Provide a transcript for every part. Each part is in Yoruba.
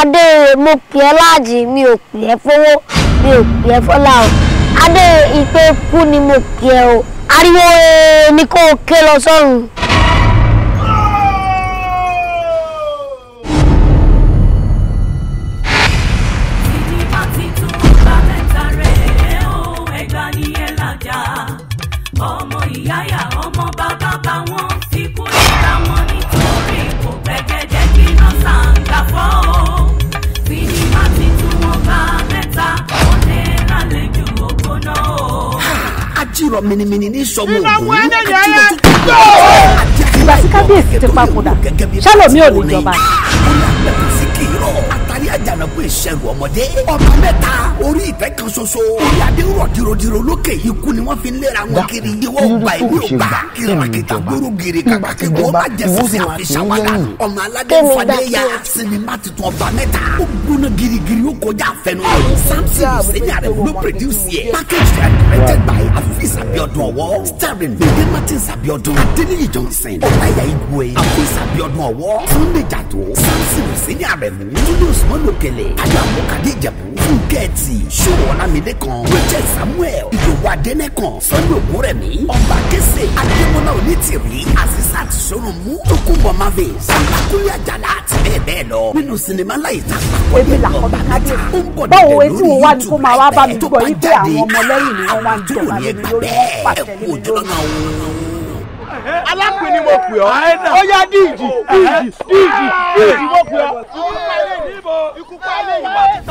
adéèrè mo pè ẹ́ láàjì mi ò pè ẹ́ fowó mi ò pè ẹ́ fọ́lá o adéèrè ìpè kú ni mo pè ẹ́ o ariwo eh, ni kò ké lọ sọ́run. sọ̀rọ̀ mìnìmìnì ní sọ̀mù òkú àti ìlọ̀tún. ìgbà tí kábíyèsí ti papòdà ṣálòmí ò ní jọba àjànàkú ìṣẹ̀rù ọmọdé ọba mẹ́ta orí ìtẹ́ kan ṣoṣo orí adé rọ̀ dirodiro lókè ikú ni wọ́n fi lera wọn kiri ìwọ ọgbà ìlú ọgbà kìrìmàkìtà gbóró gèrè kàkàkì kó má jẹsẹ sí àfiṣàwádà ọmọ aládé fadéya sinimá titun ọba mẹ́ta ó gbóná girigiri ó kọjá àfẹnú samson sẹni àrẹ ló produce yẹ package rẹ directed by afis abiodun ọwọ starring bèbè martins abiodun adeniyi johnson ọláyà igwe afis olókèlè adamu kadéjàbù fúnkẹ́ẹ̀tì ṣòro ọ̀làmídẹ́kan richard samuel ìyòwò adẹ́nẹ́kan sọ́dún ògúnrẹ̀mí ọba kẹsẹ̀ adémọ́lá onítìrí azizat sọ́rùnmú tókùnbọ̀ mavis alákùnrin àjàlá àti bẹ́ẹ̀ bẹ́ẹ̀ lọ nínú sinimá láì ta èmi là kọ́ bàkàdé báwo etí wo wá ní kó máa wá bá mi gbọ́ yí pé àwọn ọmọ lẹ́yìn ni wọ́n wá ń jọba mi lórí pàtẹ́lẹ́ alápè ni mo pè ọ́ ó yá díìdì díìdì díìdì díìdì mo pè ọ́. ikú pa ilé ìbò.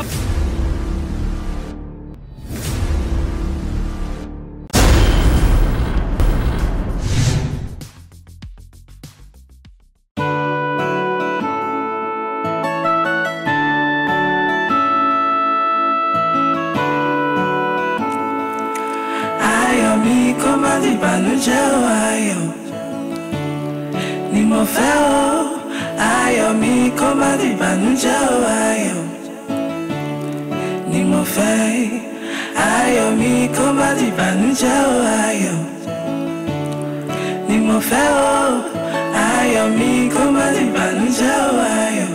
Ayọ̀ mi kó má di ìbànújẹ́ o ayọ̀ mo fẹ́ o ayọ̀ mi kó má di ìbànújẹ́ o ayọ̀ ni mo fẹ́ ayọ̀ mi kó má di ìbànújẹ́ o ayọ̀ ni mo fẹ́ o ayọ̀ mi kó má di ìbànújẹ́ o ayọ̀.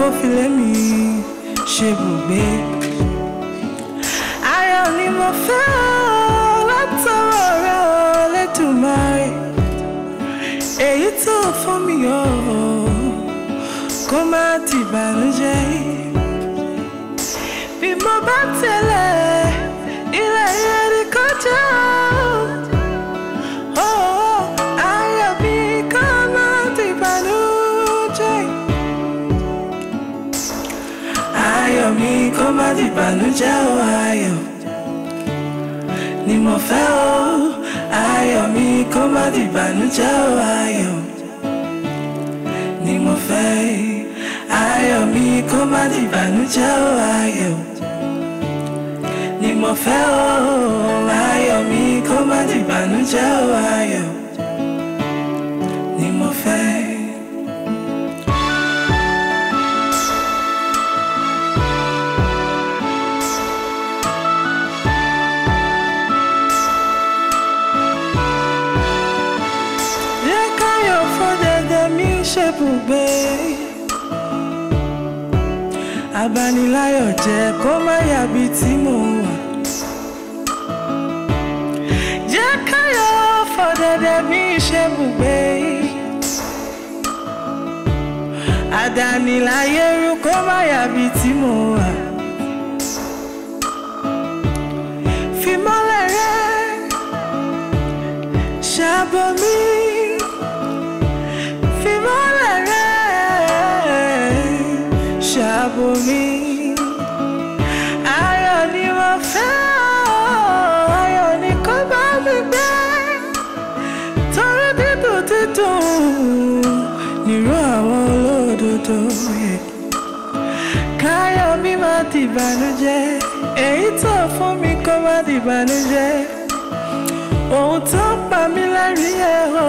kó fi lé mi ṣe bùgbé. ayọ̀ ni what's all let rẹ Olódùmarè èyí tó fún mi yọ̀ kó má ti dìbànújẹ́ o ayọ̀ ni mo fẹ́ o ayọ̀ mi kó má dìbànújẹ́ o ayọ̀ ni mo fẹ́ ayọ̀ mi kó má dìbànújẹ́ o ayọ̀ ni mo fẹ́ o ayọ̀ mi kó má dìbànújẹ́ o ayọ̀. ibùgbé abániláyọ̀ jẹ́ kó má yàbí tí mo wà. jẹ́ káyọ̀ fọ̀dẹ̀dẹ̀ bí ṣe bùgbé àdániláyé rú kó má yàbí tí mo wà. fìmọ́lẹ̀ rẹ̀ ṣàbọ̀ mi. mi ayọ̀ ni mo fẹ́ ayọ̀ ni kò bá mi gbé torí dídùn dídùn nírú àwọn olódodo yẹ káyọ̀ mi má dìbànújẹ́ èyí tó fún mi kó má dìbànújẹ́ ohun tó ń pa mí lẹ́rìí ẹ̀ o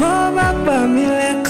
kó má pa mí lẹ́kọ̀ọ́.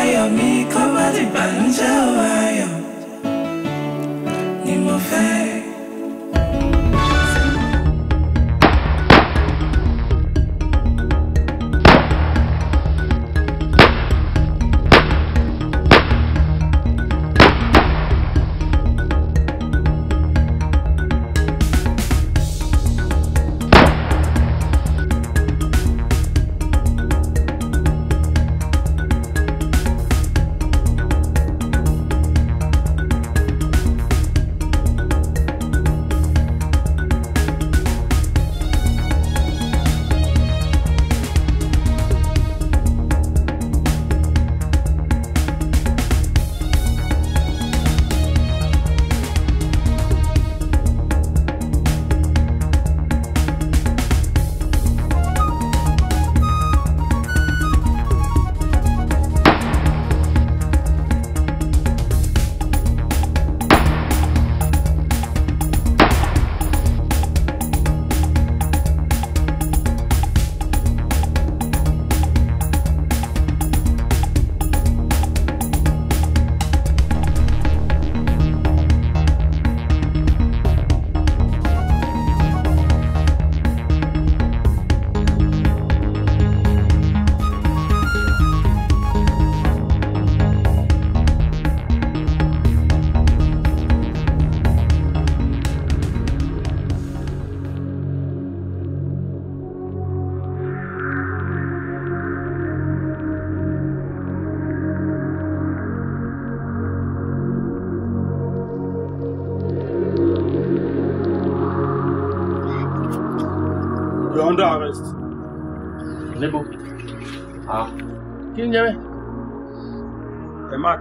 ayọ̀ mi kó má di bànújẹ́ o ayọ̀ ni mo fẹ́.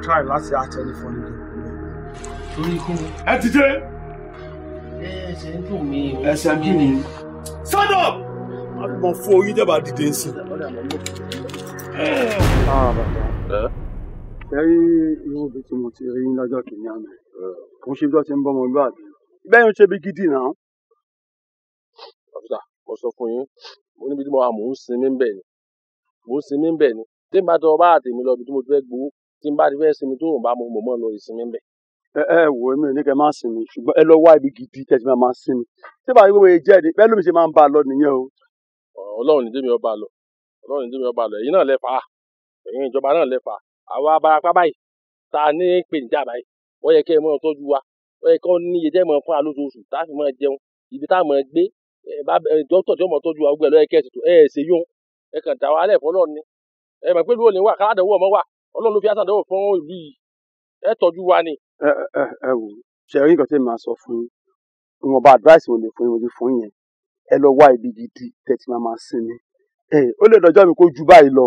try láti àtẹnifọ́n ní gbogbo torí kí ni. ẹ ti dé. ẹsẹ̀ ń dùn mí o. ẹsẹ̀ kí ni. stand up. a fi mọ fún oyin dẹ́ba dìde ń sìn. sẹ́rí irú ibi tí mo ti rí lọ́jọ́ kìíní àná kò ṣe bí wọ́n ti ń bọ́ ọmọ ìlú àbí bẹ́ẹ̀ ń ṣe bí gidi náà. ọ̀fíìsà mo sọ fún yín mo níbi tí mo wà mò ń sinmi ń bẹ̀ ni mò ń sinmi ń bẹ̀ ni tí n bá tọ́ bá àtẹ̀mí lọ ibi tí mo fẹ́ gbowó tí n bá ti fẹ́ sinmi tó rùn bá mu mò mọ́ lọ ìsinmi ń bẹ̀. ẹ ẹ wò ó mi ò ní kẹ máa sinmi ṣùgbọ́n ẹ lọ wá ibi gidi tẹ̀sí máa máa sinmi tí bàbá ìwé jẹ́ ni bẹ́ẹ̀ lómi ṣe máa ń bá lọ nìyẹn o. ọlọ́run ní jẹ́mi ọba lọ ọlọ́run ní jẹ́mi ọba lọ ẹ̀yin náà lẹ́fà ẹ̀yin ìjọba náà lẹ́fà àwa abarapá báyìí ta ní pèníjà báyìí wọ́n yẹ kẹ́ ẹ mọ́ tọ́jú wa wọ́n yẹ kọ́ níye jẹ́ mọ́ fún alóṣooṣù tá a fi mọ́ jẹun ibi tá a mọ́ gbé dókítà tí ó mọ̀ tọ́jú wa gbogbo ẹ̀ lọ́yẹ kẹ́ ẹ ṣètò ẹ̀ ṣe yóò ẹ kàn dá wa alẹ́ fọlọ́ ni ẹ mọ̀ pé ọlọ́run ló fi àtàdánwò fún ìlú yìí ẹ tọ́jú wa ni. ẹ ẹ ẹ wò ṣe rí nǹkan tí màá sọ fún yín ìwọ̀nba advice wo lè fún yín ojú fún yẹn ẹ lọ wá ibi gidi tẹ̀tí máa máa sinmi ẹ ó lè dọjọ́ mi kó ju báyìí lọ.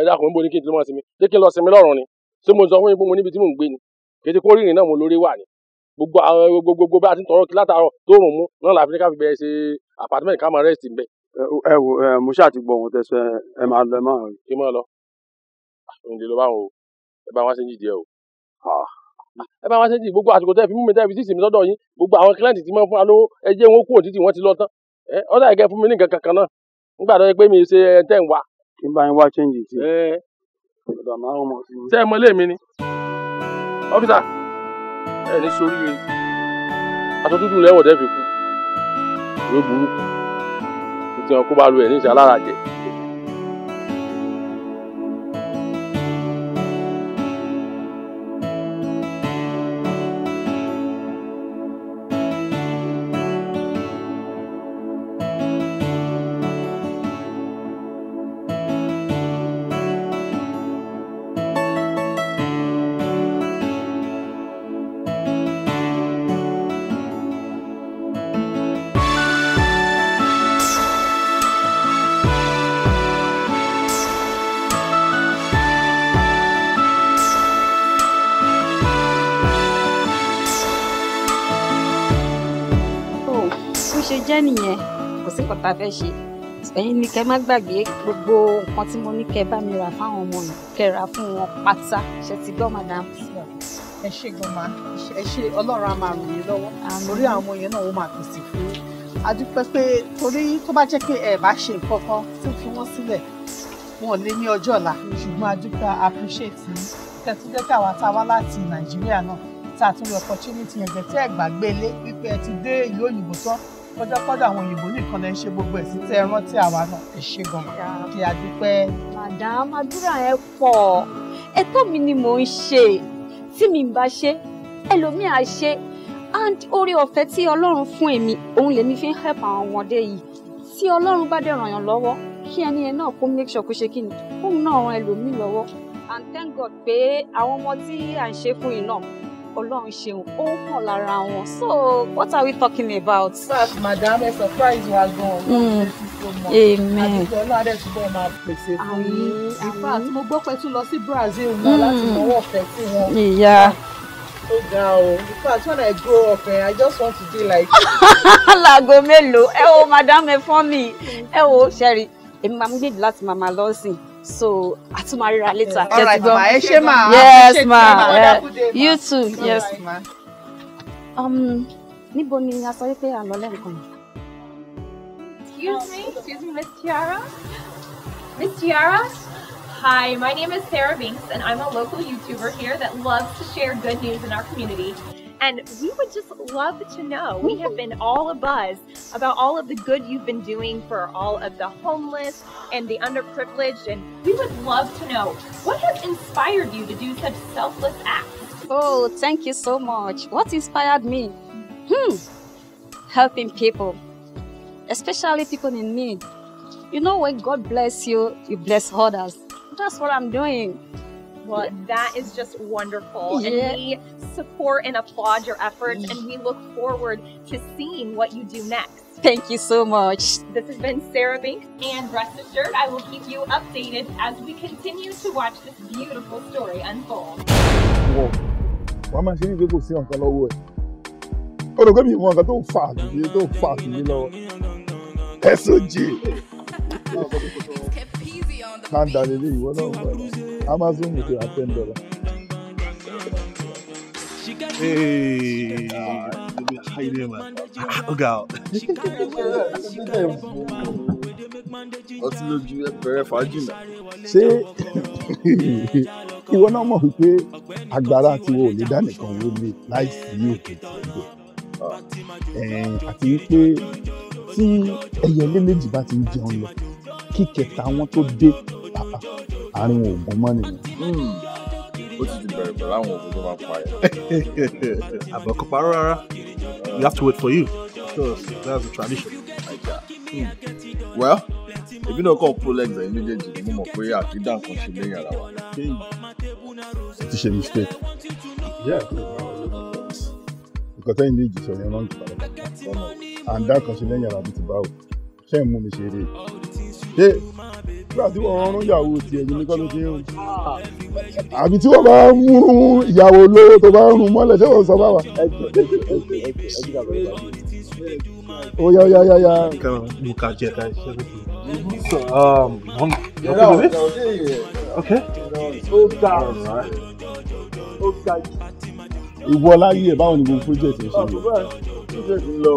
ẹ dákun ń bo ní kí n ti lọ́mọ sinmi ṣé kí n lọ sinmi lọ́rùn ni ṣé mo sọ fún yín pé mo níbi tí mò ń gbé ni kété kó rìnrìn náà mo lórí wà ni gbogbo gbogbo bá a ti ń tọrọ kí látàárọ̀ tó rùn mú náà làfi ní ká fi bẹ̀rẹ̀ ṣe apartment ká máa rest ń bẹ̀. ẹ wo mo ṣáà ti gbọ́ ohun tẹ́ ẹ máa lọ ẹ máa rìn. kí n lọ. ndị ló bá wọn o se bá wá sí e o ẹ se wá gbogbo àsìkò tẹ́ fi mú mi tẹ́ fi sísè mi sọ́dọ̀ yín gbogbo àwọn kílẹ̀ǹtì mo wọn kúrò títí wọn ti lọ tán mi kan wá. n bá yín wá chẹ́ǹjì sí i. mi ni ọ́fíìsà ẹ ní sóríire aṣọ fi lu alara je. nìyẹn kò sí nǹkan tá a fẹ́ ṣe ẹ̀yin ni kẹ́ má gbàgbé gbogbo nǹkan tí mo ní kẹ́ bá mi rà fáwọn ọmọ yìí kẹ́ rà fún wọn pátá ṣe ti gbọ́ madam. ẹ ṣe gbọmọ ẹ ṣe ọlọ́run á máa ràn yín lọ́wọ́ lórí àwọn yẹn náà ó máa pèsè fún yín a dúpẹ́ pé torí tó bá jẹ́ pé ẹ bá ṣe nǹkan kan tó fi wọ́n sílẹ̀ wọn ò lé ní ọjọ́ ọ̀la ṣùgbọ́n a dúpẹ́ appreciate yín tẹ̀túndé káwa tá a wá láti nàìjíríà náà tá a tún rí opportunity yẹn jẹ́ tí ẹ gbàgbé lé wípé ẹ ti dé ìlú òyìnbó tán kọjákọjá àwọn òyìnbó nìkan lẹ ń ṣe gbogbo ẹ̀ sí tẹ́ ẹ rántí àwa náà ẹ ṣe gan kí a dúpẹ́. madam ẹ pọ̀ ẹ̀tọ́ mi ni mò ń ṣe tí mi bá ṣe ẹlòmíì ṣe and oore ọ̀fẹ́ tí Ọlọ́run fún èmi òun lèmi fi ń help àwọn ọmọdé yìí tí Ọlọ́run bá dẹ̀ ràn yàn lọ́wọ́ kí ẹni yẹn náà kó make sure kó ṣe kí ni òun náà ran ẹlòmíì lọ́wọ́ and thank God pé àwọn ọmọ tí à ń ṣe fún yìí náà Ọlọ́run ṣeun ó hàn lára wọn so what are we talking about. sars madam ẹ surprise wa gan-an hmm. amen àti ọlọ́run adé túbọ̀ máa pèsè fún yín in fact mo gbọ́ pé tún lọ sí Brazil náà hmm. láti lọ́wọ́ ọ̀fẹ́ sí wọn. ìyá ó ga o in fact when I grow up eh, I just want to be like. láago mélòó ẹ wo madam ẹ fọ́n mi ẹ wo ṣẹ́rí èmi máa ń gbèdì láti máa máa lọ́sìn. So, atumari my later. All right, ma. Yes, ma. Yes, ma. You too. yes, ma. Um, ni boni sọ wípé à alolere lọ lẹ́ẹ̀kan? Excuse me, excuse me, Miss Tiara. Miss Tiara? Hi, my name is Sarah Binks, and I'm a local YouTuber here that loves to share good news in our community. And we would just love to know. We have been all abuzz about all of the good you've been doing for all of the homeless and the underprivileged. And we would love to know what has inspired you to do such selfless acts? Oh, thank you so much. What inspired me? Hmm, helping people, especially people in need. You know, when God bless you, you bless others. That's what I'm doing. Well, that is just wonderful. And we support and applaud your efforts, and we look forward to seeing what you do next. Thank you so much. This has been Sarah Banks, and rest assured, I will keep you updated as we continue to watch this beautiful story unfold. Whoa. Why am I see Oh, don't me Don't Don't You know. SOG. panda lele ìwọ náà wọ amazon ní ìpèrà ten dollar. Hey, how you doing, man? Ọ̀gá o. Ọtí lójú ẹ̀pẹ̀rẹ̀ fàájì náà. Ṣé ìwọ náà mọ̀ wípé agbára tiwọn ò lè dá nìkan wó lé láìsí òkè ìgbò? Àti wípé tí ẹyẹlé méjì bá ti ń jẹun lọ, kíkẹta wọn tó dé àárín oògùn mọ́ nìyẹn. Hmm. ó ti ti bẹ̀rẹ̀ pẹ̀lú àwọn oògùn tó máa ń pa ẹ̀. àbọ̀ kò parọ́ rárá you have to wait for you because that's the tradition. Mm. well èmi náà kàn pull legs ẹ̀yin méjèèjì mo mọ̀ pé àtúndà nǹkan ṣe lẹ́yìn ara wa. ó ti ṣe mistake. nǹkan tẹ́yìn méjì sọ yẹn máa ń gbà lọ́wọ́ àǹdà kan ṣe lẹ́yìn ara mi ti bá wò ṣé ń mú mi ṣe eré ṣé nígbà tí wọ́n rán ìyàwó tiẹ̀ ní kọ́ ló ti rún àbí tí wọ́n bá ń rún ìyàwó lówó tó bá ń rún mọ́lẹ̀ ṣé wọ́n sọ bá wa. ó yá yá yá okay, okay. ìwọ láyé ẹ báwọn ni gbogbo project ẹ ṣe lọ.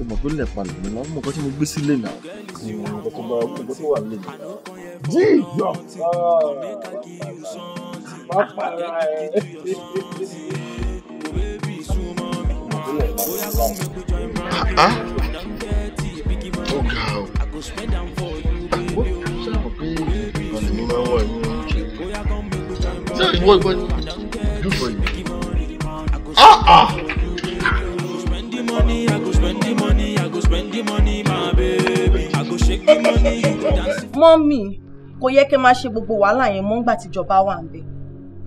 o mọ̀ lẹ̀ palẹ̀ mi náà mọ̀ kọ́ tí mo gbé sílé náà kókó bá kókó tó wà lé mi. jíjọ pápá ó ga o ah ah. Mommy, kò yẹ kẹ́ máa ṣe gbogbo wàhálà yẹn mọ́ ńgbà tíjọba wà ń bẹ̀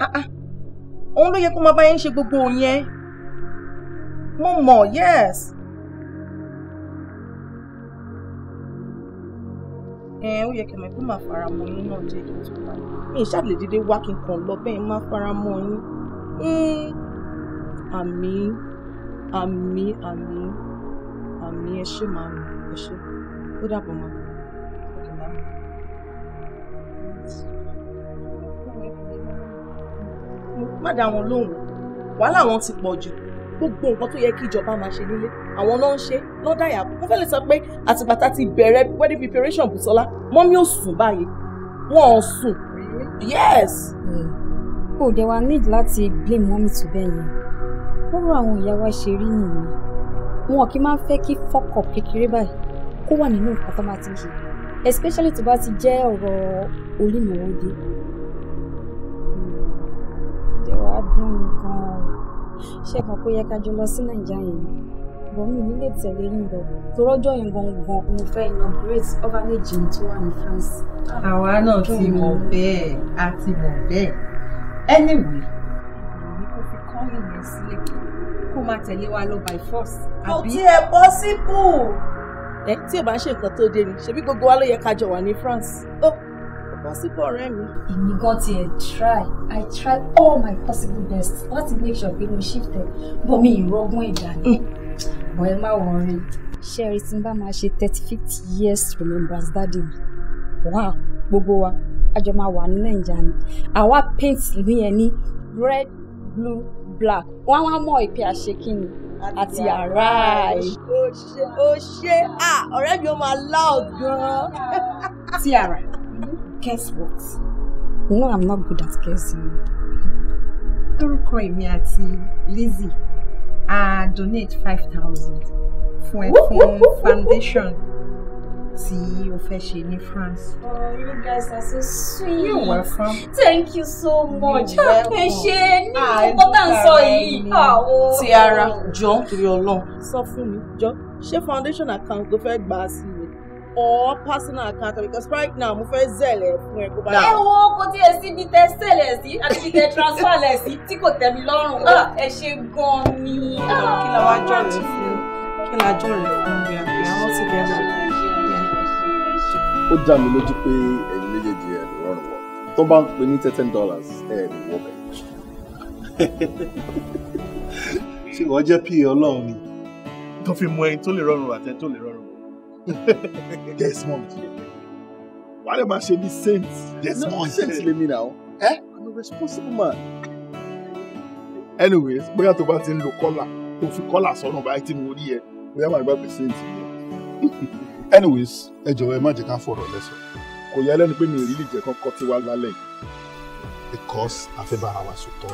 ah, ah. òun ló yẹ kó máa bá yẹn ṣe gbogbo yẹn mo mọ̀ yes. ẹ ó yẹ kẹ́ máa kó máa fara mọ́ yín náà jẹ́ kí n tó bá mi ìṣàlè dídé wá kí n kàn lọ bẹ́ẹ̀ máa fara mọ́ yín àmì àmì àmì mi ẹ ṣé màá mi ẹ ṣé ó dàbọ̀ màá. má dá wọn lóhùn wàhálà wọn ti pọ̀ jù gbogbo nǹkan tó yẹ kí ìjọba máa ṣe nílé àwọn náà ń ṣe lọ́dàyà wọ́n fẹ́ lè sọ pé àtìbàtà ti bẹ̀rẹ̀ wedding preparation Bùsọ́lá mọ́mí ò sùn báyìí wọ́n ò sùn yes. ó dẹ̀ wá need láti blame mọ́mí tó bẹ́ẹ̀ yẹn ó rọ àwọn ìyá wa ṣe rí nìyẹn wọn kì í máa ń fẹ́ kí fuck up kékeré báyìí kó wà nínú nǹkan tó máa ti ń especially tó bá ti jẹ́ ọ̀rọ̀ olùmọ̀ọ́dé ìjọba dùn nǹkan ṣẹ́gun pé yẹ ká jọ lọ sí nàìjíríà yẹn ni bọ̀mí nílé tẹ̀lé yín lọ torọ́jọ́ yẹn gangan mo fẹ́ inaugurate orphanage tó wà ní France. àwa náà ti mọ̀ bẹ́ẹ̀ a ti mọ̀ bẹ́ẹ̀ anyway. èmi kò fi kọ́ ìyẹn sílẹ̀ máa tẹ̀lé wa lọ by force. kò tiẹ̀ possible. ẹ tí ò bá ń ṣe nǹkan tó dé ni ṣebí gbogbo wa ló yẹ ká jọ wà ní France. ó kò possible ọ̀rẹ́ mi. èmi gan ti ẹ̀ try i try all my possible best láti make sure pé mo shift ẹ bó mi ìrọ́gún ìjà ni mm. bọ́ ẹ má wọrí. Sherry. tí n bá máa ṣe thirty fifty years remembrance dáàdì mi wow gbogbo wa a jọ máa wà ní nàìjíríà ni àwa paint ní ẹ ní red blue black wọ́n á wá mọ̀ ìpè àṣekínni àti arise. o ṣe a ọ̀rẹ́ mi ó máa loud gan-an. tiara guess what you know i'm not good at guessing. orúkọ èmi àti Lizzie a donate five thousand fún ẹ fún foundation tí o fẹ́ ṣe ní France. Oh, you guys are so sweet. You are welcome. Thank you so much. Ẹ ṣe ní ọkọ ah, tá à ń sọ yìí. Ti ara jọ nítorí Ọlọ́run. Sọ fún mi, jọ ṣé foundation account ló fẹ́ gbà á sí mi? or personal account because right now mo fẹ́ zẹ̀lẹ̀ fún ẹ kó bá yà. ẹ wo kò tí sí bí tẹ sẹlẹ̀ sí àti bí tẹ transfer lẹ̀ sí tí kò tẹ́ mi lọ́rùn ah, ẹ ṣe gan-an ni. kí la wá jọ ah. rẹ fún kí la jọ rẹ fún bí i àwọn ti bẹ̀rẹ̀ ó dá mi lójú pé ẹ̀yin méjèèjì ẹ̀ ló rọrùn wọ̀ tó bá ń pè ní thirteen dollars ẹ̀ lè wọ́ bẹ̀. ṣé ìwọ jẹ́ pa ọlọ́run ni tó fi mọ ẹni tó lè rọrùn àtẹ tó lè rọrùn. Desmond wàá lè máa ṣe ní saint Desmond saint lèmi náà ẹ i'm a responsible man. anyways bóyá tó bá ti ń lo kọ́là tó fi kọ́là sọ́nà báyìí tí mo rí ẹ bóyá màá gbàgbé saint yẹn anyways ẹ jọ̀wọ́ ẹ má jẹ́ ká fọ̀rọ̀ lẹ́sọ̀ kò yẹ lẹ́nu pé mi ì rí lè jẹ́ kán tí wá lálẹ́ because afẹ́bára wa sòtọ́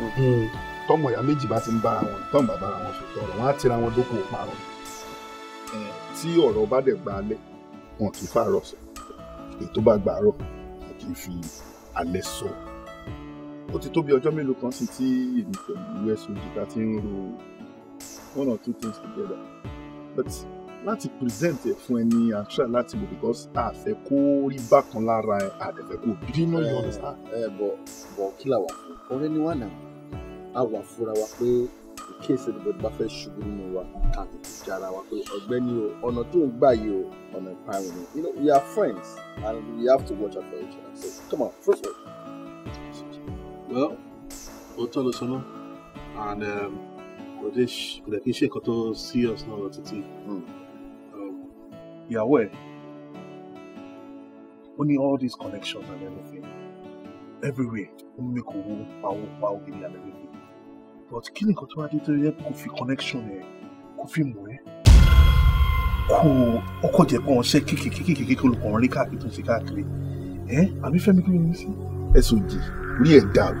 mm-hmm. tọmọ ìyá méjì bá ti ń bára wọn tọmọ bá bára wọn sòtọ́ ọ̀rọ̀ wọn á tira wọn dókòwò parọ́ tí ọ̀rọ̀ bá dẹ̀ gba alẹ́ wọn kì í fàárọ̀ sọ èyí tó bá gbàárọ̀ wọn kì í fi alẹ́ sọ ó ti tó bí ọjọ́ mélòó kan sí tí èmi pẹ̀lú us ojúta ti ń ro one or two things together but láti present ẹ̀ fún ẹ ní àṣà láti lò because a fẹ́ kó rí bákan lára ẹ a fẹ́ kó bínú yọ ẹ. ẹ bọ bọ kí la wà fún ọ̀rẹ́ ni wà náà a wà fúnra wa pé kéèsì ẹnìbọdì bá fẹ́ ṣubú nínú wa ká tètè jára wa pé ọ̀gbẹ́ni o ọ̀nà tó ń gbà yìí o ọ̀nà ìparun ni you know we are friends and we have to watch out for each other so come on first of all. well òótọ́ ló sọ náà and um, kò dé kò dẹ̀ kí n ṣe nǹkan tó serious náà lọ títí. Hmm. You are aware. We need all these connections and everything. Everywhere. We make a woo, power, power, and everything. But kí ni nǹkan tó wá dé tó yẹ kó fi connection ẹ kó fi mọ̀ ẹ́ kó ó kọ̀ jẹ́ pé wọ́n ṣe kékèké olùkọ́rin rí káàkiri tó ṣe káàkiri ẹ́ àbí fẹ́mi kí ló ń sí. ẹ̀sùn jì rí ẹ̀ dà o.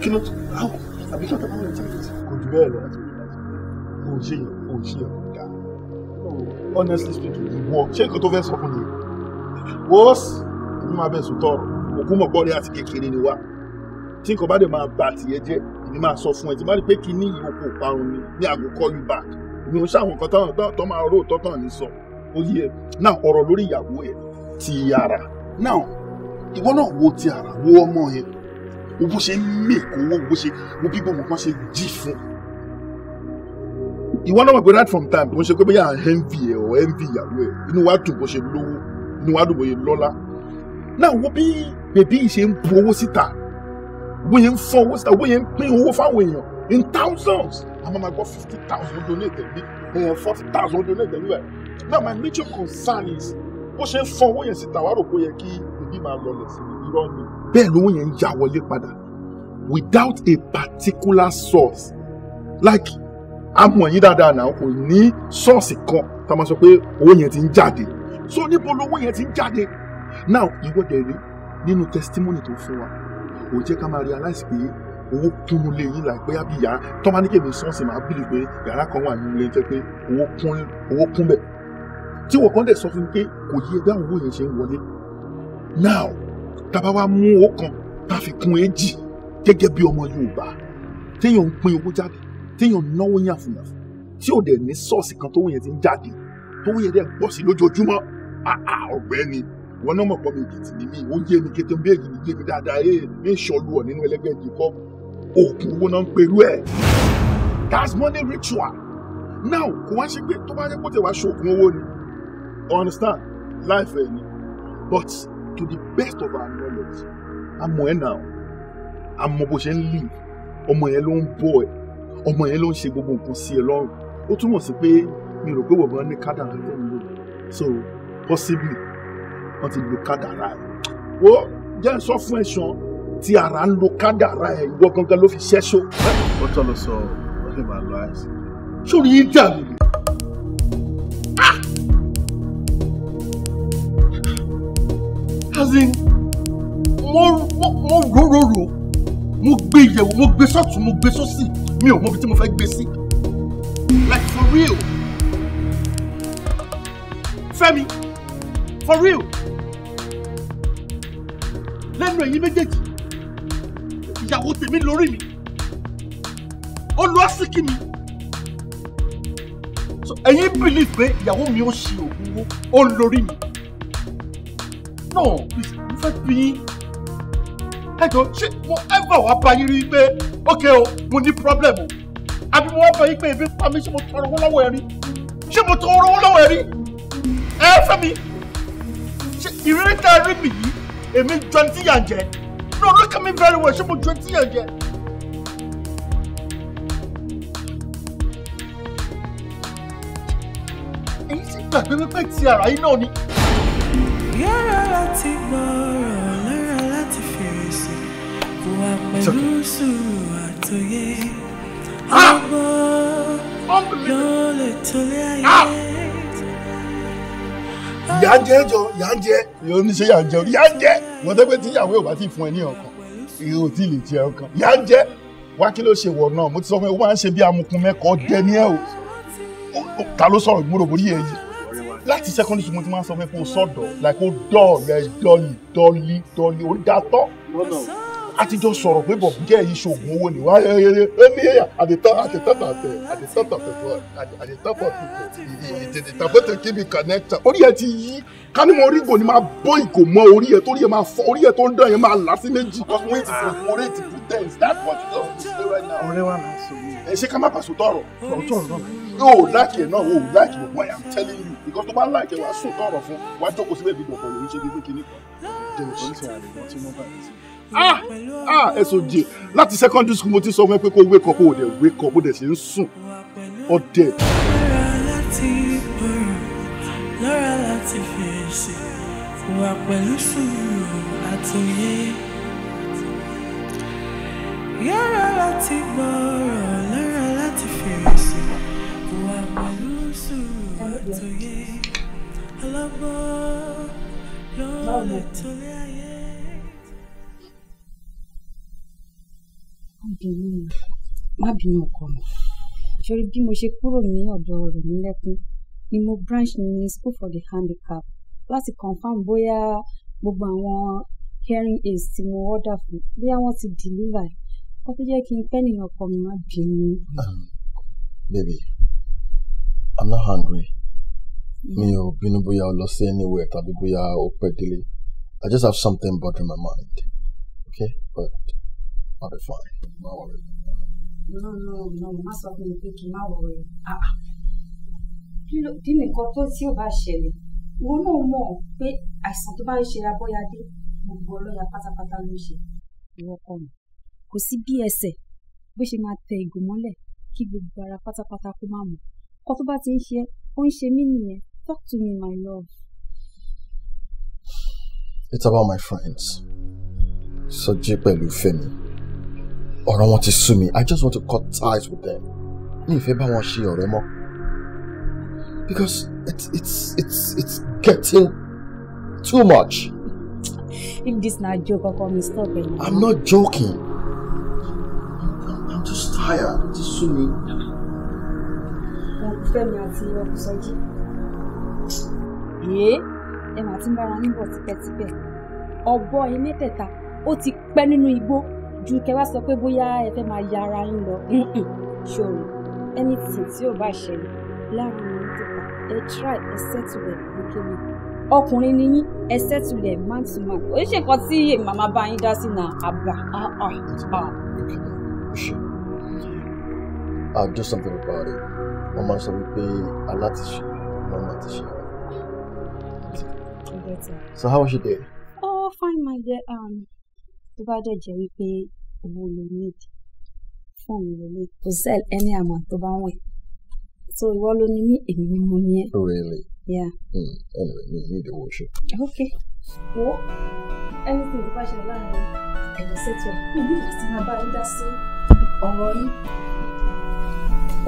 kí ló tó àbí kí ló tó bá wọn ṣe kò jù bẹ́ẹ̀ lọ kò ṣe yẹn kò ṣe yẹn honestly speaking ìwọ ṣé nǹkan tó fẹ́ sọ fún mi wọ́s èmi máa bẹ̀ sùn tọrọ òkú mọ̀ pọ́ọ́rẹ́ àti kékeré ni wá tí nǹkan bá dẹ̀ máa bà tìyẹ jẹ́ èmi máa sọ fún ẹ tí bá rí pé kí ní ìyókù parun mi ní àgò call you back mi ò ṣàwọn nǹkan táwọn tó máa rò tọ́tàn ní sọ ó yẹ náà ọ̀rọ̀ lórí ìyàwó ẹ̀ ti ara náà ìwọ náà wo ti ara wo ọmọ yẹn wo bó ṣe ń mèkó wo bó ṣe wo bí gbogbo kan ṣe dì fún un ìwọ náà mọ̀ pé right from time kò ń ṣe pé bóyá envy ẹ̀ ọ̀ envy ìyàwó ẹ̀ inú wa dùn bó ṣe lówó inú wa dùn bó ṣe lọ́lá náà wo bí bèbí yìí ṣe ń bu owó síta owó yẹn ń fọ owó síta owó yẹn ń pín owó fáwọn èèyàn in thousands àmọ́ máa gbọ́ fifty thousand donate ẹ̀mí èèyàn forty thousand donate ẹ̀mí ẹ̀ now my major concern is bó ṣe ń fọ owó yẹn síta wàá rò pé ó yẹ kí bèbí máa lọlẹ̀ sí i irọ́ ni bẹ́ẹ̀ lówó yẹn ń yà wọlé padà without a particular source like a mọ̀ yín dáadáa náà kò ní sọ́ọ̀sì kan tá a máa sọ pé owó yẹn ti ń jáde so níbo lowó yẹn ti ń jáde now ìwọ dẹ̀ rí nínú testimony tó fún wa ó jẹ́ ká máa realize pé owó kúnnú lé yín láìpẹ́ àbí yàrá tó máa ní kébì sọ́ọ̀sì máa bìlì pé yàrá kan wà nínú ilé ń tẹ́ pé owó kún bẹ̀ tí wọ́n kàn dẹ̀ sọ fún mi pé kò yí ẹgbẹ́ àwọn owó yẹn ṣe ń wọlé now tábà wá mú owó kan tá a fi kún èjì gẹ́gẹ́ bí ọmọ Yorùbá téèyàn ń pín owó jáde téèyàn náwó yàn fúnà tí ò dẹ̀ ní sọ́ọ̀sì kan tó yẹn ti ń jáde tó yẹn dẹ̀ pọ̀ sí lójoojúmọ́ àà ọ̀gbẹ́ni wọn náà mọ̀ pọ̀ mi èkìtì ni ó yé mi kété bí èyí yé mi dáadáa ẹ ẹ ṣọlù ọ nínú ẹlẹgbẹ́ yìí kọ́ oògùn owó náà ń perú ẹ̀ that's money ritual now kò wá ṣe pé tó bá yẹ kó tẹ̀ wá ṣoògùn owó ni understand life ẹ̀ ni but to the best of our knowledge àmọ́ ẹ̀ náà àmọ́ bó ṣe ń live ọmọ yẹn ló ń bọ̀ ẹ̀ ọmọ yẹn ló ń ṣe gbogbo nǹkan sí ẹ lọ́rùn ó túmọ̀ sí pé mi rò pé wọ̀gbọ́n ní kádàrá tó ń lò so possibly wọ́n ti lo kádàrá ẹ̀ wo jẹ́ sọ fún ẹ sàn tí ara ń lo kádàrá ẹ̀ ìwọ gangan ló fi ṣẹ́ṣọ. ó tọ́ lọ sọ ó lè máa lo àìsàn. sórí yín dàrú ah! as in mo ro ro ro. mo gbé yẹ̀wò mo gbé sọ́tún mo gbé sósì. So mi ò mọ̀ bí tí mo fẹ́ gbé sí like for real Fẹ́mi for real lẹ́nu ẹ̀yin méjèèjì ìyàwó tèmi lórí mi ó lọ síkì mi so ẹ̀yin believe pé ìyàwó mi ó ṣe òògùn owó ó lórí mi no please mo fẹ́ bí yín ẹ jọ ṣé mo ẹgbà wá bá yín rí i pé ok o mo ní problem o àbí mo wá bá yín pé ebi pa mi ṣé mo tọrọ owó lọ́wọ́ ẹ rí ṣé mo tọrọ owó lọ́wọ́ ẹ rí ẹ fẹ́ mi ṣe ìrírí tá a rí mi yìí èmi jọ ní tíyà ń jẹ no look at me very well ṣé mo jọ ní tíyà ń jẹ. èyí ti gbàgbé pípẹ́ ti ara yín náà ni. yàrá láti gbọ́rọ̀ pẹ̀lú sùúrù àtòyé ọgbọ́n ló lè tolé ayé. Ah! ìyá ń jẹ jọ ìyá ń jẹ ìyá oníṣẹ́ ìyá ń jẹ ìyá tí ìyàwó ò bá ti fún ẹ ní ọkàn ìyá ò tí ì lè jẹ ọkàn ìyá ń jẹ wá kí ló ṣe wọ̀ náà mo ti sọ fún ẹ máa ń ṣe bí amukun mẹ́kọ̀ọ́ dẹ́ni ẹ̀ o ta ló sọ̀rọ̀ ìmúrò borí ẹ̀ yìí láti secondary school mo ti máa ń sọ fún ẹ kó o sọ̀dọ̀ like ó dọ̀ rẹ̀ dọ́lì dọ́lì dọ́lì ó dá tọ́ a ti jọ sọ̀rọ̀ pé bọ̀bùjẹ́ yìí ṣoògùn owó ni wá ẹyẹyẹ ẹni ẹyà àdìtàn àdìtàn àtẹ àdìtàn àtẹ̀tọ̀ àdìtàn àtẹ̀tọ̀ ìtàbọ̀tẹ̀ kíbi kànẹ́tà orí ẹ ti yí ká ní mo máa bọ́ ìgò mọ́ orí ẹ torí ẹ máa fọ orí ẹ tó ń dán yẹn máa là sí méjì. ọ̀rẹ́ wa máa sọ yìí. ẹ ṣe ká má pàṣẹ tọrọ. ọ̀tọ̀ ọ̀rọ̀ náà. o láàkì ẹ̀ náà o láàkì ẹ̀ wọ́n yà ń tẹ́lẹ̀ yìí nǹkan tó bá láàkì ẹ̀ wàá sùn tọrọ fún wàá jókòó síbẹ̀ bí gbọ̀ngàn lòún ṣe gbé kékeré kan. jẹ́ ìṣẹ́ àrẹ̀ wọ́n ti mọ́ ah ah ẹ̀sùn jẹ láti secondary school mo ti sọ fún ẹ pé kó wake up kó o dẹ̀ wake up bó dẹ̀ ṣe ń sùn ọ̀dẹ̀. lọ́ra láti fèsì wà pẹ̀lú sùúrù àtòyé yára láti gbọ́rọ̀ lọ́ra láti fèsì wà pẹ̀lú sùúrù àtòyé ọlọ́gbọ́n ló lè tọ́lé ayé. má bínú ọkọ mi ṣorí bí mo ṣe kúrò ní ọ̀dọ̀ rẹ̀ nílẹ́kùn ni mo branch ní school for the handicap láti confam bóyá gbogbo àwọn hearing aids tí mo order fún bóyá wọ́n ti deliver ẹ̀ wọ́n tó jẹ́ kí n pẹ́ nìyẹn ọkọ mi má bínú. baby i'm not hungry mi ò bínú bóyá o lọ sí anywhere tàbí bóyá o pẹ́ délé i just have something bothering my mind okay but. I'll be fine. Má No, no, no, má sọ fún mi pé kí n má worry. Ah, ah. Kí ni nǹkan tó tí ò bá ṣẹlẹ̀? Ìwọ náà mọ̀ pé àìsàn tó bá ń ṣe abọ́yadé gbogbo ọlọ́yà pátápátá ló ń ṣe. Ìwọ kọ mi, kò sí bí ẹsẹ̀ bó ṣe máa tẹ ìgò mọ́lẹ̀ kí gbogbo ara pátápátá kó Talk to me, my love. It's about my friends. Sọjí pẹ̀lú Fẹ́mi ọ̀rọ̀ wọn ti sú mi i just want to cut ties with them mi ìfẹ́ bá wọn ṣe ọ̀rẹ́ mọ́ because it's it's it's it's getting too much. if this na joke ọkọ mi stop it. i'm not joking i'm, I'm, just tired it ti sú mi. Fẹ́mi àti Ọkùsọ́jí. Èé ẹ̀ màá ti ń bára yín bọ̀ tipẹ́tipẹ́. Ọ̀bọ yín mẹ́tẹ̀ẹ̀ta ó ti pẹ́ nínú igbó ju kẹ wá sọ pé bóyá ẹ fẹ́ máa ya ara yín lọ ṣòro anything tí ò bá ṣẹlẹ̀ láàrin ojú pa ẹ try ẹ settle ẹ nìkéni ọkùnrin ni yín ẹ settle ẹ man to man ó ṣe nǹkan tí màmá bá yín dá sí na àbá àbá. I'll do something about it. Wọ́n máa ń sọ wípé alátiṣe wọ́n máa ti ṣe. So how was your day? Oh, fine, my dear. Um, tó bá dẹ̀ jẹ́ wípé owó ló need fóònù lélẹ̀ kò sell any amount tó bá wẹ̀ so ìwọ ló ní mí èmi ni mo ní ẹ. really yeah. Mm, anyway mi ní ìdíwọ́ ṣe. okay wo anything tó bá ṣe láàrin ẹ̀rọ sẹ́tọ̀ mi ní láti máa bá yín dá sí ọ̀rọ̀ yín.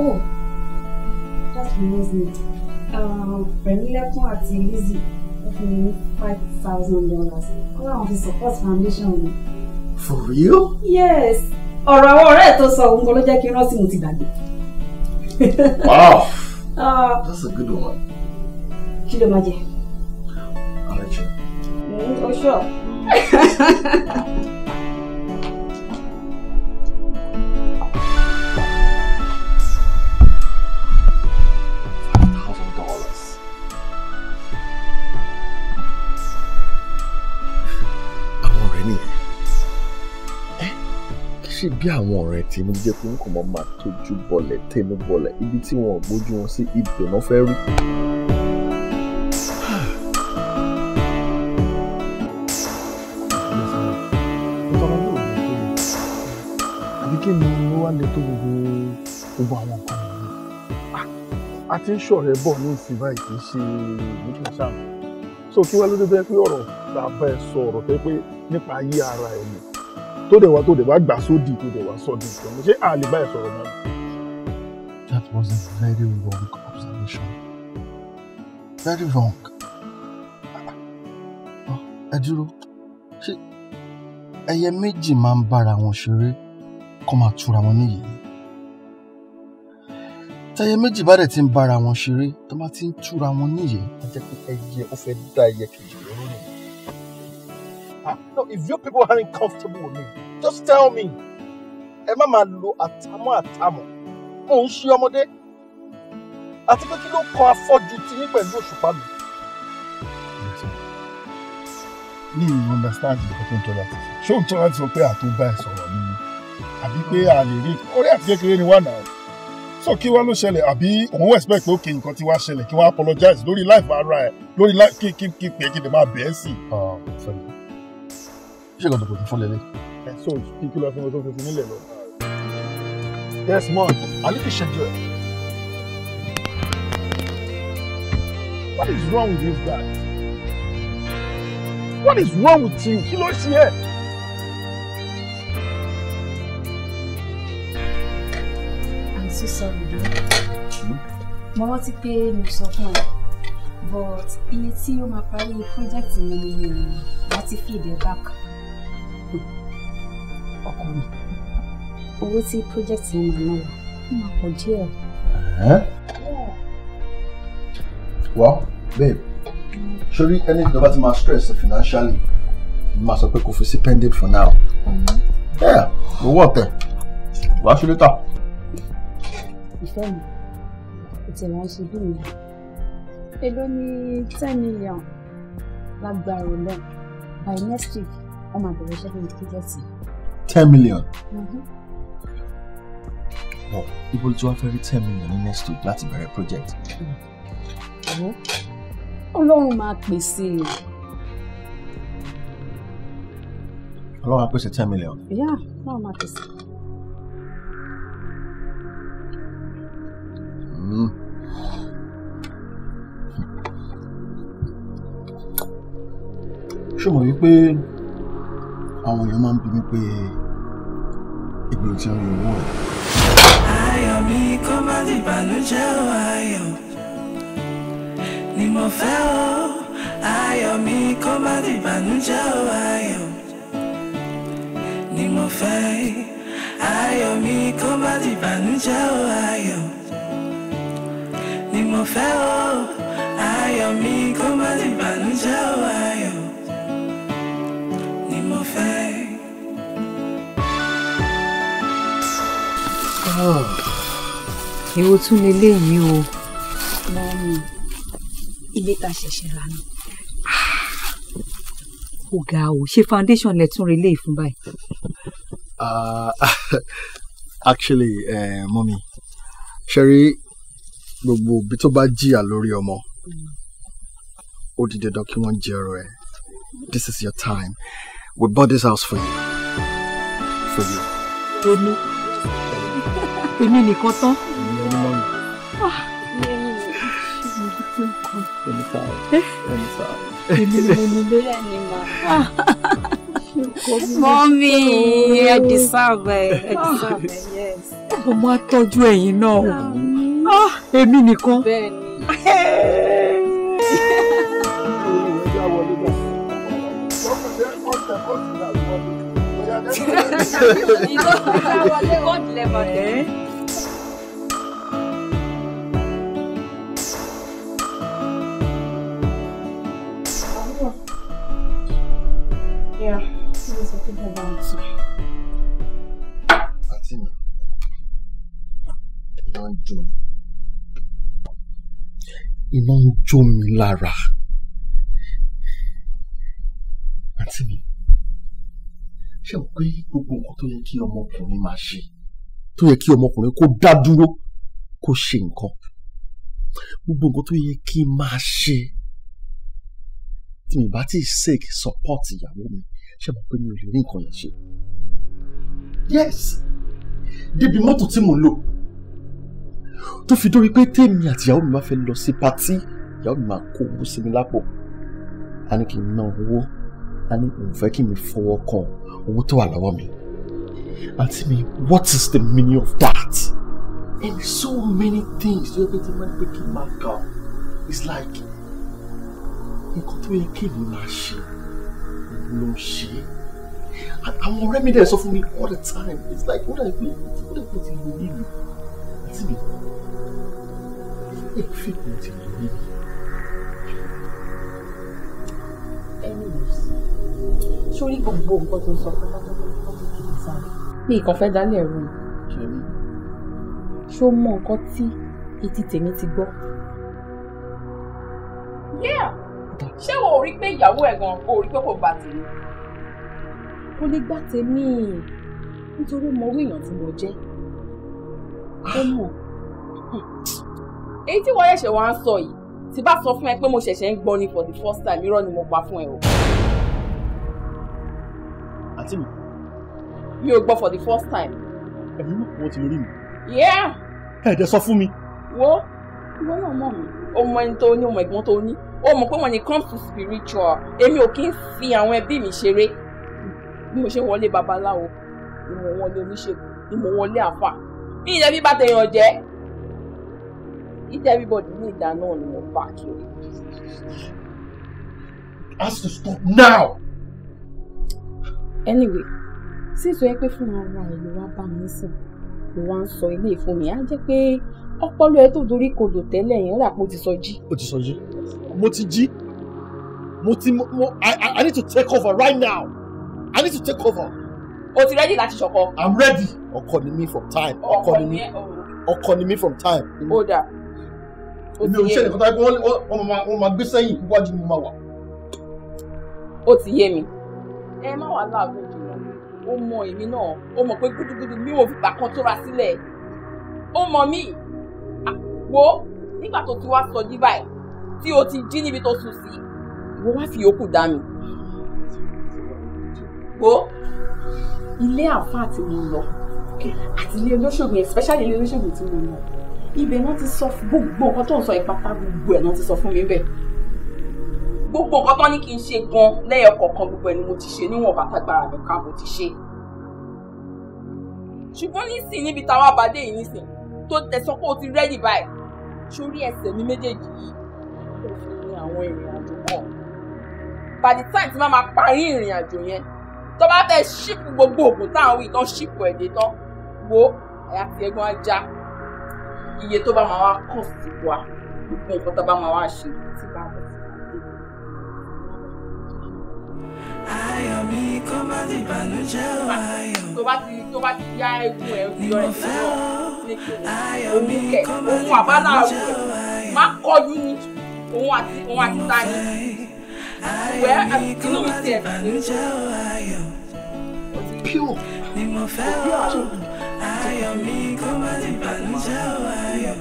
oh that reminds me um, Rẹ̀mílẹ́kún àti Lizzie ó fún mi ní five thousand dollars kó láwọn fi support foundation mi. For real? Yes. Ọ̀rọ̀ àwọn ọ̀rẹ́ tó sọ òun kan ló jẹ́ kí n rántí mo ti gbàgbé. Wow. Ah. That's a good one. Kí ló máa jẹ? I'll let you. Mm, oh, sure. ṣe bí àwọn ọ̀rẹ́ tí mo jẹ́ pé n kò mọ̀ máa tójú bọlẹ̀ tẹnu bọlẹ̀ ibi tí wọn gbójú wọn sí ibẹ̀ náà fẹ́ rí. kí ni ó wá lè tó gbogbo gbogbo àwọn nǹkan yìí ah, a ti ń ṣọ̀rẹ́ bọ̀ ní ìsìn báyìí kì í ṣe ìdílé sáà so kí wá ló bẹ́ẹ̀ pé ọ̀rọ̀ làbẹ́ sọ ọ̀rọ̀ pé nípa ayé ara ẹ̀ nìyí tó dẹ̀ wá tó dẹ̀ wá gbà sódì tó dẹ̀ wá sọ́dì ìṣòro ṣé a lè sọ̀rọ̀ mọ́. That was a very wrong observation. Very wrong. Ẹ dúró ṣé ẹyẹ méjì máa ń bára wọn ṣeré kó máa túra wọn níyì tẹyẹ méjì bá dẹ̀ ti ń bára wọn ṣeré tó bá ti ń túra wọn níyì ẹ jẹ́ pé ẹyẹ ó fẹ́ dá ẹyẹ kejì lọ́rùn. Ah, no, if your people aren't comfortable with me, just tell me ẹ má máa lo àtàmọ́ àtàmọ́ mò ń ṣe ọmọdé àti pé kí ló kan afọ́jú ti ní pẹ̀lú òṣùpá mi. mi ò understand nǹkan tó ń tọ́ láti sọ ṣé òun tọ́ láti sọ pé àtò bá ẹ sọ̀rọ̀ ni àbí pé a lè rí orí àti kékeré ni wà náà so kí wá ló ṣẹlẹ̀ àbí òun expect pé òkè nǹkan ti wá ṣẹlẹ̀ kí wá apologize lórí life ara ẹ lórí life kí kí kí pé kí lè máa bẹ̀ẹ́ sí i. Ah, ṣé ìgbà tó kò tún fún lélẹ́yìn ẹ so kíkí lọ fún mi tó fi fi yes man àní kì í ṣẹ́jú ẹ̀. what is wrong with this guy? what is wrong with you? He ló here. i'm so sorry dear. Hmm? mo rántí pé mo sọ fún ọ but in tí ó máa parí project yẹn ni mi ò láti feed ẹ back mi um, owó tí project yẹn máa ná wa ó hmm. máa pọ̀ díẹ̀. well babe sori ẹni ìjọba ti máa stress financially máa sọ pé kò fi sí pending for now bẹ́ẹ̀ mm-hmm. owó ọ̀tẹ̀ wàá ṣe létà. ìfẹ́ mi ètò ìwọ̀n ṣe bí mi èló ní ten million lágbára lọ by next week wọ́n máa bẹ̀rẹ̀ iṣẹ́ lórí project yìí ten million. Mm-hmm. ibo tí wàá fẹ́ rí ten million ní next week láti bẹ̀rẹ̀ project. Mm-hmm. ọlọ́run máa pèsè. ọlọ́run á pèsè ten million. ìyá long, máa pèsè. Hmm. ṣùgbọ́n wípé. Mm àwọn èèyàn máa ń bi mí pé ìgbè tí ń rí owó ẹ̀. ayọ̀ mi kó má di ìbànújẹ́ o ayọ̀ ni mo fẹ́ o ayọ̀ mi kó má di ìbànújẹ́ o ayọ̀ ni mo fẹ́ ayọ̀ mi kó má di ìbànújẹ́ o ayọ̀ ni mo fẹ́ o ayọ̀ mi kó má di. èwo ah, tún leléyìí o. mọ́mí ilé tá a ṣẹ̀ṣẹ̀ rà ni. ó ah, ga o ṣe foundation lẹ tún relé fún báyìí. Ah, actually uh, eh, mọ́mí ṣẹ́rí gbogbo òbí tó bá jìyà lórí ọmọ ó di dandan kí wọ́n jẹ ọ̀rọ̀ ẹ̀ this is your time we bought this house for you for you. Tony èmi nìkan tán. Ah, èmi sá èmi sá. èmi mo ní bẹ́ẹ̀ ni màá. Ah. mọ́mí ẹ dìsáàbẹ̀ ẹ ah. dìsáàbẹ̀ yes. ọmọ atọ́jú ẹ̀yin náà èmi nìkan. bẹ́ẹ̀ ni. 이거 하나 rántí. àǹtí mi iná ń jó mi iná ń jó mi lára àǹtí mi ṣé o pé gbogbo nǹkan tó yẹ kí ọmọkùnrin máa ṣe tó yẹ kí ọmọkùnrin kó dá dúró kó ṣe nǹkan gbogbo nǹkan tó yẹ kí n máa ṣe tí mi bá ti sèk support ìyàwó mi ṣe mọ̀ pé mi ò lè rí nǹkan yẹn ṣe. yes débi mọ́tò tí mò ń lò tó fi dórí pé tèmi àti ìyàwó mi máa fẹ́ lọ sí patí ìyàwó mi máa kó owó sí mi lápò a ní kí n ná owó a ní òun fẹ́ kí mi fọwọ́ kan owó tó wà lọ́wọ́ mi àti mi what is the meaning of that and so many things tó yẹ pé tí máa ń pè kí n máa kà it's like nǹkan tó yẹ kí n máa ṣe ló ń ṣe é àwọn ọ̀rẹ́ mi dẹ̀ sọ fún mi all the time it's like ó dàbí ó dàbí ti lò nílùú àti mi ẹ fi kò ti lò nílùú. sórí gbogbo nǹkan tó sọ ní ìkan fẹ́ dálé ẹ̀rọ ni ṣó mọ nǹkan tí etí tèmi ti gbọ́. yeah ṣé o rí pé ìyàwó ẹ̀ gan o rí pé kò gbà tèmi. kò lè gbà tèmi nítorí mo rí èèyàn tí mo jẹ́ ó mọ̀. èyí tí wọ́n ṣẹ̀ṣẹ̀ wá ń sọ yìí tí bá sọ fún ẹ pé mo ṣẹ̀ṣẹ̀ ń gbọ́ ni for the first time irọ́ ni mo pa fún ẹ o. àti mi. mi ò gbọ́ for the first time. ẹ̀mí náà wọ́n ti rí mi. ẹ̀ẹ́dẹ̀ sọ fún mi. wo ìwọ náà mọ̀ mi ọmọ ẹni tó ní ọmọ ẹ̀gbọ́n tó ní ó mọ̀ pé when it comes to spiritual èmi ò kí ń fi àwọn ẹbí mi ṣeré bí mo ṣe wọlé babaláwo ìmọ̀ wọlé oníṣègùn ìmọ̀ wọlé àfà bí ìjẹ́bí bá tẹ̀yàn jẹ́ ìjẹ́bí bọ̀dì ní ìdá náà ni mo bá kiri. has to stop now. anyway sísọ ẹ pé fún ara ẹ ló wá bá mi sìn ló wá ń sọ ilé ìfún mi á jẹ́ pé ọpọlọ ẹ tó dorí kodò tẹ́lẹ̀ yẹn rà pé o ti sọ jí. o ti sọ jí mo ti jí mo ti mo I, I, need to take over right now I need to take over. o ti ready láti ṣọkọ. I'm ready. ọkọ ni mi from time ọkọ ni mi ọkọ ni mi from time. ó dà o ti yé mi. mi ò ṣe nǹkan tó yẹ kó wọ́n máa gbé sẹ́yìn iwájú mi máa wà. ó ti yé mi ẹ má wàá láàgùn jùlọ mọ èmi náà ó mọ pé gúdúgúdú mi ò fìgbà kan tóra sílẹ̀ ó mọ mí wo nígbà tó ti wá sọ jí báyìí tí o ti jí níbi tó sùn sí ìwọ wá fi yòókù dá mi wo ilé àfáà tí mo lọ àti ilé olóṣogùn especially ilé olóṣogùn tí mo lọ ibẹ̀ náà ti sọ gbogbo nǹkan tó ń sọ ìpátá gbogbo ẹ̀ náà ti sọ fún mi bẹ́ẹ̀ gbogbo nǹkan tó ní kí n ṣe gan lẹ́yọ̀ gbogbo ẹ̀ ni mo ti ṣe níwọ̀n bàtà gbára mi ká mo ti ṣe ṣùgbọ́n nísìnyí níbi táwa bá yìí nísìnyí tó tẹ̀sán pé o ti rẹ́dì báyìí sórí ẹsẹ̀ mi méjèèjì yìí kò fi ní àwọn ìrìn àjò pọ̀ by the time tí máa máa parí ìrìn àjò yẹn tó bá fẹ́ ṣípù gbogbo òògùn táwọn wí tán ṣípù ẹ̀dẹ̀ tán wo àyà tí ẹgbọ́n á já iye tó bá máa wá kọ̀ sí wa ìpín ìfọ́tọ́ bá máa wá ṣe tí bá wọ ayọ̀ mi kó má di ìbànújẹ́ o ah, ayọ̀. tó bá ti tó bá ti yá egun ẹ̀ fi ọ̀rẹ́ sí ọ ayọ̀ mi kó má di ìbànújẹ́ o ayọ̀. má kọjú ni òun àti òun àti ta ni wẹ́ inú mi ti ẹ̀ fi pure ni mo fẹ́ o ayọ̀ mi kó má di ìbànújẹ́ o ayọ̀.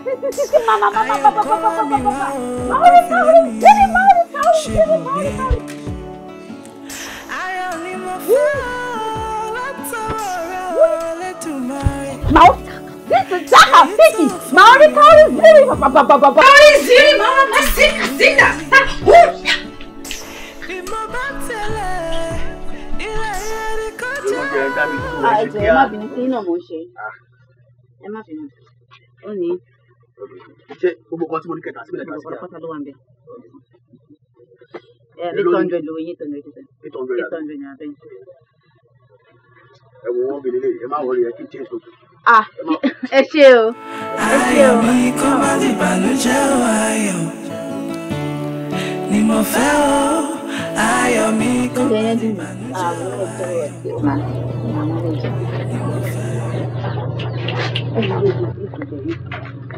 Títí màmá màmá màmá màmá màmá màmá. Maori Maori baby Maori Maori baby Maori Maori. Maori this is Zaha Vicky Maori Maori baby ba ba ba ba ba. Maori Ziri mama Sika Sika. Ẹ má bínú sí iná mo ṣe. Ẹ má bínú. Ó ní ṣe gbogbo kan tí mo ní ẹ ṣe o ni mo fẹ́ o ayọ̀ mi kọ́ bá ti bàlújẹ́ o ayọ̀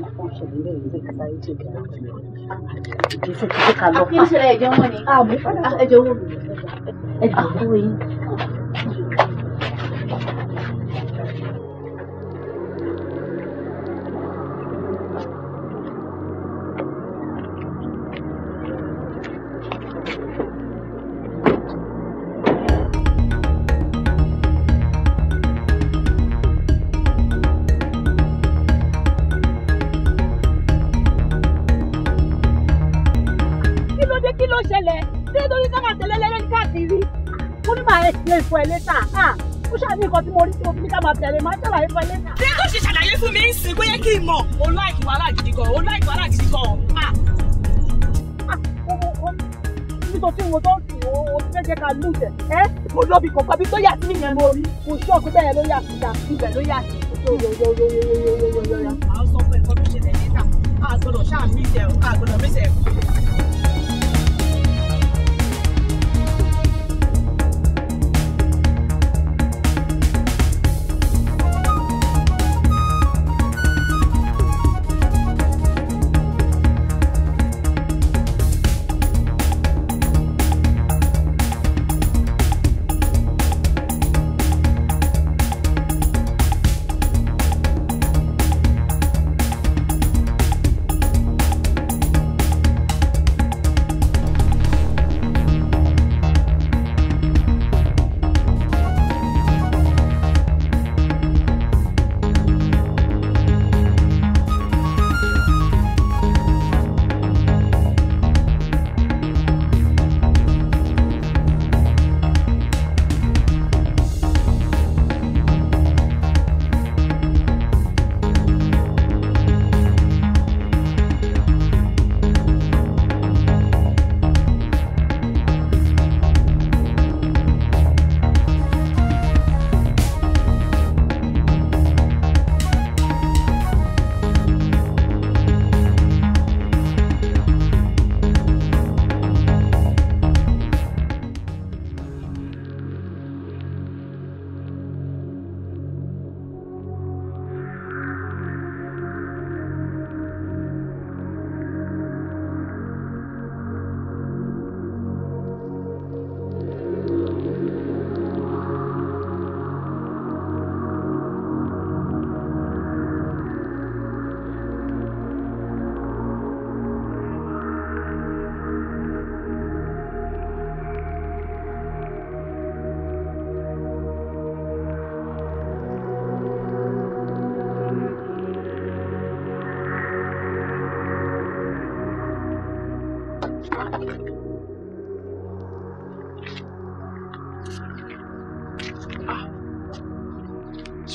ṣẹlẹ̀ ẹ létà ah, ó ṣàbí nǹkan tí mo rí tí mo fi ní ká máa tẹ̀lé máa ṣàlàyé fún ẹ létà. bí kò ṣe ṣàlàyé fún mi ń sìn kó yẹ kí n mọ̀ ó láìkí wàhálà gidi gan ó láìkí wàhálà gidi gan. Ah. Ah, ibi tó ti wo tó ń sìn o ti fẹ́ jẹ́ ká lù jẹ ẹ́ mo lóbi kọ̀ọ̀kan bí tó yà sí nìyẹn mo rí mo ṣọ́ọ̀kú bẹ́ẹ̀ ló yà sí ìdá ibẹ̀ ló yà sí. àwọn sọ fún ẹ̀kọ́ tó ṣẹlẹ̀ níta àgbọ̀dọ̀ ṣáà mí jẹ àgbọ̀dọ̀ mí jẹ.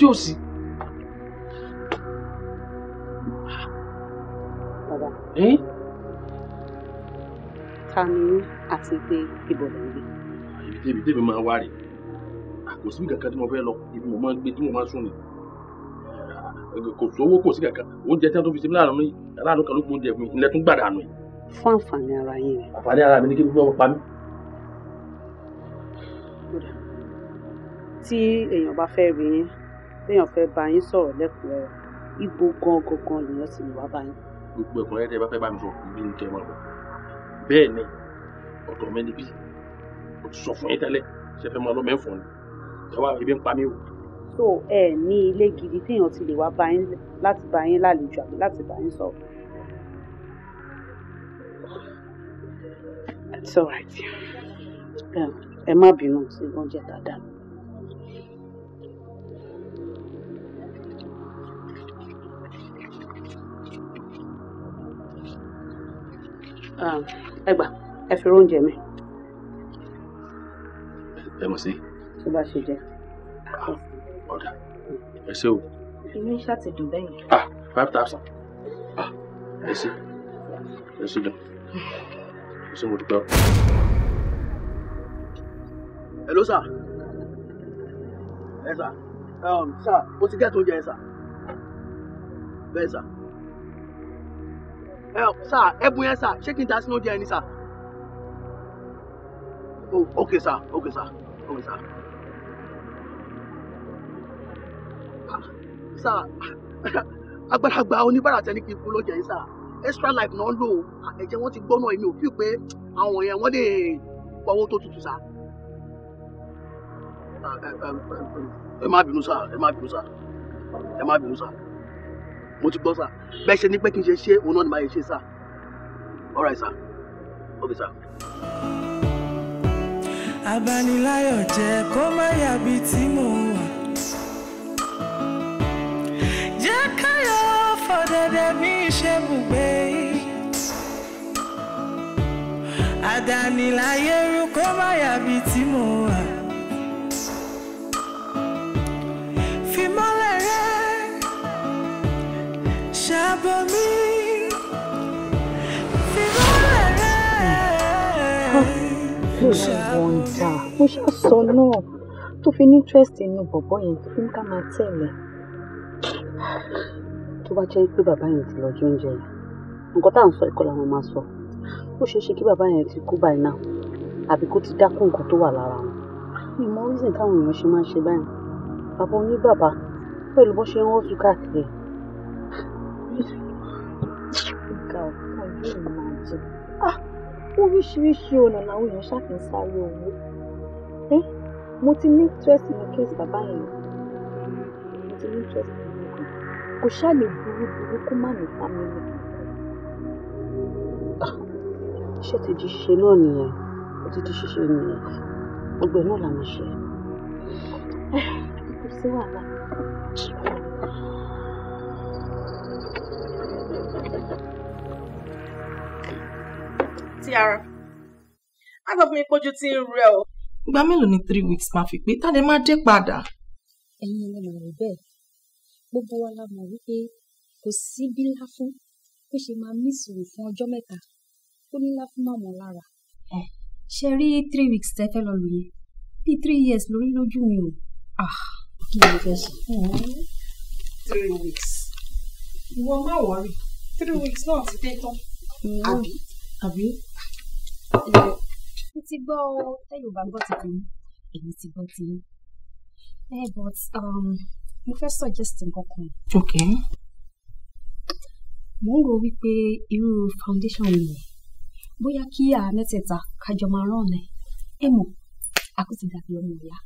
ò sí. ta ni àti pé ibò lè gbé. ibi tẹ́bi tẹ́bi máa wá rè kò síbi kankan tí mo fẹ́ lọ ibi mo máa ń gbé tí mo máa ń sùn ni kò sówó kò sí kankan oúnjẹ tí wọn tó fi sí mi láàánú aláàánú kan ló gbó oúnjẹ mi ilẹ̀ tún gbàdá nù. fún àǹfààní ara yín ni. àǹfààní ara mi ni kí n fọwọ́ pa mí. tí èèyàn bá fẹ́ rí yín téèyàn fẹ́ bá yín sọ̀rọ̀ lẹ́kùnrẹ́rẹ́ ibo gan gangan lèèyàn sì lè wá bá yín. gbogbo ẹ̀kúnrẹ́rẹ́ tẹ́ bá fẹ́ bá mi sọ ibi ní kẹ́ ẹ máa bọ̀ bẹ́ẹ̀ ni ọ̀dọ̀ mẹ́ni bí o ti sọ fún yín tẹ́lẹ̀ ṣe fẹ́ máa lọ mẹ́fọ̀ọ́ ni ẹ wá ibi ń pa mí o. so ẹ ní ilé gidi téèyàn ti lè wá bá yín láti bá yín lálejò àbí láti bá yín sọ̀rọ̀. it's alright ẹ má bínú sí oúnjẹ dáadáa. Ah, ẹ gbà ẹ fi oúnjẹ mi. ẹ mọ̀ sí. tó bá ṣe jẹ. Ah, ọ̀dà ẹ ṣe o. inú iṣẹ́ ti dùn bẹ́yìn. ah five thousand ah ẹ ṣe ẹ ṣe dùn ẹ ṣe mo dúpẹ́ o. hello sir ẹ sà um, sir o ti gẹ́tò oúnjẹ ẹ sà bẹ́ẹ̀ sà ẹ sá ẹbùn yẹn sir. ṣé kí n ta sínú oúnjẹ ni sá. oh okay sir. okay sir. okay Sir, sá agbára gba oníbàárà tẹ ní kí n fún lóúnjẹ yẹn sir. extra life náà lò ẹ̀jẹ̀ wọn ti gbóná èmi ò fi pé àwọn yẹn wọ́n lè pọ̀wọ́ tó tutù sá. ẹ má bínú sir. ẹ má bínú sir. ẹ má bínú sir mo ti gbọ́ sà bẹ́ẹ̀ ṣe ní pé kí n ṣe ṣe òun náà ni màá yẹ ṣe sà all right sà okay sà. jẹ́ kó má yàbí tí mò ń wà jẹ́ káyọ̀ fọ̀dẹ̀dẹ̀ mi ṣe bùgbé àdániláyẹ̀rù kó má yàbí tí mò ń wà. ọ̀dà mo ṣàṣọ náà tó fi ní interest inú bọ̀bọ̀ yẹn tó fi ń ká máa tẹ̀lé. tó bá jẹ́ pé bàbá yẹn ti lọ jẹ oúnjẹ yẹn nǹkan tá à ń sọ ìkọlà wọn máa sọ ó ṣeé ṣe kí bàbá yẹn ti kú báyìí náà àbí kó ti dákú nǹkan tó wà lára wọn. ìmọ̀ orísìn táwọn èèyàn ṣe máa ń ṣe báyìí bàbá oníbàbà pẹ̀lú bó ṣe ń wọ́n tú káàkiri Ọ̀gá ọ̀gá yóò máa jẹ. Oríṣiríṣi ọ̀nà làwọn èèyàn ṣàfihàn sáré owó. Mo ti ní interest ní case bàbá yẹn. Mo ti ní interest ní ìlú. Kò ṣáà lè burú burú kó má ní family. Iṣẹ́ ah, ti di ṣe náà nìyẹn. Ó ti di ṣíṣe nìyẹn. Gbogbo ẹ̀ náà là ń ṣe. Kò sí wàhálà. sí ara má sọ fún mi pójú tí ń rẹ o. ìgbà mélòó ni three weeks máa fi pé tá a lè máa dé padà. ẹ̀yin ọmọ màmá bẹ́ẹ̀ gbogbo wa la mọ̀ wípé kò sí bí láfún bó ṣe máa mísìrì fún ọjọ́ mẹ́ta ó ní láfún máa mọ̀ lára. ṣe rí three weeks tẹ́ fẹ́ lọ lò yẹn bí three years lórí lójú mi o ah, kí ni mo fẹ́ ṣe. three weeks ìwọ má wọrí three weeks náà ti dé tán àbí àbí mo ti gbọ́ ọ tẹ́yìn bá gbọ́ tuntun èmi ti gbọ́ ti ẹ eh, but um, mo fẹ́ suggest nǹkan kan. okay. mo ń rò wípé irú foundation yìí bóyá kí àá mẹ́tẹ̀ẹ̀ta kájọ máa rán ẹ̀ ẹ mọ̀ àkóso dàbí ọmọ ìyá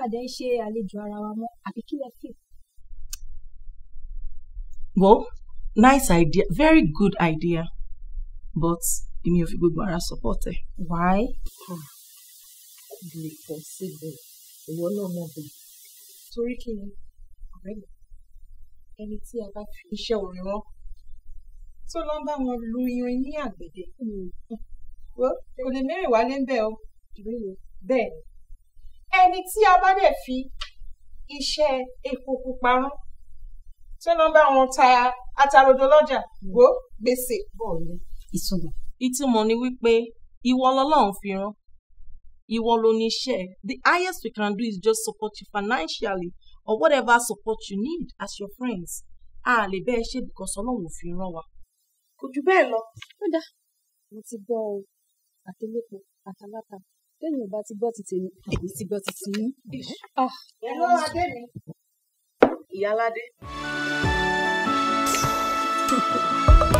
àdé ṣe àlejò ara wa mọ́ àbí kí lẹ fi. well nice idea very good idea but èmi ò fi gbogbo ara support ẹ. why. lè pọ̀ síbẹ̀ ìwọ náà mọ̀ bẹ́ẹ̀ torí kí ni ọ̀rẹ́ mi ẹni tí a bá fi iṣẹ́ orin rán tó lọ ń bá wọn lu irin ní àgbèdè kò lè mẹ́rin wálé ń bẹ̀ o bẹ́ẹ̀ ni ẹni tí a bá dẹ̀ fi iṣẹ́ epo pupa rán tí wọ́n bá wọn ta atarodo lọ́jà gbó gbèsè. bọ́ọ̀lù ìsúnmọ̀ ìtumọ̀ ni wípé ìwọ lọ́lọ́run fi rán ìwọ ló ní iṣẹ́ the highest we can do is just support you financially or whatever support you need as your friends a lè bẹ́ẹ̀ ṣe because ọlọ́run ò fi rán wa. kò jù bẹ́ẹ̀ lọ. ó dáa mo ti gbọ́ ọ àtẹlẹ́pọ̀ àtàlátà lẹ́yìn ọba ti gbọ́ ti tèmi èmi ti gbọ́ ti tìyín. ẹ̀rọ ah. adé mi ìyáládé.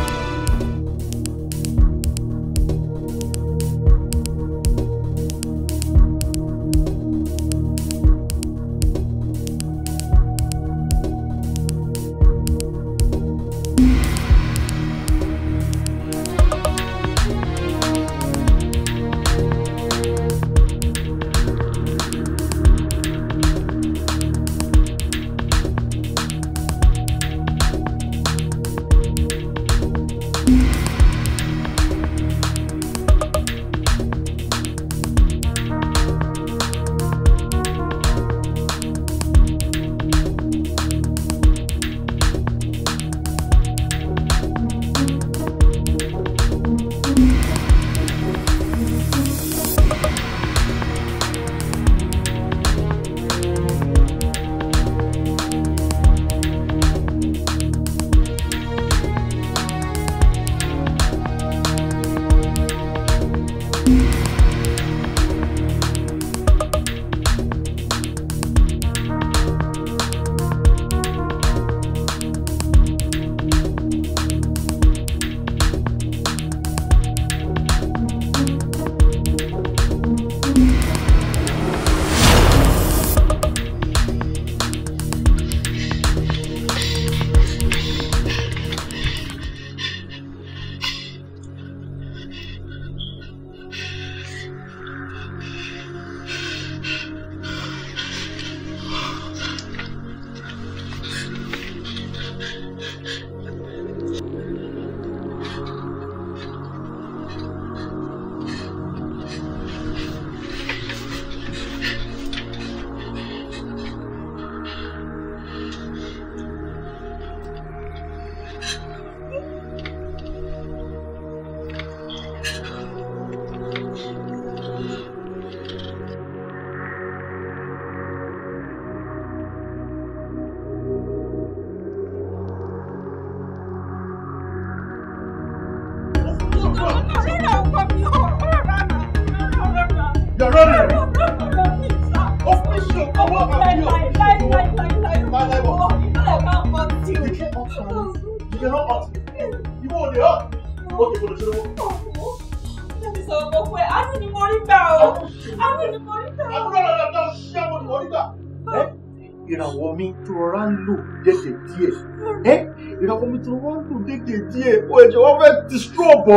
ẹ̀jẹ̀ wọ́n fẹ́ destroy ọ̀bọ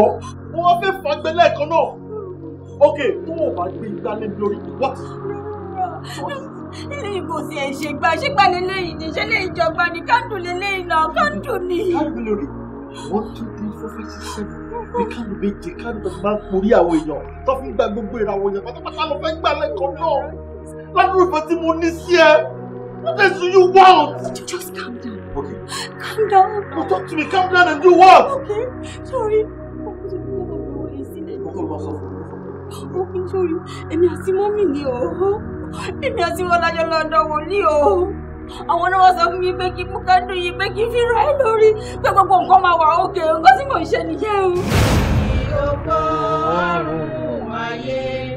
wọ́n fẹ́ fagbẹ́ lẹ́ẹ̀kan náà ok tó wọ́n bá gbé igbá lé mi wá. ilé ìbò sì ẹ̀ ṣe gbà ṣé gbà lélẹ́yìn ni ṣé lè jọba ni káńdù lélẹ́yìn náà káńdù ni. káńdù lórí one two three four five six seven méje káńdù tó máa ń porí àwọn èèyàn tó fi ń gba gbogbo ìràwọ̀ èèyàn pátápátá ló fẹ́ gbà lẹ́ẹ̀kan náà ládùúgbò tí mo ní sí ẹ what else you want. just calm down. Okay. Calm down. No, talk to me. Calm down and do what? Okay. Sorry. Ọkọ ló sọ fún mi. Okay, sorry. Èmi àti mọ́mì ni o. Èmi àti wọn lájọ lọ́dọ̀ wòlíì o. Àwọn náà wọ́n sọ fún mi pé kí mú kẹ́dùn yìí make you fi ra ẹ lórí pé gbogbo nǹkan máa wà òkè nǹkan tí mò ń ṣe nìyẹn o. Ìyókò ọ̀run ayé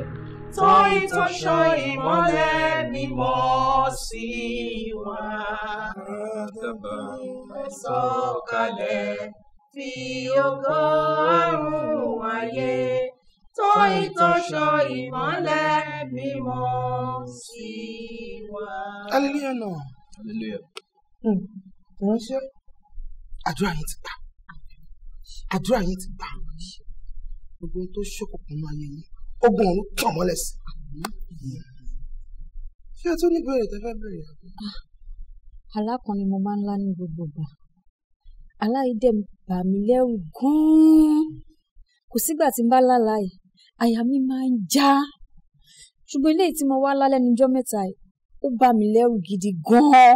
tóyí tó ṣọ ìmọ́lẹ̀ mímọ́ sí wa. sọ̀kalẹ̀ fi ọgọ́rùn-ún ayé tóyí tó ṣọ ìmọ́lẹ̀ mímọ́ sí wa. hallelujah lọ. hallelujah. ìránṣẹ́ àdúrà yín ti gbà àdúrà yín ti gbà gbogbo tó ṣókùnkùn náà yẹn yìí ogun ọ̀run tàn mọ́lẹ̀ sí. ṣé o tún ní ìbéèrè tẹ fẹ́ béèrè? àlá ni mo máa ń lá ní gbogbo ìgbà àlá yìí dẹ̀ bà mí lẹ́rù gan-an kò sígbà tí n bá lálàá yìí àyà mi máa ń já ṣùgbọ́n eléyìí tí mo wá lá lẹ́nu mẹ́ta yìí ó bà mí lẹ́rù gidi gan-an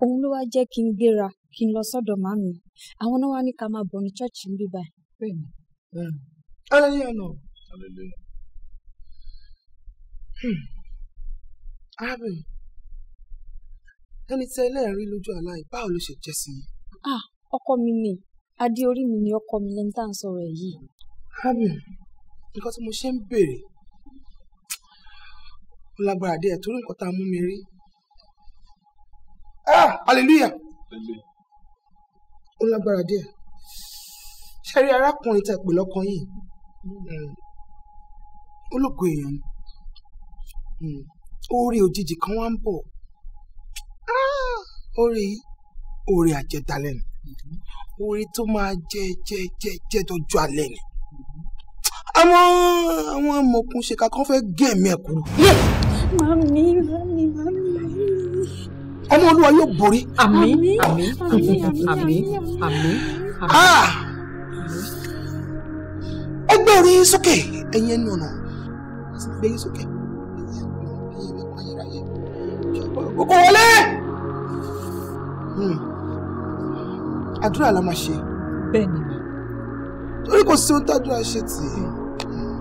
òun ló wá jẹ́ kí n gbéra kí n lọ sọ́dọ̀ màmí àwọn náà wá ní ká máa bọ̀ ní ṣọ́ọ̀ṣì ń bíbá ẹ̀. bẹ́ẹ̀ni hallelujah Hmm. arábìnrin ẹni tí ẹlẹ́rìí lójú àlá yìí báwo ló ṣe jẹ́ sí Ah, ọkọ mi ni adé orí mi ni ọkọ mi lẹni tá à ń sọ̀rọ̀ ẹ̀ yìí. arábìnrin nǹkan tí mo ṣe ń béèrè ó lágbára díẹ̀ torí nǹkan tá a mú mi rí. hallelujah ó lágbára díẹ̀ ṣe rí arákùnrin tẹ́ pè lọ́kàn yìí hmm. ó lóògùn èèyàn ni. Hmm. oore òjijì kan wá ń bọ̀ ah! oore yìí oore àjẹdálẹ̀ ni mm-hmm. oore tó máa jẹ jẹ jẹ jẹ dọjú alẹ́ ni mm-hmm. àwọn àwọn amọ̀kùn ṣèkà kan fẹ́ gé ẹ̀mí ẹ̀ kúrò. mami mami mami ọmọ olúwa yóò borí. àmín àmín àmín àmín àmín. Ah! ẹ gbé orí sókè ẹ̀yin ẹnu ọ̀nà ẹ sì gbé sókè kò wọlé. Hmm. àdúrà la máa ṣe. bẹ́ẹ̀ ni mà. torí kò sí ohun tàdúrà ṣe tì í hmm.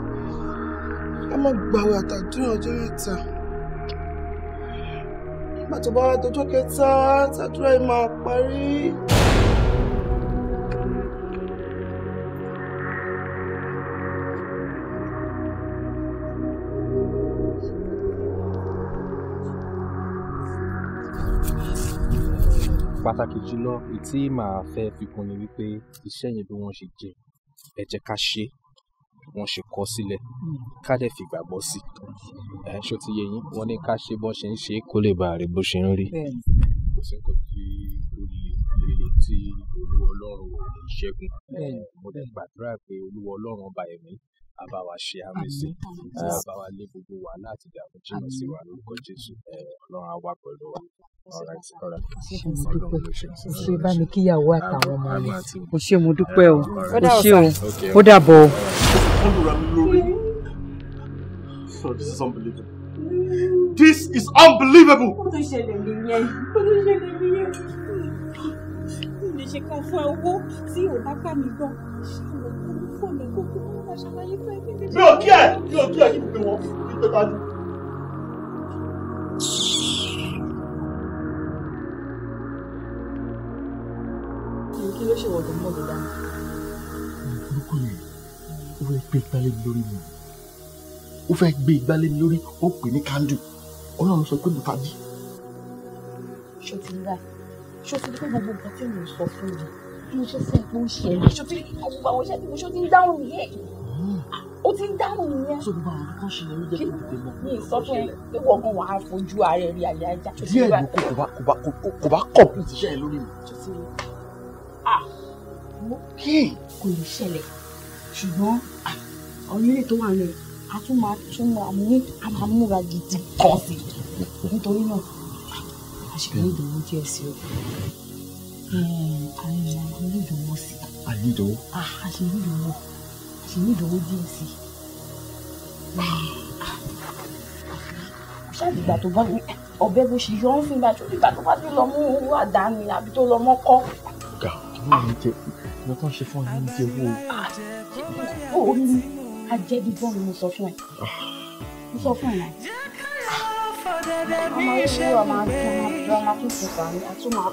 ká má gbààwẹ̀ àtàdúrà ọjọ́ mẹ́ta bàtọ̀ bá dọjọ́ kẹta tàdúrà yìí máa parí. pàtàkì jùlọ èyí tí màá fẹ́ fi kún ni wípé iṣẹ́ yẹn bí wọ́n ṣe jẹ́ ẹ jẹ́ ká ṣe wọ́n ṣe kọ sílẹ̀ ká dẹ̀ fi gbàgbọ́ sí i ẹ̀ ṣó ti yẹ yín wọ́n ní ká ṣe bó ṣe ń ṣe kó lè bá rí bó ṣe ń rí kò sí nǹkan tí ó lè lè tí olúwa ọlọ́run ò ní ṣẹ́gun mo dẹ̀ gbàdúrà pé olúwa ọlọ́run ọba ẹ̀mí àbá wa ṣe àmì àbá eh, wa lé gbogbo wa láti dàgbò jìnnà sí wa lórúkọ Jésù eh, Ọlọ́run àwa pẹ̀lú wa ṣe bá ní kíyàwó àtàwọn ọmọ rẹ kò ṣe mo dúpẹ́ o kò ṣe o ó dàbọ̀ This is unbelievable. This is unbelievable. Ó tún ṣẹlẹ̀ nìyẹn. Ó tún ṣẹlẹ̀ nìyẹn. Ó lè ṣe kan fún owó tí ò bá mi gbọ́. Ṣé o kò fún mi kókó? mi ò kí ẹ mi ò kí ẹ kí n pè wọn kí n pè ta ni. kí ló ṣe wọ̀dọ̀ mọ́ mi dání. burúkú yìí ó fẹ́ gbé ìgbálẹ̀ mi lórí mi ó fẹ́ gbé ìgbálẹ̀ mi lórí ó pè ní kandu ọlọ́run sọ pé mo ta jí. ṣó pé gbogbo nǹkan tí mo sọ fún mi kí sẹ́yìn pé ń ṣe ẹ̀rí ṣó ti rí tí mo ṣó ti ń dáhùn nìyẹn ó ti ń dáhùn nìyẹn. so gbogbo àwọn kan ṣe yẹn ló jẹ́ kí n tèmọ̀. mi sọ fún ẹ pé wọ́n kan wàá fojú ààrẹ rí àyà ajá. díẹ̀ ló kó kò bá kò bá complete iṣẹ́ ẹ lórí mi. kí kò lè ṣẹlẹ̀ ṣùgbọ́n ọ̀rọ̀ ilé tó wà lẹ̀ a tún máa tún máa mú a máa múra gidi kan sí i nítorí náà a ṣe ní ìdòwò díẹ̀ sí o ààrẹ ìdòwò sí i. àlejò. a ṣe ní ìdòwò sì ní ìdòwò díẹ̀ sí i ṣáàdìgbà tó bá ní ọbẹ̀ bó ṣe yọ ọ́n fún ìgbà tó dìgbà tó bá ti lọ mú owó àdáni àbí tó lọ mọ́kọ́. ọ̀gá mi ò jẹ lọ́kàn ṣe fún mi jẹ owó. Ah, ó ní ajẹ́dígbọ́n ni mo sọ fún ẹ mo sọ fún ẹ ah, ọmọ ìṣe ọmọ àti ọmọ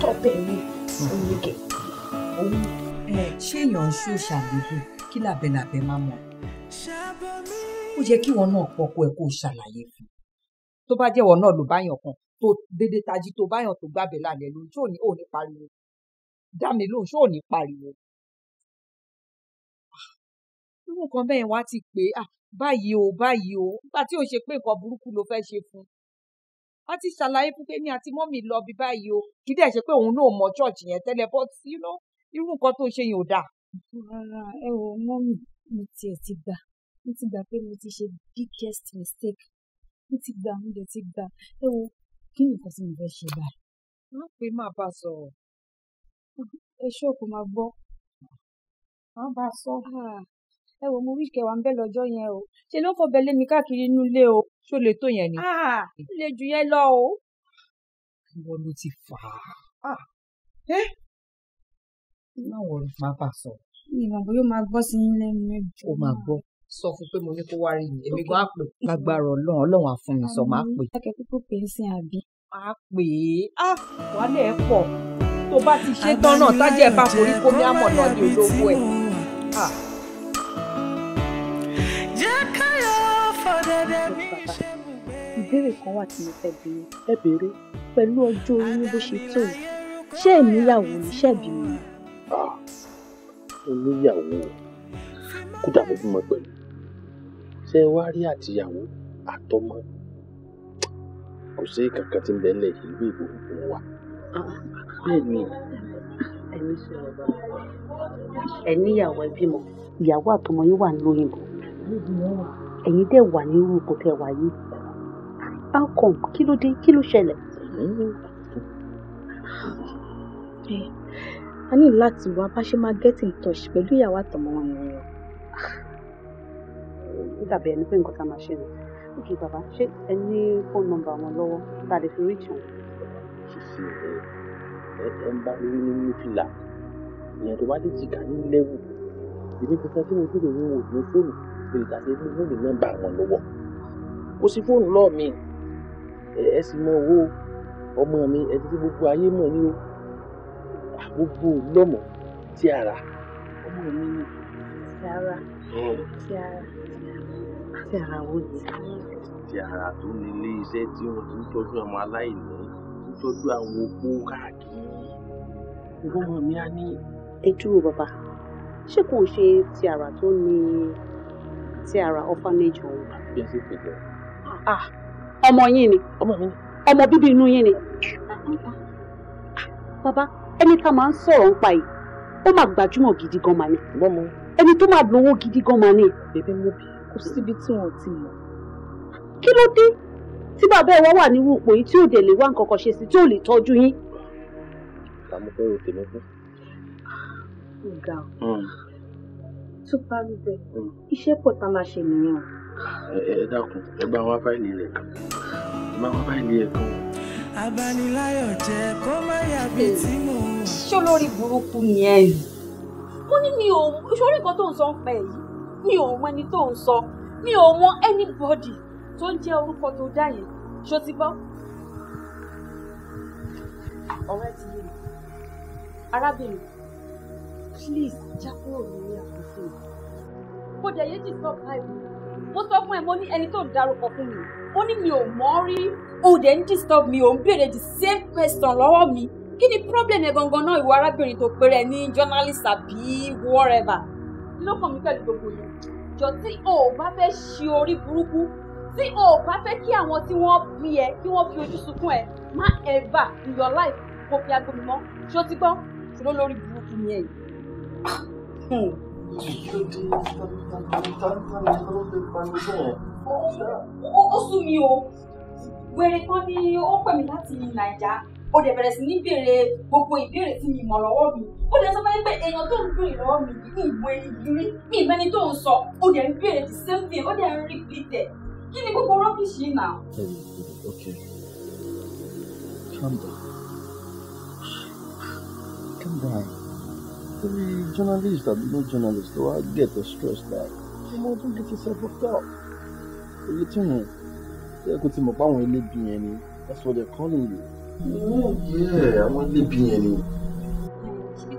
tó ti fà oníkẹ́ ṣé èèyàn ṣó ṣàlébù kí làbẹ̀làbẹ̀ máa mọ̀ ó yẹ kí wọn náà pọkọ ẹ kó ṣàlàyé fún tó bá jẹ́wọ́ náà ló báyàn kan tó dédé tají tó báyàn tó gbàbẹ̀ lálẹ́ lóhun tí ní ò pariwo dá mi lóhun tí ní pariwo ah, irú nǹkan bẹ́ẹ̀ wá ti pé ah, báyìí o báyìí o nígbà tí ò ṣe pé nǹkan burúkú ló fẹ́ ṣe fún a ti ṣàlàyé fún pé ní àti mọ́mì lọ bí báyìí o kì í dẹ̀ ṣe pé òun náà mọ church yẹn tẹ́lẹ̀ but you know irú nǹkan tó ṣe yẹn ò dáa. rárá ẹ wo mọ́mì mo tiẹ̀ ti gbà mo ti gbà pé mo ti ṣe biggest mistake mo ti gbà mo dẹ̀ ti gbà ẹ wo kí nǹkan tí mo fẹ́ ṣe báyìí. wọ́n pè má bá a sọ̀rọ̀. ẹ ṣọ́ọ̀kù máa gbọ́. wọ́n bá a sọ. Ah, ẹ wo mo wí kẹwàá ń bẹ́ lọ́jọ́ yẹn o ṣe ló fọbẹ̀ lé mi káàkiri inú ilé o ṣó lè tó yẹn ni. Ah, ó lè jù yẹn lọ o. ìwọ ló ti fà á. Ah, ẹ báwo ni màá bá sọ. ìmọ̀ bóyá ó máa gbọ́ sí yín lẹ́nu ẹ̀jọ̀. ó máa gbọ́ sọ fún pé mo ní kó wá rí èmi gan á pè. lágbára Ọlọ́run Ọlọ́run á fún mi sọ máa pè. akẹ́ kúkú pè é sí àbí. máa pè é ah, wálé ẹ pọ̀ tó bá ti ṣe tán náà tájẹ́ bá forí kómi àmọ̀ náà ní olówó ẹ̀. ìbéèrè kan wà tí mo fẹ́ bi yín ẹ pẹ̀lú ọjọ́ orí ní bó ṣe tó yìí ṣé ìníyàwó ni ṣé ìbímọ ni. oníyàwó ah, kódà mo bímọ pẹ̀lú ṣé ẹ wá rí àtìyàwó àtọmọ kò sí kankan tí ń bẹ lẹ̀ yìí bí ìgbòho wa. bẹ́ẹ̀ ni ẹni sọ ẹ níyàwó ẹ bímọ ìyàwó àtọmọ yìí wà lóyìnbó ẹ̀yin dẹ̀ wà ní irú ipò tẹ̀ wà yìí how come kí ló dé kí ló ṣẹlẹ̀. a ní láti wá bá ṣe máa get in touch pẹ̀lú ìyàwó àtọmọ wọn yẹn lọ. ó dàbí ẹni pé nǹkan tá a máa ṣe nù ok bàbá ṣé ẹ ní fóònù nọ́mbà wọn lọ́wọ́ tá a lè fi reach wọn. ẹ ń bá mi rí nínú fìlà ìyẹn tó bá dé ti kà ní lẹ́wù ìdí kẹta tí mo tún lè wọ òògùn fóònù pé tàbí nínú mi nọ́mbà wọn lọ́wọ́ kò sí fóònù lọ́ọ̀ mi ẹ sì mọ owó ọmọ mi ẹni tí gbogbo ayé mọ̀ ní o gbogbo lọ́mọ tí ara ọmọ mi ni. ti ara ti ara ti ara wo ni. ti ara tó ní ilé iṣẹ́ tí wọ́n ti ń tọ́jú àwọn aláìní ń tọ́jú àwọn opó káàkiri ọmọ mi á ní. ẹ dúró bàbá ṣé kò ṣe ti ara tó ní. Ni tí ara orphanage òun. Ah, ọmọ yín ni ọmọ bíbí inú yín ni. bàbá ẹni tá a máa ń sọ̀rọ̀ nípa yìí ó máa gbajúmọ̀ gidi gan màá ni ẹni tó máa lówó gidi gan màá ni. bèbè mo bí kò síbi tí wọn ò ti mọ̀. kí ló dé tí bàbá ẹ wá wà nírú ipò yìí tí ò lè wá nǹkan kan ṣe sí tí ò lè tọ́jú yín. àmọ́ fẹ́ ro tèmi fún tó bá rí bẹ́ẹ̀ iṣẹ́ pọ̀ tá a máa ṣe nìyẹn. ẹ dákun ẹ bá wá fáìlì rẹ kan ẹ bá wá fáìlì rẹ kan. abániláyọ̀ jẹ́ kó má yà bí hmm. tí mo. ṣé olórí burúkú ni ẹ yìí. mo ní mi ò sórí nǹkan tó ń sọ ń pẹ yìí mi ò mọ ẹni tó ń sọ mi ò mọ anybody tó ń jẹ́ orúkọ tó dá yẹn ṣó ti gbọ́. ọ̀rẹ́ ti yé mi arábìnrin please já kúrò ní àkókò yìí. kò dẹ̀ yé ti sọ báyìí mo sọ fún ẹ mo ní ẹni tó ń darúkọ fún mi ó ní mi ò mọ̀ rí o dẹ̀ ń disturb mi ò ń béèrè the same question lọ́wọ́ mi kí ni problem ẹ gangan náà ìwọ arábìnrin tó péré ní journalist àbí whatever lọ́kàn mi pẹ̀lú gbogbo yìí jọ tí o ò bá fẹ́ ṣe orí burúkú tí o ò bá fẹ́ kí àwọn tí wọ́n bí ẹ kí wọ́n fi ojú sunkún ẹ má ever in your life kó fi agbómi mọ́ ṣó ti gbọ́ ṣùgbọ́n lórí burúkú ni ẹ̀yìn ó sú mi o wèrè kan ni ó pè mí láti nàìjà ó dẹ̀ bẹ̀rẹ̀ sí ní béèrè gbogbo ìbéèrè tí mi mọ̀ lọ́wọ́ mi ó dẹ̀ sọ fún mi pé èèyàn tó ń béèrè lọ́wọ́ mi ní ìwé ìrírí ní ìbẹ́ni tó ń sọ ó dẹ̀ ń béèrè the same thing ó dẹ̀ ń repeat ẹ̀ kí ni gbogbo rọ́bìṣì yìí náà. okay calm down calm down to be journalist àbí no journalist ó wá get the stress that ọmọ ọdún get yourself worked out èyí tí mo ṣe kò ti mọ̀ pé àwọn ẹlẹ́bi yẹn that's what they're calling you. yẹ́ẹ̀ àwọn ẹlẹ́bi yẹn ni.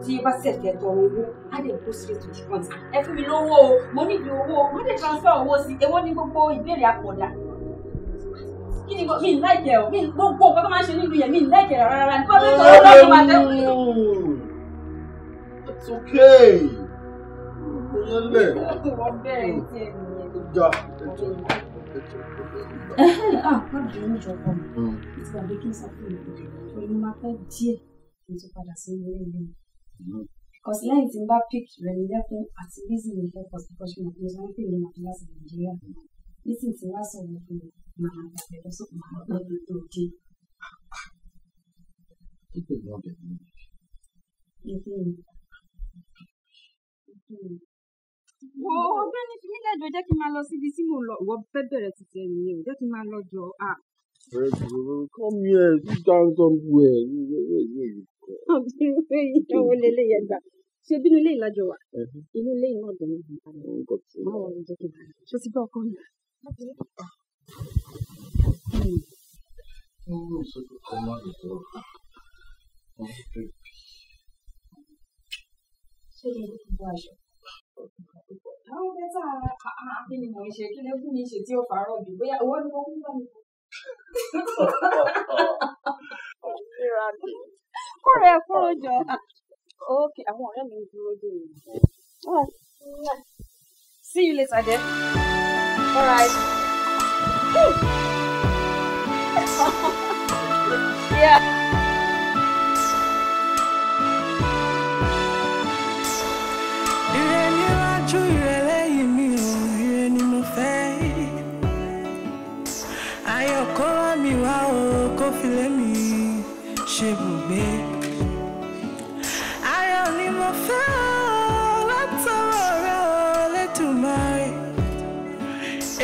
tí bá ṣẹ̀fẹ̀ tọrọ owó á lè go straight to front ẹ fún mi lówó o mo níbi owó mo lè transfer owó sí èwo ní gbogbo ìbéèrè àpọ̀dà kí ni mi ń láìkẹ́ o mi gbogbo nǹkan tó máa ń ṣe nílùú yẹn mi ń láìkẹ́ rárá nípa pé tọrọ lọ́dún máa tẹ́kùn it's okay kò yẹn lẹ̀ ọjà ètò ètò ah pàdé oúnjẹ ọkọ mi ti wà baking sapphire èyí máa pẹ́ díẹ̀ kí n tó padà sí ilé because lẹ́yìn tí n bá pick rẹ̀ ní lẹ́kùn àti bísí ní ìfẹ́ pọ̀ sí pọ̀ṣù mọ̀ mo sọ pé mi máa fi láti nàìjíríà bísí tí wá sọ̀rọ̀ fún mi màá gbàgbé lọ sókè màá gbọ́ mi tó dé. Thank you wo ọ̀gbẹ́ni fi mí lẹ́jọ́ jẹ́ kí n máa lọ síbi tí mò ń lọ ìwọ fẹ́ bẹ̀rẹ̀ títí ẹni yẹn jẹ́ kí n máa lọ jọ a. come here sit down somewhere you know where you dey go. ọ̀gbìn ìjọwọ́ lélẹ̀ yẹn gbà ṣe bínú ilé ìlàjọ wa inú ilé ìwọ̀n ọ̀dọ̀ mi kàn án báwo ló jẹ́ kí n bá ṣe ti bá ọkọ mi. Oh, so good. Come on, it's over. Oh, baby ṣé you later, dear. All right. yeah. kó fi lé mi ṣe bùgbé. ayọ̀ ni mo fẹ́ látọwọ́ rẹ Olódùmarè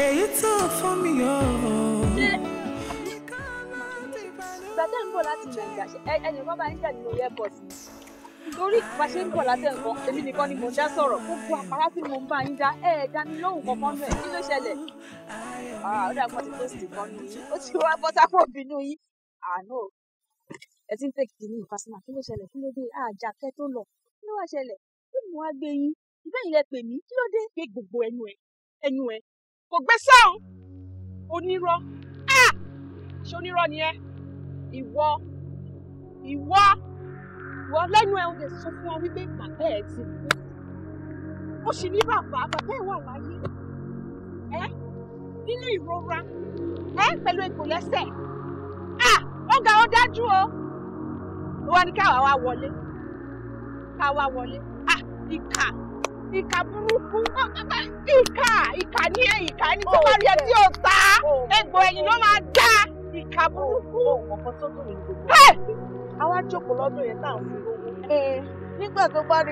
èyí tó fún mi yọ. ìgbà ń bọ̀ láti nàìjíríà ẹnì kan bá ń jà nínú airport ni torí bá ń bọ̀ látẹ̀kọ́ èmi nìkan ni mò ń sọ̀rọ̀ gbogbo àpárá tí mò ń bá yín dá ẹ̀ ẹ̀ lóhùn kankan nù kí ló ṣẹlẹ̀ ah, ó dàgbọ́n ti tó sì kan nù ó ti wá bọ́sápọ̀ bínú yín àánú o ẹ ti ń fẹ́ kìkì ní ìfàsímà kí ló ṣẹlẹ̀ kí ló dé àjà ah, kẹ́ tó lọ kí ló wá ṣẹlẹ̀ kí mo wá gbé yín ìfẹ́ yìí lẹ pè mí kí ló dé pé gbogbo ẹnu ẹ ẹnu ẹ kò gbé sọ́hún onírọ́ á ah! ṣe onírọ́ ni ẹ ìwọ ìwọ ìwọ lẹ́nu ẹ ń lè sọ fún ọ wípé bàbá ẹ ti kú ó sì ní bàbá bàbá ẹ wà láyé ẹ nínú ìrora ẹ pẹ̀lú egbò lẹ́sẹ̀ ga ó dájú o wọn ni káwa wá wọlé káwa wọlé ah ìkà ìkà burúkú ìkà ìkà ní ẹ ìkà ẹni tó bá rí ẹ tí ta egbò ẹ̀yìn ló máa dá ìkà burúkú. àwa jókòó lọ́dún yẹn tá à ń fún lówó. Eh, nígbà tó bá di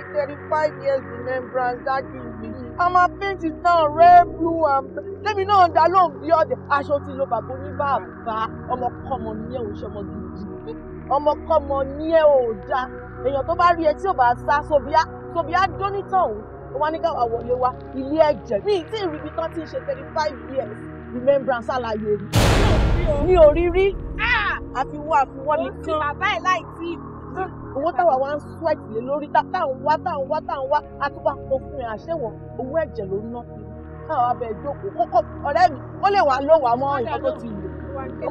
years remembrance that ìlú I'm a àmà it náà red blue and tèmi náà dá lóhùn bí ọ̀dẹ̀ aṣọ tí lo bàbá oníbàbà ọmọkọ́mọ ní ẹ̀ òṣèmọ gidi ọmọkọ́mọ ní ẹ̀ ò dá èèyàn tó bá rí ẹ tí ò bá sá sobíà sobíà dónítàn òun ó wá ní káwá wọlé wá ilé ẹ̀jẹ̀ mi tí ìrìbí tán ti ń ṣe thirty five years remembrance àlàyé rí mi ò rí rí àfiwọ́ ah! àfiwọ́ mi kán. bàbá ẹ̀ láì tí ì owó táwa wá ń sweat lé lórí táwọn wá táwọn wá táwọn wá àtúwà kó fún ẹ àṣẹwọ̀n owó ẹ̀jẹ̀ ló ná káwọn abẹ ìjókòó kókó ọ̀rẹ́ mi ó lè wà lọ́wọ́ àmọ́ ìfọ́tò ti lò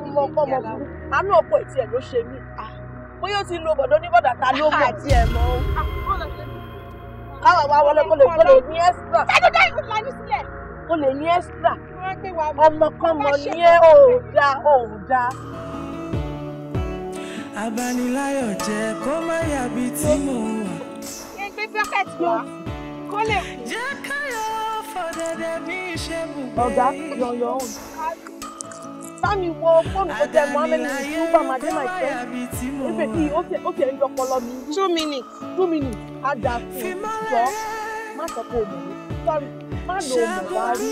ọmọ ọkọ ọmọ burú àánú ọ̀pọ̀ ètí ẹ̀ ló ṣe mí ah, bóyá ó ti lo bọ̀dọ̀ ní bọ̀dà ta ló mọ̀ àti ẹ̀ mọ́ káwọn wá wọlé kó lè kó lè ní extra kó lè ní extra ọmọ kan mọ̀ ní ẹ̀ ò dáa ò dáa abániláyọ̀ jẹ́ kó má yà bí tí mo wà. ṣé gbé bákẹ́tì kó lè kú. jẹ́ káyọ̀ fọ̀dẹ̀dẹ̀ bí iṣẹ́ bùgbé. ọ̀gá yọ̀yọ̀ òun. Sámi wo fóònù tó jẹ́ Mohammed ní Uber Madi my friend. Ife kí ó ti ẹ̀ ń jọ ọpọlọ mi. Two minutes. Two minutes. A dà fún jọ. Má sọ pé o mọ̀ mí. Sọ́rí, má lo o mọ̀ wá rí.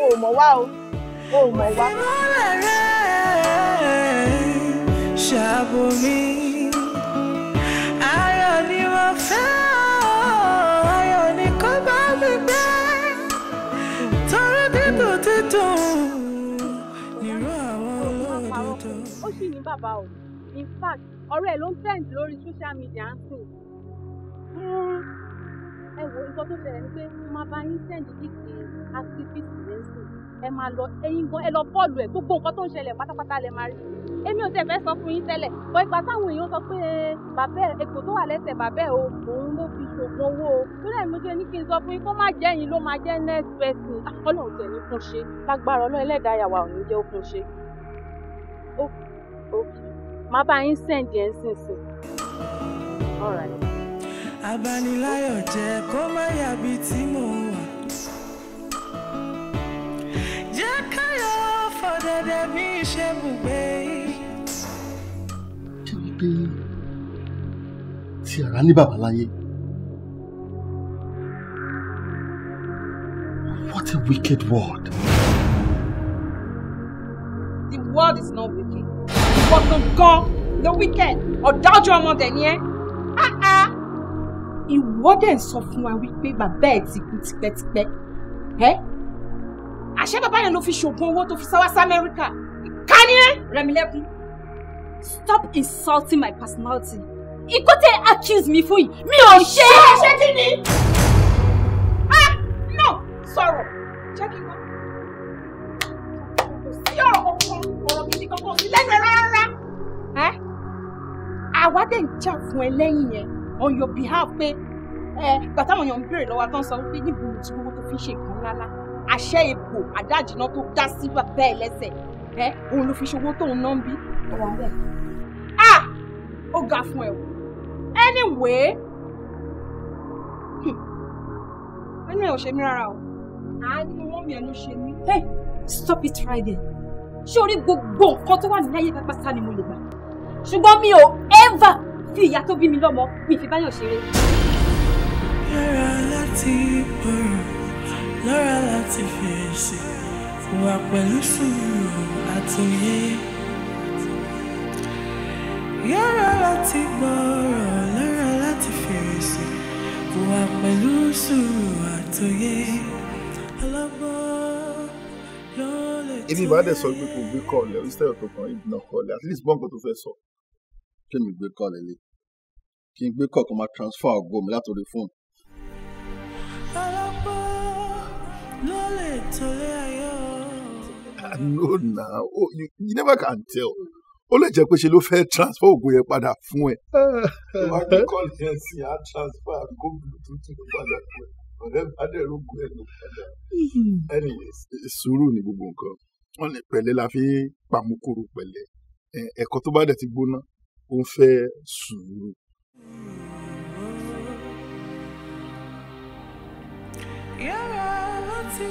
O mọ̀ wá O mọ̀ wá. Ìmọ̀lẹ̀ rẹ̀ ṣàbò mi ayọ̀ ni mo fẹ́ ayọ̀ ni kò bá mi gbé torí dídùn dídùn nírú àwọn olódodo. ó sì ní bàbá o in fact ọ̀rẹ́ ẹ̀ ló ń trend lórí social media ń sìn ẹ wo nǹkan tó ṣẹlẹ̀ ni pé mo máa bá yín send dìgbì activist lẹ́sìn ẹ máa lọ ẹ̀yin gan ẹ lọ bọ́ọ̀lù ẹ̀ gbogbo nǹkan tó ń ṣẹlẹ̀ pátápátá lẹ máa rí èmi ò tẹ̀ fẹ́ sọ fún yín tẹ́lẹ̀ bọ́ ìgbà táwọn èèyàn sọ pé bàbá ẹ̀ tó wà lẹ́sẹ̀ bàbá ẹ̀ òun ló fi ṣògùn owó o lórí ẹ̀mí tó ní kí n sọ fún yín kó má jẹ́ ẹ̀yin ló máa jẹ́ next person ọlọ́run tẹ̀ ní fún ṣe lágbára ọlọ́run ẹlẹ́dàá yàwá ò ní jẹ́ fún ṣe. ó ó má bá yín sẹ́ǹdì ẹ̀ ń sìn sìn. kó má yàbí tí mò ń jẹ́ ká lọ fọ̀dẹ̀dẹ̀ bí iṣẹ́ bùgbé. ṣé o pé tí ní bàbá What a wicked world. The world is not wicked. Ìwọ gangan ló wicked. Ọ̀dájú ọmọ dẹ̀ ni ẹ́. Ah, ah. Ìwọ dẹ̀ sọ fún wa wípé bàbá ẹ̀ ti kú tipẹ́tipẹ́ àṣẹ bàbá yẹn ló fi ṣoògùn owó tó fi sá wá sí amẹ́ríkà ká ní stop insulting my personality nǹkan tẹ́ accuse mi fún yìí mi ò ṣe. ṣé ṣé kí ni. ah no sọ̀rọ̀ jẹ́ kí n wá. sí ọ̀rọ̀ kankan ọ̀rọ̀ gidi kankan ò lẹ́sẹ̀ rárá. àwa dẹ̀ ń jà fún ẹ lẹ́yìn yẹn on your behalf pé ẹ gbàtàwọn èèyàn ń béèrè lọ́wọ́ àtọ́nsọ pé níbo ni tí gbogbo tó fi ń ṣe nǹkan ńlá àṣẹ ipò àdájìná tó dá sí bàbá lẹ́sẹ̀ ẹ òun ló fi ṣòwò tóun náà ń bí. a ó ga fún ẹ wò anyway ẹni hmm. ẹ ò ṣe mí rárá o àánú wọn mi ẹ ló ṣe mí. hey stop it right there ṣé orí gbogbo nǹkan tó wà ní ayé pápátá ni mo lè gbà ṣùgbọ́n mi ò ever fi ìyá tó bí mi lọ́mọ mi fi báyọ̀ ṣeré. yàrá láti ọ̀rọ̀ lọ́ra láti fèsì wà pẹ̀lú sùúrù àtòyé yára láti gbọ́rọ̀ lọ́ra láti fèsì wà pẹ̀lú sùúrù àtòyé èmi bá dẹ̀ sọ pé kò gbé kọ́ọ̀lẹ̀ oníṣẹ́ ọ̀tọ̀ kan ìbùnà kọ́ọ̀lẹ̀ at least gbọ́ǹkan tó fẹ́ sọ kí mi gbé kọ́ọ̀lẹ̀ lé kí n gbé kọ́ọ̀kan máa transfer ògo mi látòrí fóònù no na oh, you, you never can tell ó lè jẹ́ pé ṣe ló fẹ́ transfer ògùn yẹn padà fún ẹ. ìwà kíkọ́ yẹn sì á transfer gómìnà tuntun ló padà fún ẹ ọ̀rẹ́ bàdẹ̀rù ògùn ẹ̀ ló padà. anyways sùúrù ni gbogbo nǹkan wọn lè pẹ̀lẹ́ la fi pàmùkúrú pẹ̀lẹ́ ẹ̀kọ́ tó bá dẹ̀ ti gbóná ó ń fẹ́ sùúrù. yàrá láti.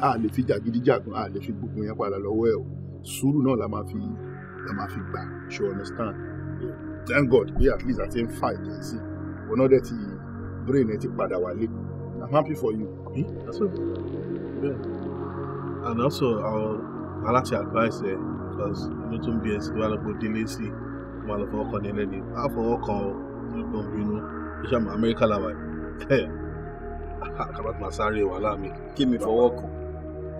a lè fi jàgídíjàgùn a lè fi gbogbo yẹn padà lọ́wọ́ ẹ̀ o sùúrù náà la máa fi la máa fi gbà ṣe understand thank God pé at least àti ń fa ìdíyẹ sí ọ̀nà dẹ̀ ti brain ẹ ti padà wálé I'm happy for you. Yeah. and also our aláti advice ẹ because inú tó ń bí ẹ sí wàá lọ́pọ̀ délé sí wàá lọ́pọ̀ ọkọ̀ nílẹ̀ ni àfọwọ́kọ̀ ọ̀gbọ̀n bínú iṣẹ́ àmọ́ Amẹ́ríkà làwà yìí kàbàtì màá sáré wàhálà mi kí mi fọwọ́ kàn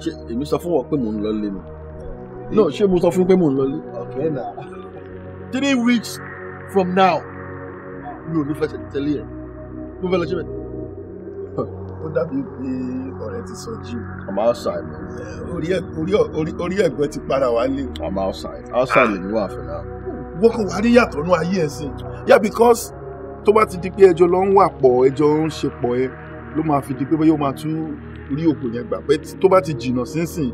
ṣé èmi sọ fún wọn pé mò ń lọ lé mi eh, no ṣé mo sọ fún pé mò ń lọ lé. ọ̀kẹ́ nà. three weeks from now mi ò ní fẹ́ tẹ̀lé ẹ̀ mo fẹ́ lọ ṣe bẹ́ẹ̀. ó dàbí pé ọ̀rẹ́ ti sọ jíù. I'm outside man. Eh, orí ẹ̀gbẹ́ ti padà wá lé. I'm outside outside lè ní wà fẹ́ náà. wọ́n kò wá rí yàtọ̀ nú ayé ẹ̀ sí. yeah because tó bá ti di pé ẹjọ́ lọ ń wà pọ̀ ẹjọ́ ń ṣe pọ̀ ẹ ló máa fi di pé bóyá ó máa tún rí òpó yẹn gbà pé tó bá ti jìnnà sínsìn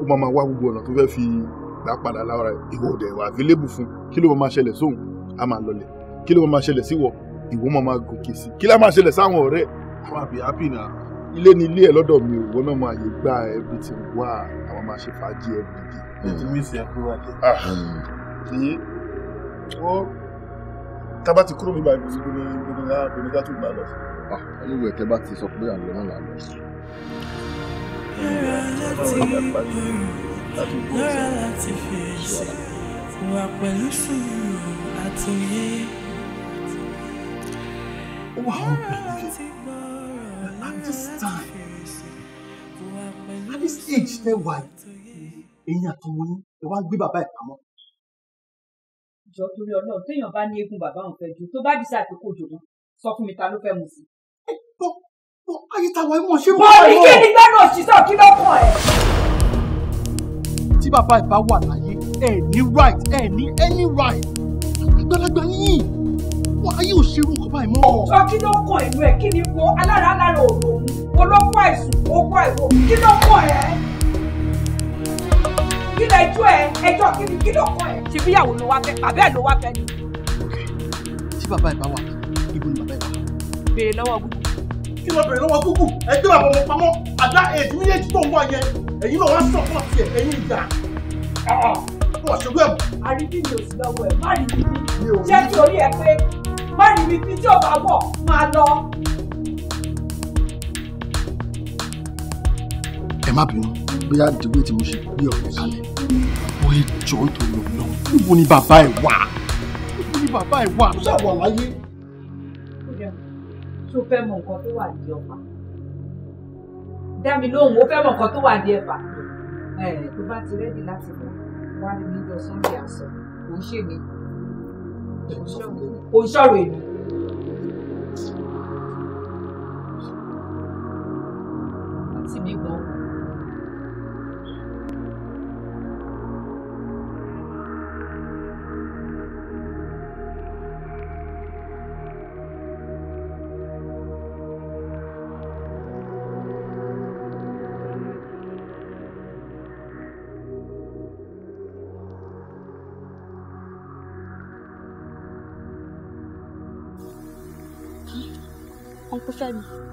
ó máa máa wá gbogbo ọ̀nà tó fẹ́ fi gbà padà lára ìwọ ọ̀dẹ̀ wà available fún kí ló máa ṣẹlẹ̀ sóhun a máa lọlẹ̀ kí ló máa ṣẹlẹ̀ sí wọ ìwọ máa máa gòkè sí kí lá máa ṣẹlẹ̀ sáwọn ọ̀rẹ́ a máa bì happy náà ilé ni ilé ẹ lọ́dọ̀ mi ìwọ náà máa yẹ gbá everything wá àwọn máa ṣe fàájì everything. ètò mi sì ẹ kúrò àdé. ṣèyí wọ́n tábà ti kúrò mi báyìí gbogbo ní gbogbo ní gbogbo Ah, anyway tẹ bá ti sọ pé à náà là ń lọ sí. lọ́ra láti fèsì wà pẹ̀lú sùúrù àtòyé. ó wà ó bẹ̀rẹ̀ at this time at this age tẹ wà ẹ̀yin àtọwọ́ yín ẹ wá gbé bàbá ẹ̀ pamọ́ jọ torí Ọlọ́run téèyàn bá ní eégún bàbá òun fẹ́ ju tó bá dísà pé kò jòwó sọ fún mi ta ló fẹ́ mu sí bọ bọ ayé tàwa ẹmọ ṣé mo. bọ́ọ̀lì kí ni gbẹ́nu òṣìṣẹ́ kí ló kàn ẹ́. tí bàbá ìbá wà láyé ẹ ní right ẹ ní any right àgbàlagbà yín wọn ayé òṣèlú nǹkan báyìí mọ́. ọ̀tọ́ kí ló kàn ìlú ẹ̀ kí ni ko alára alára òòrùn olóko àìsùn owó àìwò kí ló kàn ẹ́ kí lè ẹ ẹjọ́ kí ni kí ló kàn ẹ́. ṣèbíyàwó ló wá fẹ́ bàbá ẹ̀ ló wá fẹ́ ni. tí bàbá ẹ̀ bá wà ibo ni bàbá ẹ̀ wà béèrè lọ́wọ́ gúgù. kí ló béèrè lọ́wọ́ gúgù ẹ gbé bàbá ọmọ pamọ́ àdá èdè méjèèjì tó ń wá yẹn ẹ̀yin náà wá sọ̀ fún ọ̀sì ẹ̀ ẹ̀yin ìjà wọ́n ṣe wẹ́ẹ̀mù. àrídì mi ò sí lọ́wọ́ ẹ̀ má rí mi jẹ́ kí orí ẹ pé má rí mi tí ò bá wọ̀ máa lọ. ẹ má bínú bóyá dìgbò tí mo ṣe gbé ọ̀rẹ́ kalẹ̀ ó yẹ jọ́ nítorí ọ̀nà níbo ni bàbá ẹ̀ wà níbo ni bàbá ẹ̀ wà. ó ṣàwọ̀ àlàyé tó fẹ́ mọ nǹkan tó wà ní ọ̀fà dá mi lóhùn ó fẹ́ mọ nǹkan tó wà ní ẹ̀fà tó bá ti rẹ́dì láti mọ wá ní níjọ sunday àṣọ kò ń ṣe mí kò ń ṣọ̀rọ̀ èmi. àti mi gan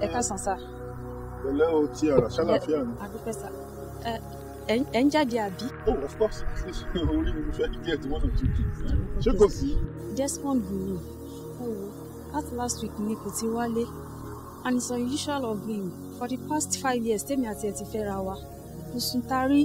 ẹ káàsán sá. pẹ̀lẹ́ o ti ara ṣàlàfíà ni. àdúpẹ́ sá ẹ ń jáde àbí. oh of course orí mi fẹ́ díẹ̀ tí wọ́n náà tún kì í ṣé kò sí. Desmond mi o oh, at last week ni kò ti wálé and it's unusual of him for the past five years tèmi àti ẹ ti fẹ́ra wa mo sùn tarí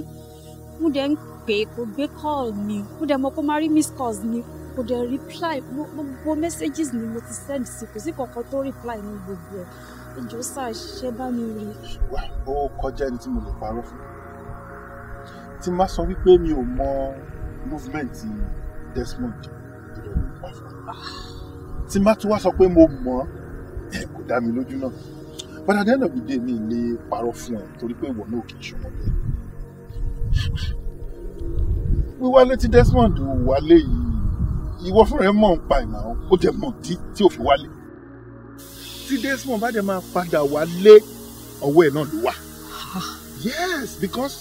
mo dẹ̀ ń pè é kò gbé call mi mo dẹ̀ mọ̀ kó máa rí miss calls mi kò dẹ̀ reply gbogbo messages ni mo ti send sí kò sí kankan tó reply ní gbogbo ẹ̀ ìjọ sáà ṣiṣẹ́ bá mi rí. wà ó kọjá ẹni tí mo lè parọ́ fún tí má sọ wípé mi ò mọ movement Desmond ìrọ̀ ní ìpa fún tí má tún wá sọ pé mo mọ̀ ẹ kò dá mi lójú náà padà dé ẹnà gbìdé mi lè parọ́ fún ẹ torí pé ìwọ náà kì í ṣọmọ bẹ́ẹ̀ wíwálé tí Desmond wálé yìí ìwọ fúnra ẹ mọ̀ ń pa ìmọ̀ ó jẹ mọ̀ tí ò fi wálé sixty days bá dẹ̀ máa padà wálé ọwọ́ ẹ̀ náà ló wà. yes because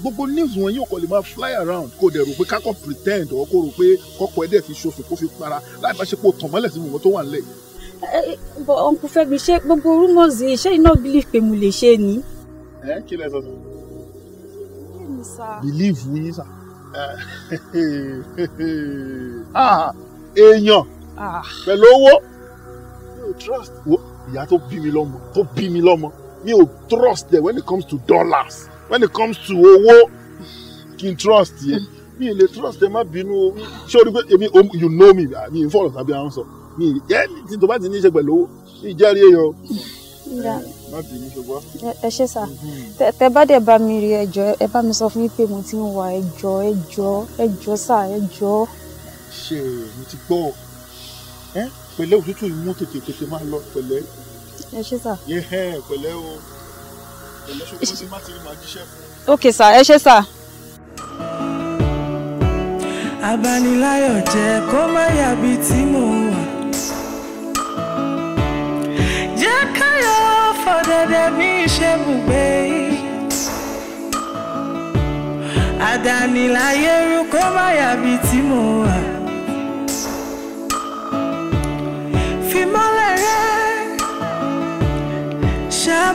gbogbo news wọn yóò kọ́ lè máa fly around kó dẹ̀ rò pé kákọ́ pretend ọ̀ kó rò pé kọ́kọ́ ẹ̀ dẹ̀ fi ṣoṣù kó fi para láì bá ṣe pé o tàn mọ́lẹ̀ sí gbogbo tó wà nílẹ̀ yìí. bọ uncle Fẹ́mi ṣé gbogbo rumors yìí ṣé iná believe pé mo lè ṣe ni. ẹ kí lẹ sọ sọ. believe yín sà. Ah, èèyàn ah. pẹ̀lú owó ìyá tó bí mi lọ́mọ tó bí mi lọ́mọ mi ò trust there when it comes to dollars when it comes to owó kí n trust yẹ mi ò lè trust ẹ má bínú o ṣé o rí pé èmi you know me mi ì fọ̀rọ̀ tàbí àwọn sọ mi ì ẹ́ ti tó bá ti ní í ṣe pẹ̀lú owó mi ì jẹ́rìí èèyàn o má bínú ṣùgbọ́n. ẹ ṣe sá mm-hmm. tẹ bá dẹ̀ bá mi rí ẹjọ́ ẹ bá mi sọ fún yín pé mo ti ń wá ẹjọ́ ẹjọ́ ẹjọ́ sá ẹjọ́. ṣe mo ti gbọ́ ẹ pẹ̀lẹ́ òtútù ìmú tètè tètè máa lọ pẹ̀lẹ́ ẹ ṣé sà. yé ẹ pẹ̀lẹ́ o pẹ̀lẹ́ ṣokòó ti má ti rí màá fún. ok sà ẹ ṣé sà. abániláyọ̀ jẹ́ kó má yàbí tí mò ń wà. jẹ́ káyọ̀ fọ̀dẹ̀dẹ̀ bí iṣẹ́ bùgbé. àdániláyé rú kó má yàbí tí mò ń wà. fìmọ́lẹ̀ rẹ̀.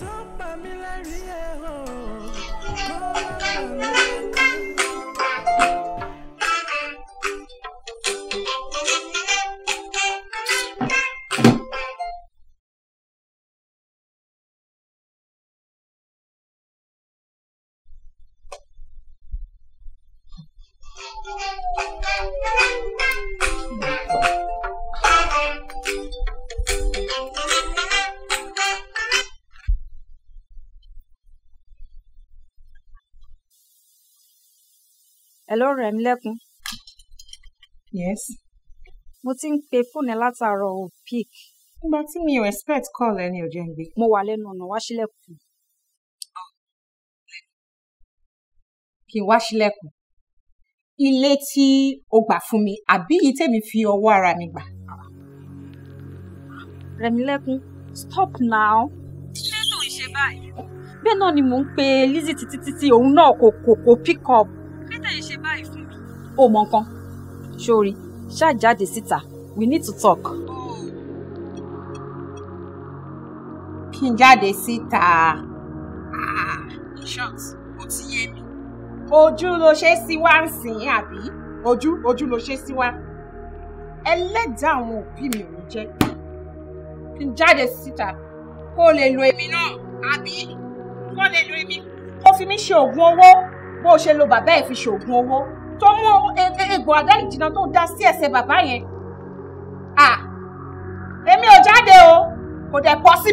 tó pa mí lẹ́rìí ẹ̀ o kó má bà mí lẹ́kọ̀ọ́. hello Rẹ̀mílẹ́kùn. yes. mo ti ń pe fóònù ẹ látàárọ̀ ò pick. nígbà tí mi ò expect call ẹni ò jẹ́ ń gbé. mo wà lẹ́nu ọ̀nà wá sílẹ̀kùn. kí n wá sílẹ̀kùn ilé tí o gbà fún mi àbí yìí tèmi fi ọwọ́ ara mi gbà. Rẹ̀mílẹ́kùn stop now. ṣé tó ń ṣe báyìí. bẹ́ẹ̀ náà ni mò ń pe Lizzy títí títí òun náà kò kò kò pick up ó mọ nǹkan sórí ṣáà síta we need to talk. kí n jáde síta ah, short ó ti yé mi. ojú ló ṣe sí wá ń sìn àbí ojú ojú ló ṣe sí wá ẹlẹ́dàá àwọn òbí mi ò ní jẹ́ kí n jáde síta kó o lè lo èmi náà àbí kó o lè lo èmi kó o fi mí ṣe oògùn owó bó o ṣe lo bàbá ẹ̀ fi ṣe oògùn owó tó mú e-, e-, egbò àdá ìjìnà tó dá sí ẹsẹ̀ bàbá yẹn èmi ò jáde o kò dẹ̀ pọ̀ sí.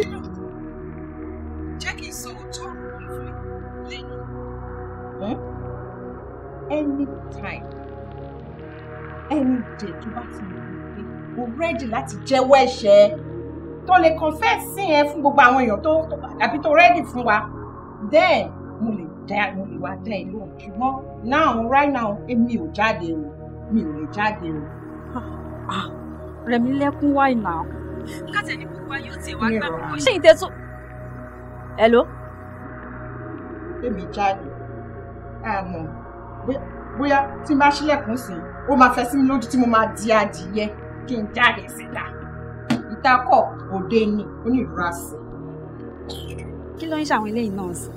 jẹ́ kí n sọ òótọ́ ọ̀rọ̀ fún mi hmm? any day tó bá ti lè rí o rẹ́dì láti jẹ́wọ́ ẹ̀ṣẹ̀ tó lè confess sí yẹn fún gbogbo àwọn èèyàn tó àbí tó rẹ́dì fún wa then mo lè wá dá ẹ lóhùn ṣùgbọ́n now right now èmi ò jáde o mi ò lè jáde o. Ah, ah, rẹ̀mí lẹ́kún wáì náà. kájẹ ní gbogbo ayé ó ti wá gbà púpọ̀ ṣé ìtẹ́tù. hello. èmi jáde àmọ́ bóyá tí n bá ṣílẹ̀kùn sí ó máa fẹ́ sí mi lójú tí mo máa di adìyẹ kí n jáde síta ìtakọ̀ òde ni onírúurú àṣẹ. kí ló ń ṣàwọn eléyìí náà sí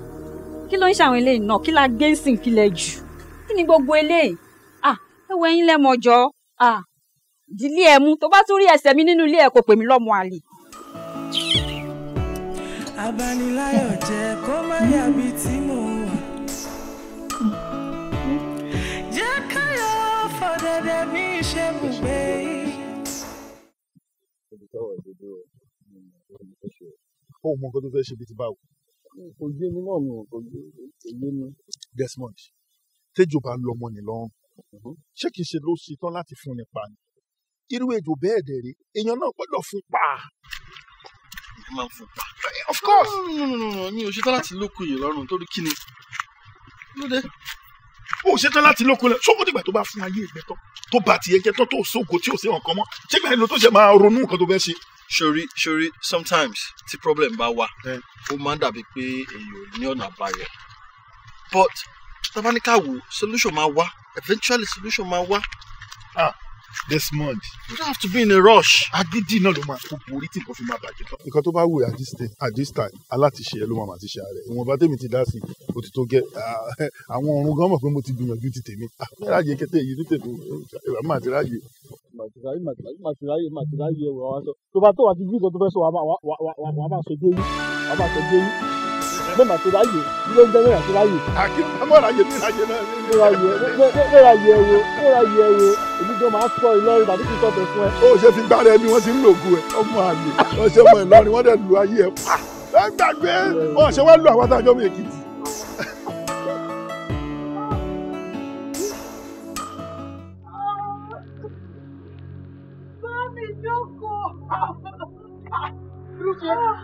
kí ló ń ṣàwọn eléyìí náà kí la gbé ń sìn kí lẹ jù kí ni gbogbo eléyìí ah ẹwọ ẹyin lẹmọjọ ah ìdílé ẹ mú tó bá tún rí ẹsẹ̀ mi nínú ilé ẹ kò pè mí lọ́mọ àlè. abániláyọ̀ jẹ́ kó má yàbí tí mò ń wà. jẹ́ káyọ̀ fọ̀dẹ̀dẹ̀ mi ṣe bùgbé. ó mọ nǹkan tó fẹ́ ṣe bí ti báwo. òye mi náà ni òye mi Desmond tẹ́jọ́ bá lọ́mọ ní lọ́rùn mm-hmm. ṣé kìí ṣe ló ṣetán láti fún ni pa ni irú ejò bẹ́ẹ̀ dẹ̀ rí èèyàn náà gbọ́dọ̀ fún pa ẹ máa fún pa of course. mi ò ṣetán láti lókun yìí lọ́rùn torí kí ni lóde. o ò ṣetán láti lókun lẹ sóko dìgbà tó bá fún ayé ìgbẹ́ tó bá tiẹ̀ jẹ́ tán tó sóko tí ò sí ọ̀kan mọ́ ṣé gbà tó ṣe máa ronú nǹkan tó bẹ́ẹ̀ ṣe. sori sori sometimes tí problem bá wà ó máa ń dàbí pé èèyàn ò ní ọ̀nà àbáyọ but tá a bá ní ká wò solution máa wá eventually solution máa wá. ah Desmond. you don't have to be in a rush. agídí náà ló máa kó borí tí nǹkan fi máa bàjẹ́ tán. nǹkan tó bá wù at this time alátiṣe ló máa ti ṣe ààrẹ ìwọ̀nba tèmi ti dá sí o ti tó gẹ́ ah, àwọn ọ̀run gan mọ̀ pé mo ti gbìyànjú ti tèmi ah, ráàyè kété yìí ní tèmi ìwà máa ti ráàyè. màtìráyè màtìráyè màtìráyè ẹ̀wọ̀ àwọn aṣọ tó bá tó wà ti gbígbó tó fẹ́ sọ wàá máa sọ dé yín wàá máa sọ dé yín bẹ́ẹ̀ màá ti ráyè ló ń jẹ́ bẹ́ẹ̀ màá ti ráyè. ráyè mi ráyè náà. ráyè ráyè ẹ èmi gan máa sọ Ìlọrin tàbí kí sọ bẹ̀ fún ẹ. ó ṣe fi gbára ẹni wọ́n ti ń lògùn ẹ ọmọ àlè wọ́n ṣe mọ Ìlọrin wọ́n dẹ̀ lu ayé ẹ pa. Ah, ẹ gbàgbé wọn ṣe wá lu àwọn àtàjọ mi Èkìtì. Bá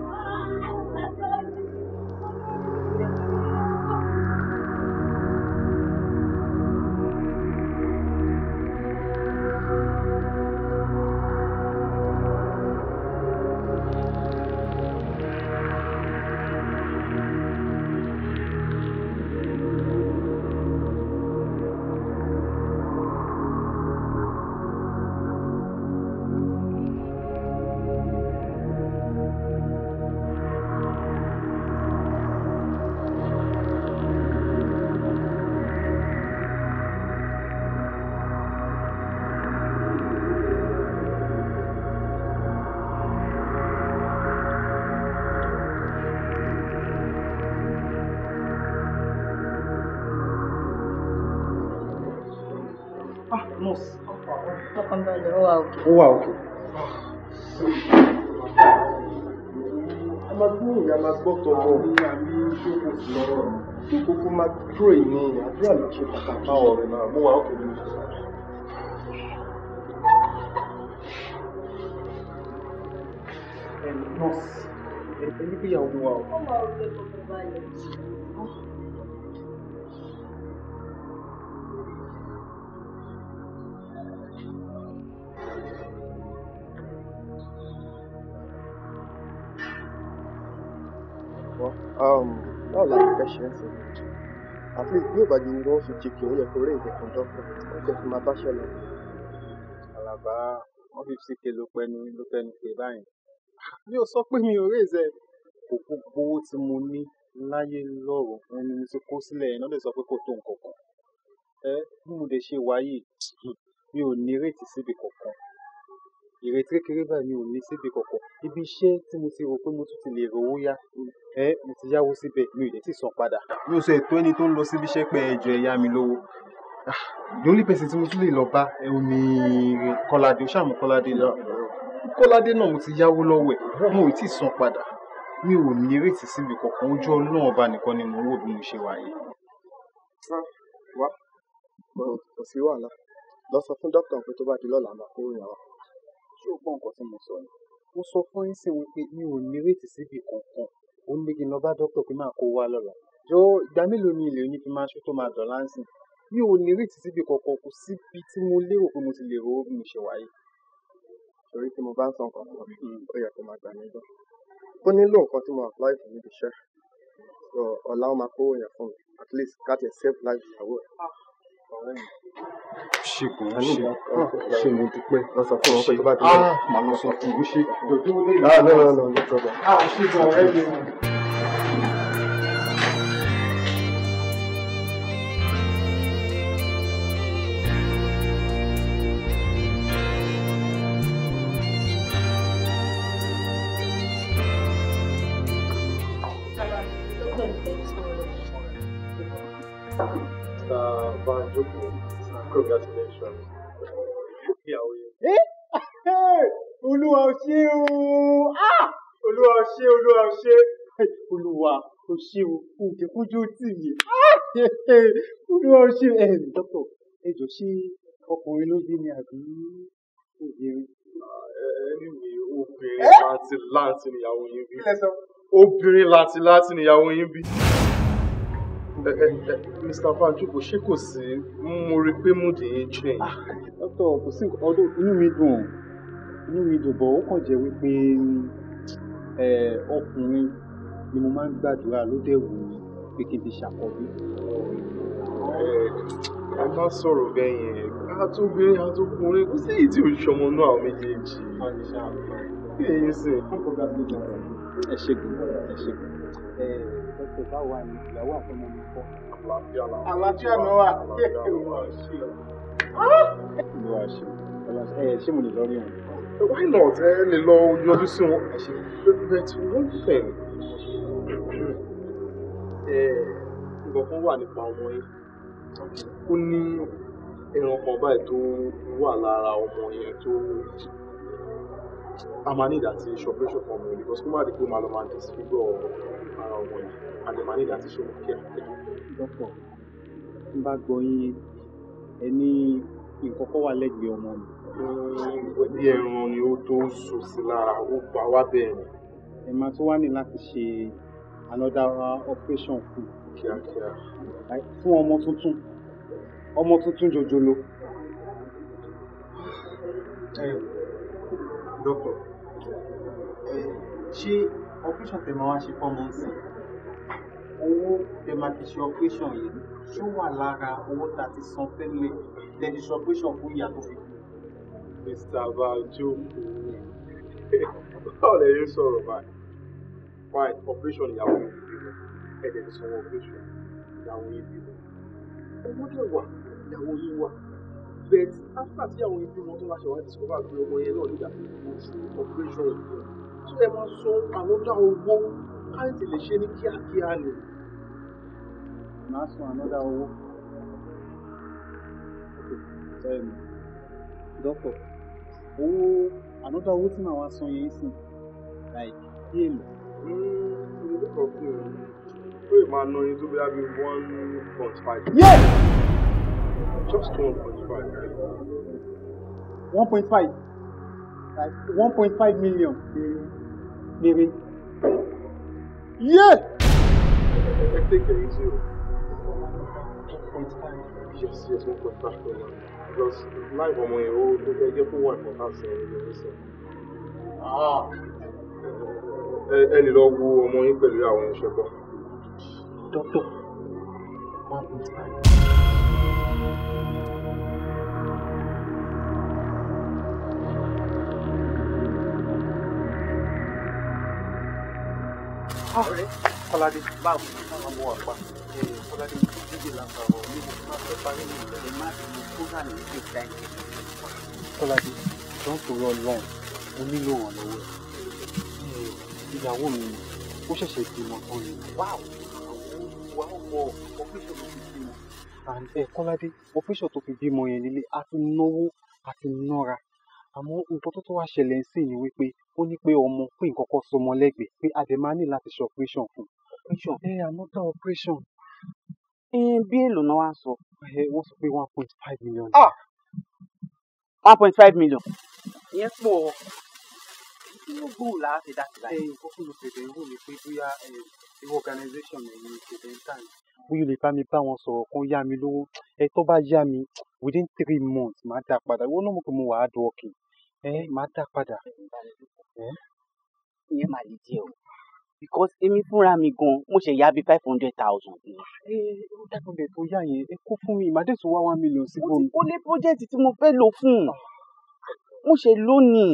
Oh, nọ́ọ̀sì. ọkọ mi balẹ̀ ó wà òkè. ó wà òkè. a máa gbọ́ òyà máa gbọ́ tọ́gbọ́ jókòó kó máa dúró ìní àdúrà ló ṣe pàtàkì báwọ̀ rẹ̀ náà mo o. ó máa ṣe ń sìn àti bí ìbàjẹ́ ni wọ́n fi jìkì ó yẹ kó rí nǹkan kan dọ́kọ̀ ó kẹ́ fi máa bá ṣẹlẹ̀. àlàbà one fifty k ló pẹnu ló pẹnu pé báyìí mi ò sọ pé mi ò rí ìzẹ kò gbogbo owó tí mo ní láyé lọ́rọ̀ òun ni mo ti kó sílẹ̀ ẹ̀ lè sọ pé kò tó nǹkan kan ẹ bí mo dé ṣe wáyé mi ò ní rètí síbi kankan Ìrètí kékeré báyìí mi ò ní síbi kankan. Ibi iṣẹ́ tí mo ti rò pé mo tún ti lè rówó yá, ẹ́, mo ti yáwó síbẹ̀, mi ò dẹ̀ tí san padà. Mi ò ṣe ètò ẹni tó ń lọ sí ibi iṣẹ́ pé ẹjọ ẹ yá mi lówó. Ah, the only person tí mo tún lè lọ bá, òun ni Kọ́ládé. O ṣá mọ Kọ́ládé náà? Kọ́ládé náà mo ti yáwó lọ́wọ́ ẹ̀, mo ò tí san padà. Mi ò ní ìrètí síbi kankan. Ojú Ọlọ́run ọba nìkan ni mò ń wò bí mo ṣe wà yìí. Ah, wá, kò sí wàhálà. Lọ sọ fún dókítà pé tó bá di lọ́la, máa kó ìyá ṣé o gbọ́ nǹkan tí mo sọ ni? Mo sọ fún ẹ nísìnyí wípé mi ò nírètí síbi kankan. Ó ní pé kí n lọ bá dókítà pé máa kó wá lọ́la. Jọ́ ìgbà mélòó ni ìlérí ní kí máa ṣe tó máa dọ̀la ńsìn? Mi ò nírètí síbi kankan, kò sí ibi tí mo lérò pé mo ti lè rówó bí mo ṣe wá yìí. Torí tí mo bá ń sọ nǹkan fún ọ, ó yẹ kó máa gbà mí gbọ́. Ó nílò nǹkan tí mo apply fún níbi iṣẹ́. So ọ̀la ó máa kó owó yẹn fún mi. At least ká tiẹ̀ save life ìyàwó ẹ ṣègùn ṣe ah, ah, ṣe dúpẹ́ lọ fún wọn pé tó bá ti lọ màá lọ sọ fún un ṣe. náà náà náà no problem. ṣègùn ọ̀rẹ́ mi. Congratulations. Ìyàwó yẹn. Olúwa ò ṣe o! Ah! Olúwa ò ṣe, Olúwa ò ṣe. Olúwa ò ṣe o, òkè kújú tì mí. Ah! Olúwa ò ṣe ẹ̀ dọ́tọ̀ ẹ jọ ṣé ọkùnrin ló bí ni àbí obìnrin. Anyway, obìnrin eh? láti láti níyàwó yín bí. Obìnrin láti láti níyàwó yín bí. Mr. Banjubo ṣé kò sí mo rí pé mood yìí change. Ah, Dr. kò sí ọdún inú mi dùn inú mi dùn bọ̀ ó kàn jẹ́ wípé ọkùnrin ni mo máa ń gbàdúrà ló dẹ̀ wù mí pé kí n ti ṣàkọ́bí. Ẹ má sọ̀rọ̀ bẹ́ẹ̀ yẹn àtúgbìnrin àtúkùnrin kò sí èyí tí ò ṣọmọ náà àwọn méjèèjì. Kí ni yín sìn? Ẹ ṣe gbọ́dọ̀ ẹ ṣe gbọ́dọ̀ ṣe báwa ni ìyàwó àtọmọ mi kọ. àlàáfíà ló wà kéèké wà sí i. ẹ ṣé mo lè lọ rí wọn. why not ẹ lè lọ yọjú sí wọn but one thing. ẹ nǹkan kan wà nípa ọmọ yìí ó ní ẹran kan báyìí tó wà lára ọmọ yẹn tó a máa ní ìdá tí ṣọpẹ́ṣọpọ̀ ọmọ yẹn because kó má di pé màá lọ máa disfigure ara ọmọ yẹn àdèmánì láti ṣòwò kíákíá. dọ́pọ̀ n bá gbọ́ yín ẹ ní nǹkan kọ́ wà lẹ́gbẹ̀ẹ́ ọmọ mi. bí ẹran ni ó tó ń sùn sí lára ó pa wá bẹ́ẹ̀ ni. ẹ máa tún wá ní láti ṣe another operation fún kíákíá fún ọmọ tuntun ọmọ tuntun jòjòló. dọ́pọ̀ ṣé operation tẹ̀ máa wá ṣe fọ́ọ̀mù ń sìn owó tẹ máa fi operation yìí ṣó wà lára owó tá a ti san tẹ́lẹ̀ tẹ́lẹ̀ ṣe operation fún ìyá tó fi kú. Mr. Valjo báwo lè rí sọ̀rọ̀ báyìí why operation ìyàwó yìí bímọ ẹ̀jẹ̀ ti sanwó operation ìyàwó yìí bímọ owó dẹ̀ wà ìyàwó yìí wà but after tí àwọn ibi wọn tó máa ṣe wá discover pé ọmọ yẹn náà nígbà tó ń ṣe operation yìí tó yẹ máa sọ àwọn dá owó a ti lè ṣe ní kíákíá ni màá san another owó. dọ́pọ̀ owó another owó tí màá wá san yẹn sìn láì bí èlò. orúkọ fún un ó lè máa ná yín tó bí abí one point five. yes. just one point five. one point five one point five million. Mm. Mm. Yeah. I think there is zero. 1.5. Yes, yes, 1.5 million. Because life ọmọ yẹn ó tó fẹ́ jẹ́ kó wà fún káàsì ẹ̀yẹ ẹ̀sẹ̀. Ẹni lọ wo ọmọ yín pẹ̀lú àwọn ẹ̀ṣẹ̀ kan. Dókítà, 1.5. Kọ́ládé báwo ni wọ́n mú ọ̀pá? Kọ́ládé méjì la sọ̀rọ̀ níbo tí wọ́n fẹ́ parí ní ìlẹ̀ má fi ní kódà ní ìdè dáì. Kọ́ládé tó ń torí ọlọ́run mo nílò ìrànlọ́wọ́ ẹ̀. Ìyàwó mi ó ṣẹ̀ṣẹ̀ bímọ tán ni. Wáwo wà ó wọ ọ̀pẹ́sọ̀ tó fi bímọ. Àǹtẹ̀ Kọ́ládé ọ̀pẹ́sọ̀ tó fi bímọ yẹn nílé a ti náwó a ti nára. Àmọ́ nǹkan tó tó wá ṣẹlẹ̀ ń sìn ni wípé ó ní pé ọmọ pé nǹkan kan sọmọ lẹ́gbẹ̀ẹ́ pé a dẹ̀ máa ní láti ṣe operation fún operation ẹ eh, another operation bí èlò náà wá sọ wọ́n sọ pé one point five million. Ah! one point five million. ìyẹn pọ̀ tinubu là á ti dá sí láyé. nǹkan fún mi ṣẹ̀dẹ̀ ń wò ní pé bóyá irú organization ẹ̀yin ṣẹ̀dẹ̀ ń tà ní. bóyá o lè bá mi bá wọn sọ̀rọ̀ kan yá mi lówó ẹ tó bá yá mi within three months màá dá padà ìwọ náà mọ̀ pé mo wà á dùn ọkìn ẹ màá dá padà ìyẹn máa lè díẹ̀ o because èmi fúnra mi gan mo ṣe yá bíi five hundred thousand. ẹ ẹ five hundred tó yá yẹn ẹ kó fún mi ìmàdẹ́sù wá one million sí fún mi. ó ní project tí mo fẹ́ lò fún mo ṣe lónìí.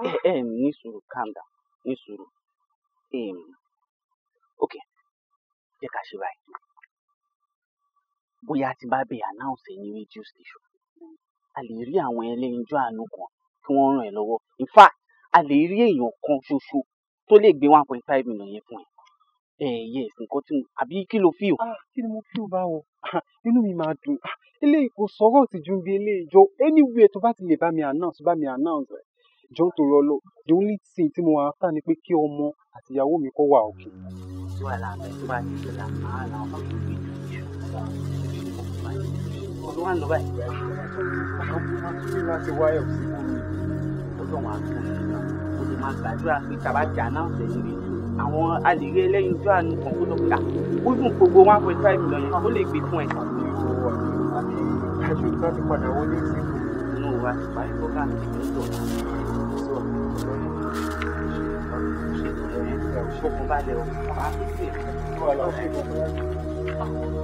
Ah. ẹ ẹ ní sùúrù calm down ní sùúrù ok jẹ́ ká ṣe báyìí bóyá tí bá bẹ̀ announce ẹ̀ ní radio station a lè rí àwọn ẹlẹ́yinjú àánú kan kí wọ́n ràn ẹ́ lọ́wọ́ in fact a lè rí èèyàn kan ṣoṣo tó lè gbé one point five million yẹn fún ẹ ẹ yes nǹkan tí mo àbí kí ló feel. Ah, kí ni mo feel bá wọn inú mi máa dùn ah, eléyìí kò sọ̀rọ̀ òtìjú bí eléyìí jọ anywhere tó bá ti lè bá mi announce bá mi announce ẹ̀ jọ tó rọ lọ the only thing tí mo wà áfà ni pé kí ọmọ àti ìyàwó mi kó wà òkè. tí wàá làbẹ tó bá ti ọmọ tó ní ṣùgbọ́n ọdún wa ń ọlọ́run àtúnṣe mo sì máa gbàdúrà pé tàbá jà náà tẹ̀lé rí àwọn alèrè ẹlẹ́yin tó àánú kan kó tó kà ó dùn gbogbo one point five million ó lè gbé fún ẹ. àbí ìdájọ́ ìtọ́jú padà wọlé sí i. inú wa ti parí bọ́ káàkiri ní ìdọ̀la. ṣé ìdọ̀la yẹn fọkànbalẹ̀ ọ̀hún.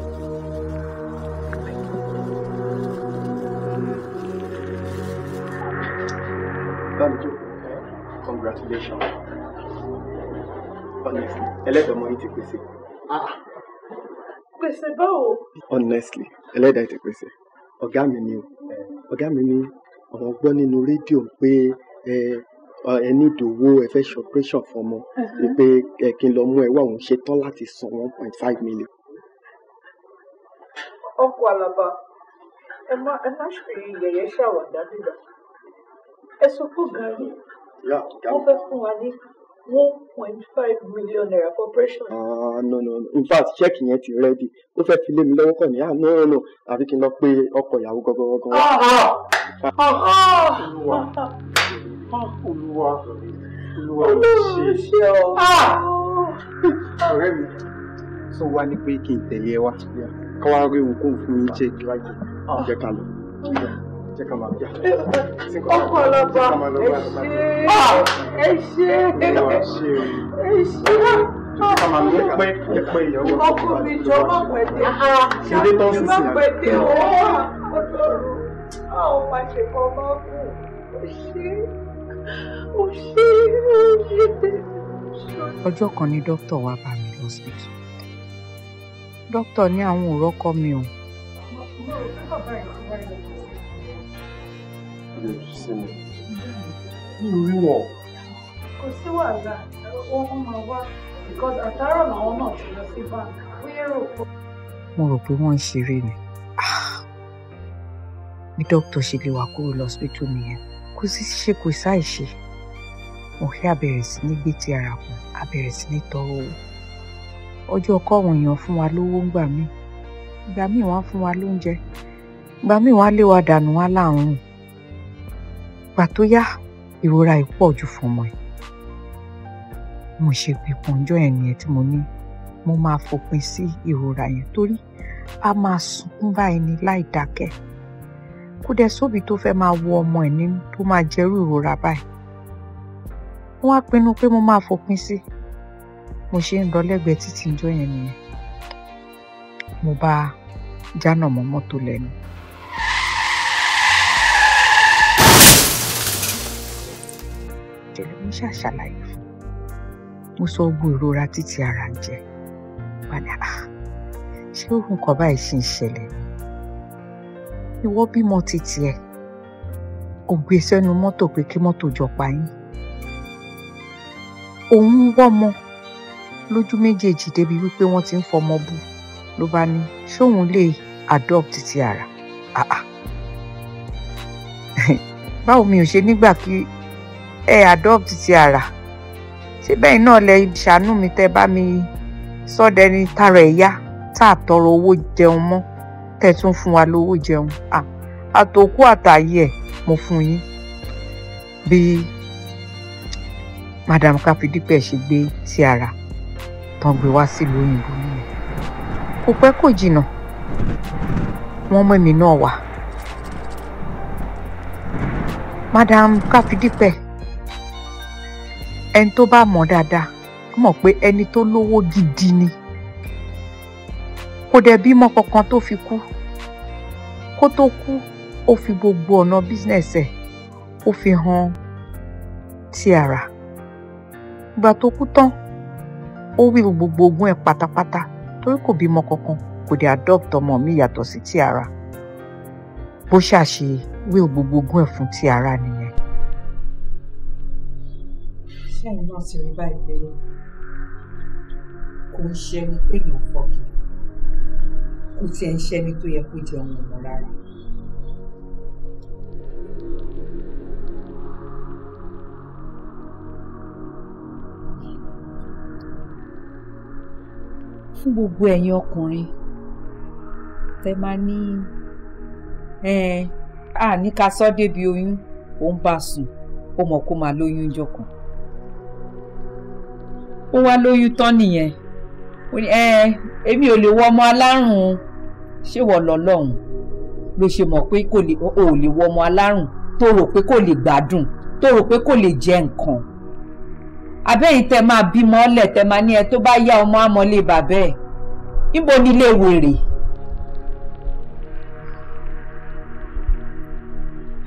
bámijókòó congratulations honestly ẹlẹ́dọ̀mọ yìí ti pèsè. Ah, pèsè báwo. honestly ẹlẹ́dàá ti pèsè ọ̀gá mi ni o ọ̀gá mi ni àwọn gbọ́ nínú rédíò pé ẹni ìdòwò ẹ fẹ́ ṣe operation fọmọ uh-huh. pé ẹ kí n lọ mú ẹ wá òun ṣe tán láti san one point five million. ọkọ alaba ẹ má ẹ má ṣe yẹ̀yẹ́ ṣàwàdà nígbà ẹ̀sùn fún gàrí wọ́n fẹ́ fún wa ní one point million naira for Ah no no no in fact ṣẹ́ẹ̀kì yet ti rẹ́dì ó fẹ́ fi lé mi lọ́wọ́ kàn ní àná ọ̀nà àfi kí n lọ pé ọkọ̀ ìyàwó gọ́gọ́gọ́. Ah, ah. ah, olúwa olúwa olúwa ṣe ọ̀rẹ́ mi sọ wá ní pé kí n tẹ̀lé ẹ wá káwá rí òkú fún yín jẹ́ kí wá jẹ́ ká lọ jẹ́ ká máa gbà. ọ̀pọ̀lọpọ̀ ẹ ṣé ẹ ṣé ẹ ṣé ẹ ṣé. ọkùnrin mi jọ mọ̀ pẹ̀lú ṣàlùyé mọ̀ pẹ̀lú ọwọ́ àwọn pàṣẹpọ̀ máa kú ṣé ó ṣe ó ṣe. ọjọ́ kan ni dókítà wá bá mi lọ́sibítù dókítà ní àwọn ò rọ́kọ mi o. village sí m nítorí wọn. kò sí náà sí pé. mo wọ́n ń ṣeré ni ah, bí dókítà ṣe lè wà kúrò lọ́sítítù nìyẹn kò sí ṣe kò ṣàìṣe òhìn abẹ̀rẹ̀ sí ní gbé ti ara kù abẹ̀rẹ̀ sí ní owó ọjọ́ fún wa lówó mí. ìgbà míì fún wa lóúnjẹ ìgbà míì wọ́n dànù wá ìgbà tó yá ìrora yìí pọ̀ jù fún ọmọ ẹ̀ mo ṣe gbé pọ́njọ́ yẹn nìyẹn tí mo ní mo máa fòpin sí ìrora yẹn torí a máa sunkún báyìí ní láì dákẹ́ kó dẹ̀ sóbi tó fẹ́ máa wo ọmọ ẹ̀ nínú tó máa jẹ́rú ìrora báyìí wọ́n á pinnu pé mo máa fòpin sí mo ṣe ń lọ lẹ́gbẹ̀ẹ́ títí ìjọ yẹn nìyẹn mo bá jánà mọ́ mọ́tò lẹ́nu jẹ mo ṣáà ṣàlàyé fún mo sọ gbogbo ìrora títí ara ń jẹ padà ah, á ṣé òun kan báyìí ṣì ń ṣẹlẹ̀ ni ìwọ bímọ títí ẹ ò gbé e sẹ́nu mọ́tò pé kí mọ́tò jọ pa yín òun ń wọ́mọ lójú méjèèjì débi wípé wọ́n ti ń fọmọ bú ló bá ní ṣé òun lè adopt ti ara ah, ah. báwo mi ò ṣe nígbà kí ẹ adopt ti àrà ṣé bẹ́ẹ̀ náà lẹ ṣàánú mi tẹ́ bá mi sọ́dẹ ní tara ẹ̀ tá a tọrọ owó jẹun mọ́ tẹ́ tún fún wa lówó jẹun àtòkù àtàyè ẹ̀ mo fún yín bí madam káfíndípẹ̀ ṣe gbé ti àrà tán gbé wá sílùú òyìnbó nìyẹn kò pẹ́ kò jìnnà wọ́n mú èmi náà wá madam káfíndípẹ̀ ẹni tó bá mọ̀ dáadáa mọ̀ pé ẹni tó lówó gidi ni kò dẹ̀ bímọ kankan tó fi kú kó tó kú ó fi gbogbo ọ̀nà bísínẹ́sì ẹ̀ ó fi hàn Tiara ìgbà tó kú tán ó wí gbogbo ogún ẹ̀ pátápátá torí kò bímọ kankan kò dé adopt ọmọ mi yàtọ̀ sí Tiara bó ṣàṣe wí gbogbo ogún ẹ̀ fún Tiara nìyẹn ṣẹ́yìn náà sì rí báyìí pé kò ń ṣẹni pé èèyàn fọ́kì kò tiẹ̀ ń ṣẹni tó yẹ kó jẹ ọmọ ọmọ rárá. fún gbogbo ẹ̀yin ọkùnrin tẹ máa ní a débi oyún òun bá sùn ó mọ̀ kó máa lóyún jọkàn ó wá lóyún tán nìyẹn ó ní ẹ èmi ò lè wọ ọmọ alárùn ṣé wọ lọ́lọ́run ló ṣe mọ̀ pé kò lè ò lè wọ ọmọ alárùn tó rò pé kò lè gbádùn tó rò pé kò lè jẹ nǹkan abẹ́yìn tẹ máa bímọ ọlẹ̀ tẹ máa ní ẹ tó bá yá ọmọ àmọ́lé bàbá ẹ̀ níbo nílé wèrè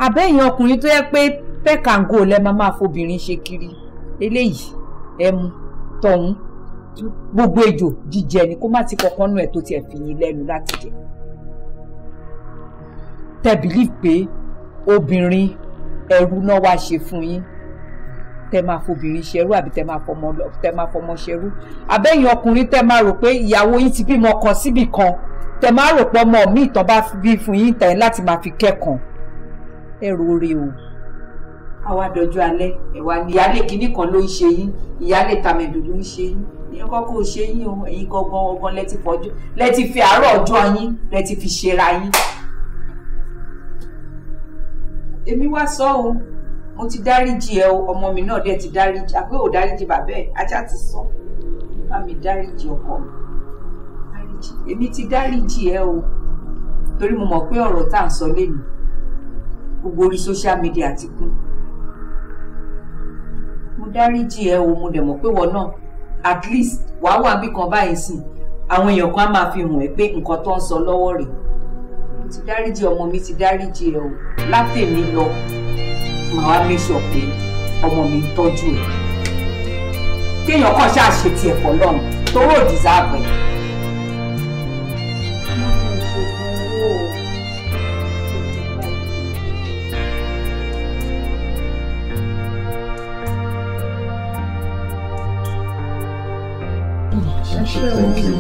abẹ́yìn ọkùnrin tó yẹ pé pẹ́kàǹgò lẹ máa máa fobìnrin ṣe kiri eléyìí ẹ mú tọ̀hún gbogbo ejò jíjẹ ni kó má ti kankan nù ẹ̀ tó tiẹ̀ fi yín lẹ́nu láti jẹ tẹ́ believe pé obìnrin ẹrú náà wá ṣe fún yín tẹ́ máa fobìnrin ṣerú àbí tẹ́ máa fọmọ tẹ́ máa fọmọ ṣerú àbẹ́yìn ọkùnrin tẹ́ máa rò pé ìyàwó yín ti bímọ kan síbì kan tẹ́ máa rò pé ọmọ mi ìtàn bá bí fún yín tẹ̀yìn láti máa fi kẹ́kọ̀ọ́ ẹ̀rù oore o àwa dọjú alẹ́ ẹwà ni ìyálé kínní kan ló ń ṣe yín ìyálé tàmẹdù ló ń ṣe yín ìyẹn kọ́ kó ṣe yín o ẹ̀yin gangan ọgbọ́n lẹ́tí fọjú lẹ́tí fi àárọ̀ ọjọ́ yín lẹ́tí fi ṣera yín. èmi wá sọ o mo ti dáríjì ẹ o ọmọ mi náà dẹ̀ ti dáríjì àpé ò dáríjì bàbá ẹ ajá ti sọ bá mi dáríjì ọkọ mi èmi ti dáríjì ẹ o torí mo mọ̀ pé ọ̀rọ̀ tá à ń sọ lé gbogbo orí social media ti kún dáríjì ẹ o mo dẹ̀ mọ̀ pé wọ́n náà at least wàá wà bí kan báyìí sìn àwọn èèyàn kan á máa fi hàn ẹ́ pé nǹkan tó ń sọ lọ́wọ́ rẹ̀ ti dáríjì ọmọ mi ti dáríjì ẹ o látèmi lọ màá wá mẹ́sọ̀ pé ọmọ mi ń tọ́jú ẹ̀ kéèyàn kan ṣáà ṣe tiẹ̀ pọ̀ lọ́run tó rò dìsáàbù ẹ̀. Thank you.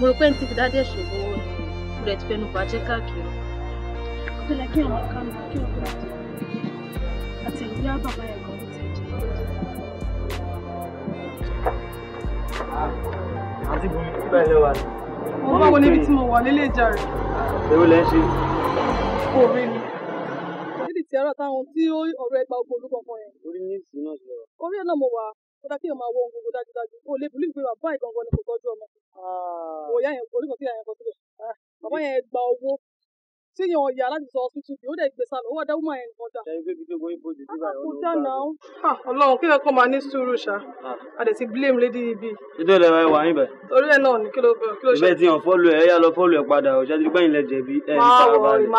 mo rò pé ní ti fi dáadé ẹ̀ṣẹ̀ lówó ni mo rẹ̀ ti fẹnu bàjẹ́ káàkiri. ó lè kí àwọn kan kí wọn kọ́ àti ìyá bàbá ẹ̀ kan ti jẹ́. àti bùnmi ti ẹ̀rọ táwọn tí ọ̀rọ̀ ẹgbàá ogun olúkọ̀ọ̀kan yẹn. orí níìsì náà ti lọ. orí ẹ̀ náà mo wà ó dá kí èèyàn máa wọ ohun gbogbo dájúdájú ó lè bìlú ìgbé bàbá ìgangan ni kò tọ́jú ọmọ. òòyà ah. yẹn orí kan kí tí yàn ọ̀yà láti sọ tuntun yóò dẹ̀ gbèsè àlọ́ wọ́n dáwọ́ ẹ̀ nǹkan ṣe ibi tí gbogbo ibo ti dìbà ìwọ ló ń bá a. kí lẹkọọ máa ní sùúrù ṣá a ti blame lady ibi. dídó lẹ wá níbẹ̀. orí ẹ náà ni kí ló kí ló ṣe. ìbẹ́ ti hàn fọ́ọ̀lù ẹ̀ yá lọ fọ́ọ̀lù ẹ̀ padà ọ̀ṣẹ́ ti gbẹ̀yìn lẹ jẹ̀bi ẹ̀ ń farabalẹ̀.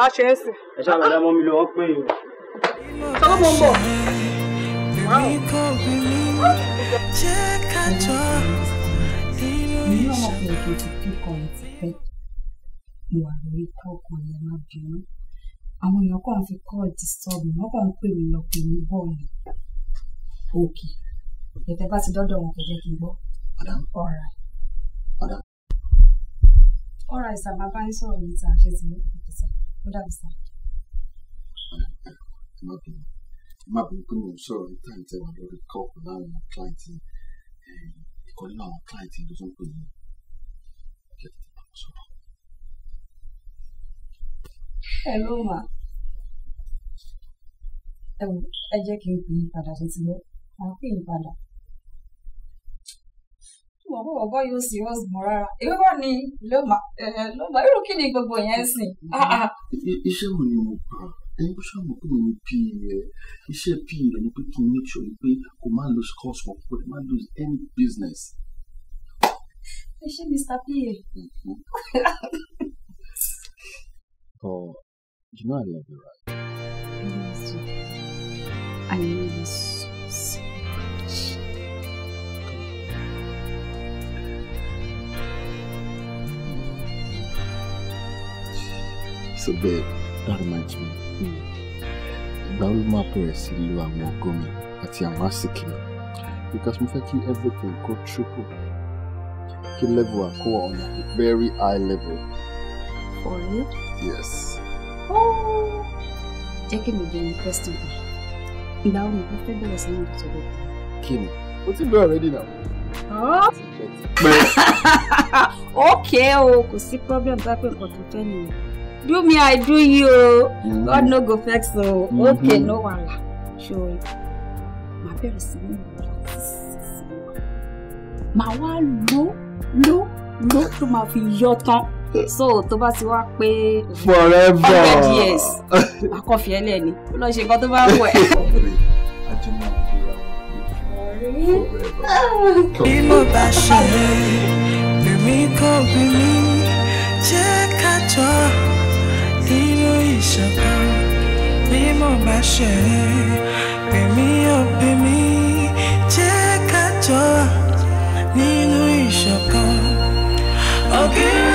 máa ṣe mo wà lórí kọ́ọ̀kan yẹn má bínú àwọn èèyàn kàn fi kọ́ disturb mi wọ́n kàn ń pè mí lọ pè mí bọ̀ ni òkè tètè bá ti dọ́dọ̀ wọn kò jẹ́ kí n gbọ́ ọ̀rà ọ̀rà ìsà máa bá yín sọ̀rọ̀ níta ṣe ti ní ìsà ó dàbí sà. má bínú pé mo sọ̀rọ̀ níta níta wà lórí kọ́ọ̀kan láwọn client ìkọ́ni náà àwọn client eh, ló tún pè mí kẹ́kẹ́ tó bá sọ̀rọ̀. Hello ma. Ẹ wò ẹ jẹ́ kí n pè yín padà ṣe ti lọ. Màá pè yín padà. Mo bọ̀ bọ̀ yóò serious mọ́ rárá. Èmi bọ̀ ni ló ma ló ma irú kí ni gbogbo yẹn sìn. Iṣẹ́ wo ni mo pa? Ẹni bó ṣàmù pé mo pè é iṣẹ́ pè é ni pé kí n make sure pé kò má lose cost for kò má lose any business. Ẹ ṣé Mr. PA. Nicole, oh, you know I love you, right? I love you. so much. So, babe, that reminds me. Ìgbà wo ló máa bẹ̀rẹ̀ sí lo àwọn ògo mi àti àwọn àsìkí mi? Because mo fẹ́ kí everything go triple. Kí level on ọ̀nà very high level. For you. yes. Oh. jẹ́ kí mi gbé ní question kan ìgbà wo ni mo fẹ́ bẹ̀rẹ̀ sí ní ìtọ́jú kan. kí ni o ti bẹ̀rẹ̀ rẹ́dí náà. ok o kò sí problem tó bá pè nǹkan tó fẹ́ nìyẹn do me i do you o god no go vex o mm-hmm. ok no wahala ṣòro màá bẹ̀rẹ̀ sí ní ìrora màá wá lọ lọ lọ tó máa fi yọ tán so tó bá ti wá pé forever hundred years akọ́fì ẹ̀ lẹ́ni ó lọ ṣe nǹkan tó bá wọ̀ ẹ́. bí mo bá ṣe lèmi kò bí mi jẹ́ ká jọ nínú ìṣọ̀kan bí mo bá ṣe lèmi ò bí mi jẹ́ ká jọ nínú ìṣọ̀kan ògiri.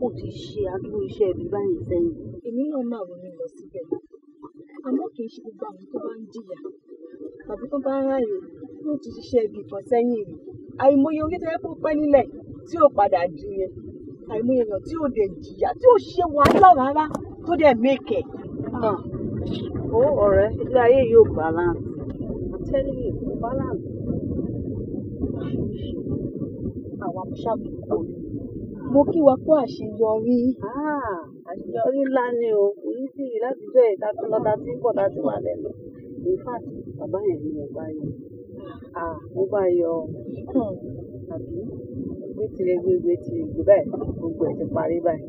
mo ti ṣe àdúró iṣẹ́ mi báyìí sẹ́yìn èmi náà máa wọ ní lọ síbẹ̀ àmọ́ kì í ṣe gbogbo àwọn tó bá ń jìyà tàbí tó bá ń ráyè ló ti ṣiṣẹ́ ibi kan sẹ́yìn rí àìmọye orí tó pẹ́ nílẹ̀ tí ò padà jìyẹ àìmọye èèyàn tí ò dẹ̀ jìyà tí ò ṣe wàhálà rárá tó dẹ̀ mẹ́kẹ̀. Ah, ó ọ̀rẹ́ ilé ayé yóò balance i'm telling balance àwọn aṣáàbù kò mo kí wa kú àṣeyọrí. Ah, àṣeyọrí ńlá ni o kò ní sí yìí láti jẹ́ ìta tó lọ́ta tí ń láti wà lẹ́nu. in fact bàbá yẹn ni mo bá yọ ah, mo bá yọ àbí gbé tirẹ̀ gbégbé ti ìgbò báyìí gbogbo ẹ̀ ti parí báyìí.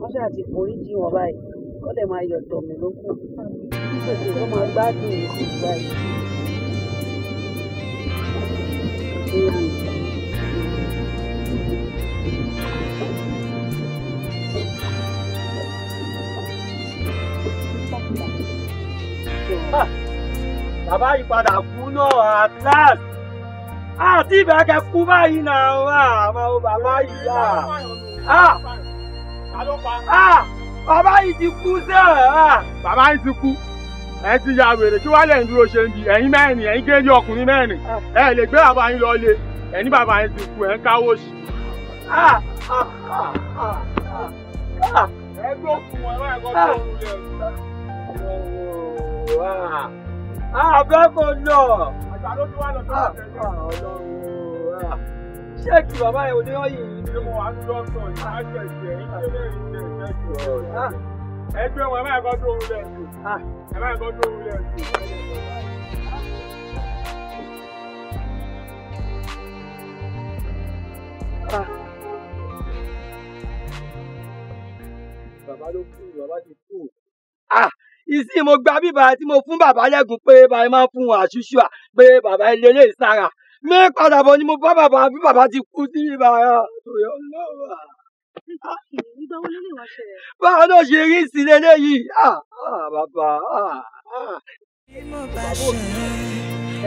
wọ́n ṣáà ti forí jí wọn báyìí wọ́n dẹ̀ máa yọ̀ tọ̀ mí lókù. nígbàgbọ́ wọ́n máa gbádùn ìsìn báyìí. bàbá yìí padà kú náà at àti ìbẹ̀ kẹ kú báyìí náà wà àwọn ọba láyìí yá bàbá yìí ti kú sẹ́ẹ̀. bàbá yìí ti kú ẹ ti ya wèrè kí wàá lẹ́yìn dúró ṣe ń di ẹ̀yin mẹ́rin ẹ̀yin géńdé ọkùnrin mẹ́rin ẹ lè gbé bàbá yín lọ lé ẹ̀yin bàbá yín ti kú ẹ̀ ń káwó sí. ẹgbẹ́ òkùnkùn ẹ̀rọ ẹ̀kọ́ tó ń lẹ̀ àbẹ́kọ̀ lọ. àgbà ló ti wá lọ sí ọ̀sẹ̀ ṣé kí bàbá yẹn òde ọ̀yìn yìí. ṣé mo wà lọ sọ ìdájọ́ ìjẹ́ ìjẹ́ ìjẹ́ ìjẹ́ ìjẹ́ ẹgbẹ́ wọn ẹ máa kọ́ tó orí ẹ̀ ẹ máa kọ́ tó orí ẹ̀ Bàbá ló kú, bàbá ti kú. Ah! ìsìn mo gba bíbá tí mo fún bàbá lẹ́gùn pé bàbá máa ń fún wọn àṣùṣùà pé bàbá ilé ilé ìsára mi padà bọ̀ ni mo bá bàbá bí bàbá ti kú sí bíbá tòyọ lọ́wọ́. báwo ló ṣe rí ìsìlẹ̀ lẹ́yìn bàbá.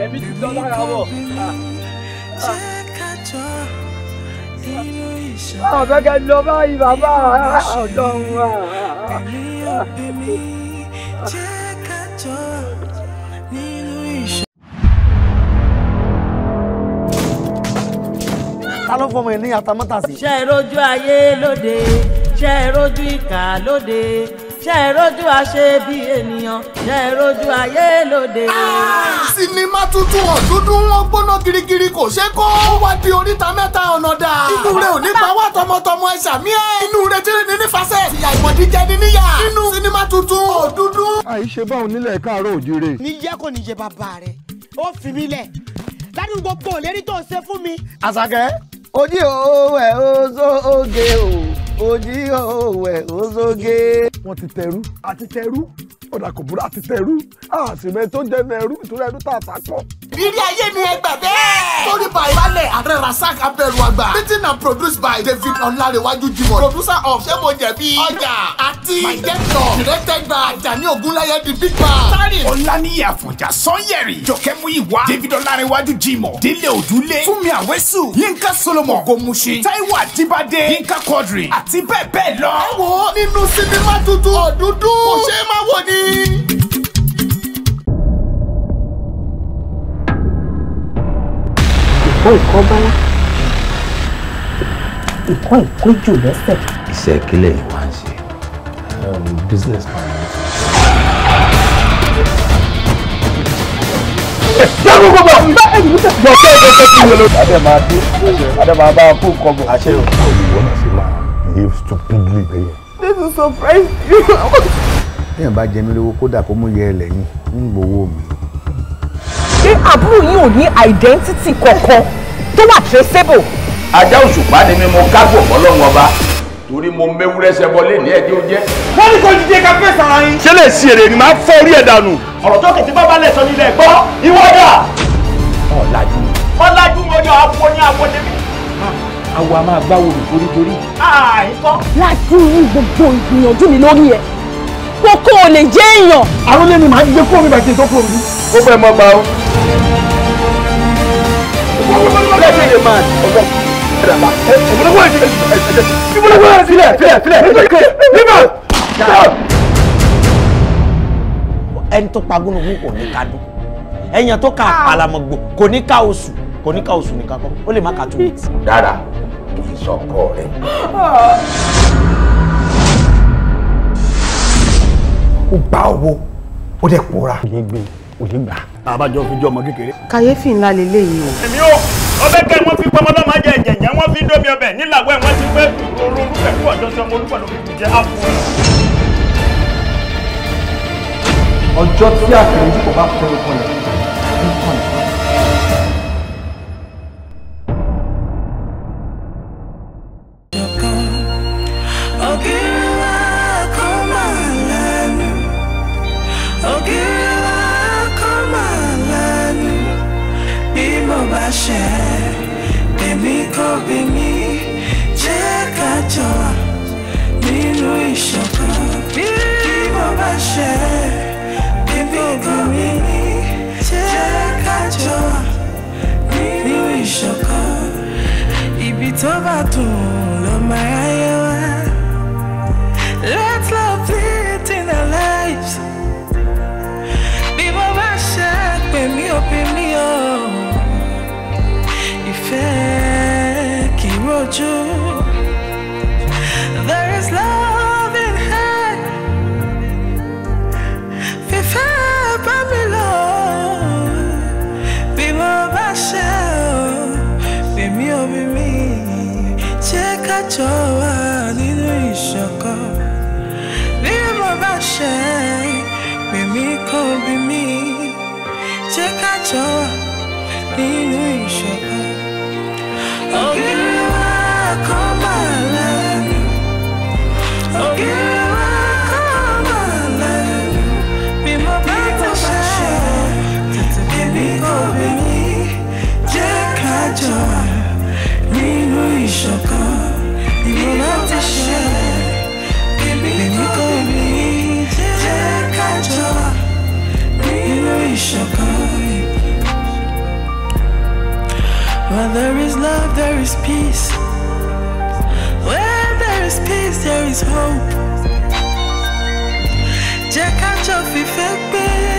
ẹ̀mí ti tán lára wọ̀. Àwọn akẹ́kẹ́ lọ báyìí bàbá ọ̀dọ́ wọn ta ló fọmọ ẹ ní ṣe é rojú ayé lóde ṣe é rojú ìkà lóde ṣe é rojú àṣẹ bí ènìyàn ṣe é rojú ayé lóde. sinimá tuntun ọ̀dúndún wọn gbóná girigiri kò ṣe kó wá di oríta mẹ́ta ọ̀nà dà. inú rẹ ò ní pa wá tọmọtọmọ ẹ ṣàmì ẹ. inú rẹ tí ní nífàsẹ̀ ìyá ìmọ̀dí jẹ ní níyà. nínú sinimá tuntun ọ̀dúndún. àìṣe báwọn nílẹ̀ káàárọ̀ òjire. níyà kò ní jẹ bàbá rẹ ó fi mí lẹ̀ ládùúgbò gbòòlérí tó ṣe fún mi. àṣàkẹ́ ojú òwe ojí òwẹ̀ ó sóge. wọ́n ti tẹ̀rú. àti tẹ̀rú ọ̀dà kò búra ti tẹ̀rú àṣìmẹ́ tó jẹ́ mẹ́rú ìtura ẹ̀rú tá a ta kọ́. ìrírí ayé mi ẹ gbà bẹ́ẹ̀. story by balẹ̀ ààrẹ rasak abẹ́rù àgbà written and produced by david ọ̀làrẹ̀wájú jimoh producer of ṣé mo jẹ̀bi ọjà àti director directed by ajani ogunláyé the big man. starring ọ̀làníyẹ àfọ̀njá sọ́yẹ̀rì jọkẹ́ múyìwá david ọ̀làrẹ̀wájú jimoh délé òdúlé fúnmi àwẹ́sù yínká solomon gomuṣe taiwo àdìbàdé yínká quadri àti bẹ́ẹ̀ bẹ́ẹ̀ lọ. ẹ wo nínú sinimá tuntun ọ̀dúndún kò ṣeé má wò ní ìkọ́ ìkọ́ bọ́lá ìkọ́ ìkọ́ jù lẹ́sẹ̀. iṣẹ́ kílẹ̀ yìí wá ń ṣe business man. jágógó bọ̀ bá ẹ̀yìn mú tẹ̀sán. bọ̀tẹ́ ìjọba ti wọlé. adé máa dé adé máa bá fún kọ́gbọ̀n. àṣẹ yóò. ìwọ náà ṣe máa behave stupidly bẹ́yẹn. this is surprise you téèyàn bá jẹ mí lówó kódà kó mú yẹ ẹ lẹ́yìn ń gbowó mi. ṣé àbúrò yìí ò ní àìdẹ́ntítì kankan tó wà traceable. ajá òṣùpá ni mi mo kágbò fọlọ́run ọba torí mo méwúrẹ́ sẹ́bọ lé ní ẹjẹ́ ó wọ́n ní kò jíjẹ ká fẹ́ sara yín. ṣé lè ṣe èrè ni màá fọ́ orí ẹ̀ dànù. ọ̀rọ̀ tó kẹ̀tì bá balẹ̀ sọ nílẹ̀ gbọ́ ìwọ́dà. ọ̀làjú. ọ̀làjú mo yọ abo ní abo débi. àwa máa gbáwo lù torítorí. àìkọ́. láti rí gbogbo ìgbìyànjú mi lórí ẹ̀ kókó ò lè jẹ́ èèyàn. àròlé ni màá gbé fóònù bàjẹ́ tó fóònù. ó fẹ́ mọ́ gbà ó. ẹni tó pa gúnugún kò ní ká dún ẹyàn tó ka ah. àpàlàmọ̀gbò kò ní ká oṣù kò ní ká oṣù nìkan kọ́ ó lè má ka two weeks. dára kì í sọkọ rẹ. Ah. ó bá owó ó dẹ̀ pòórá. òye gbé òye gbà. àbájọ fi jọ ọmọ kékeré. kàyéfì ńlá lélẹ́yìí o. èmi ò ọbẹ̀ kẹ́ wọ́n fi pọmọlọ́mọ jẹ ìjẹ̀jẹ̀ wọ́n fi dómi ọbẹ̀ nílàwẹ́ wọ́n ti pé òru olúfẹ́ fún ọjọ́ sọmọ olúfẹ́ ló fi jẹ àpò ọjọ́ tí àkèrè tí kò bá fẹ́ ọkọ there is love, there is peace. Where there is peace, there is hope. Jẹ́ ká jọ fìfẹ́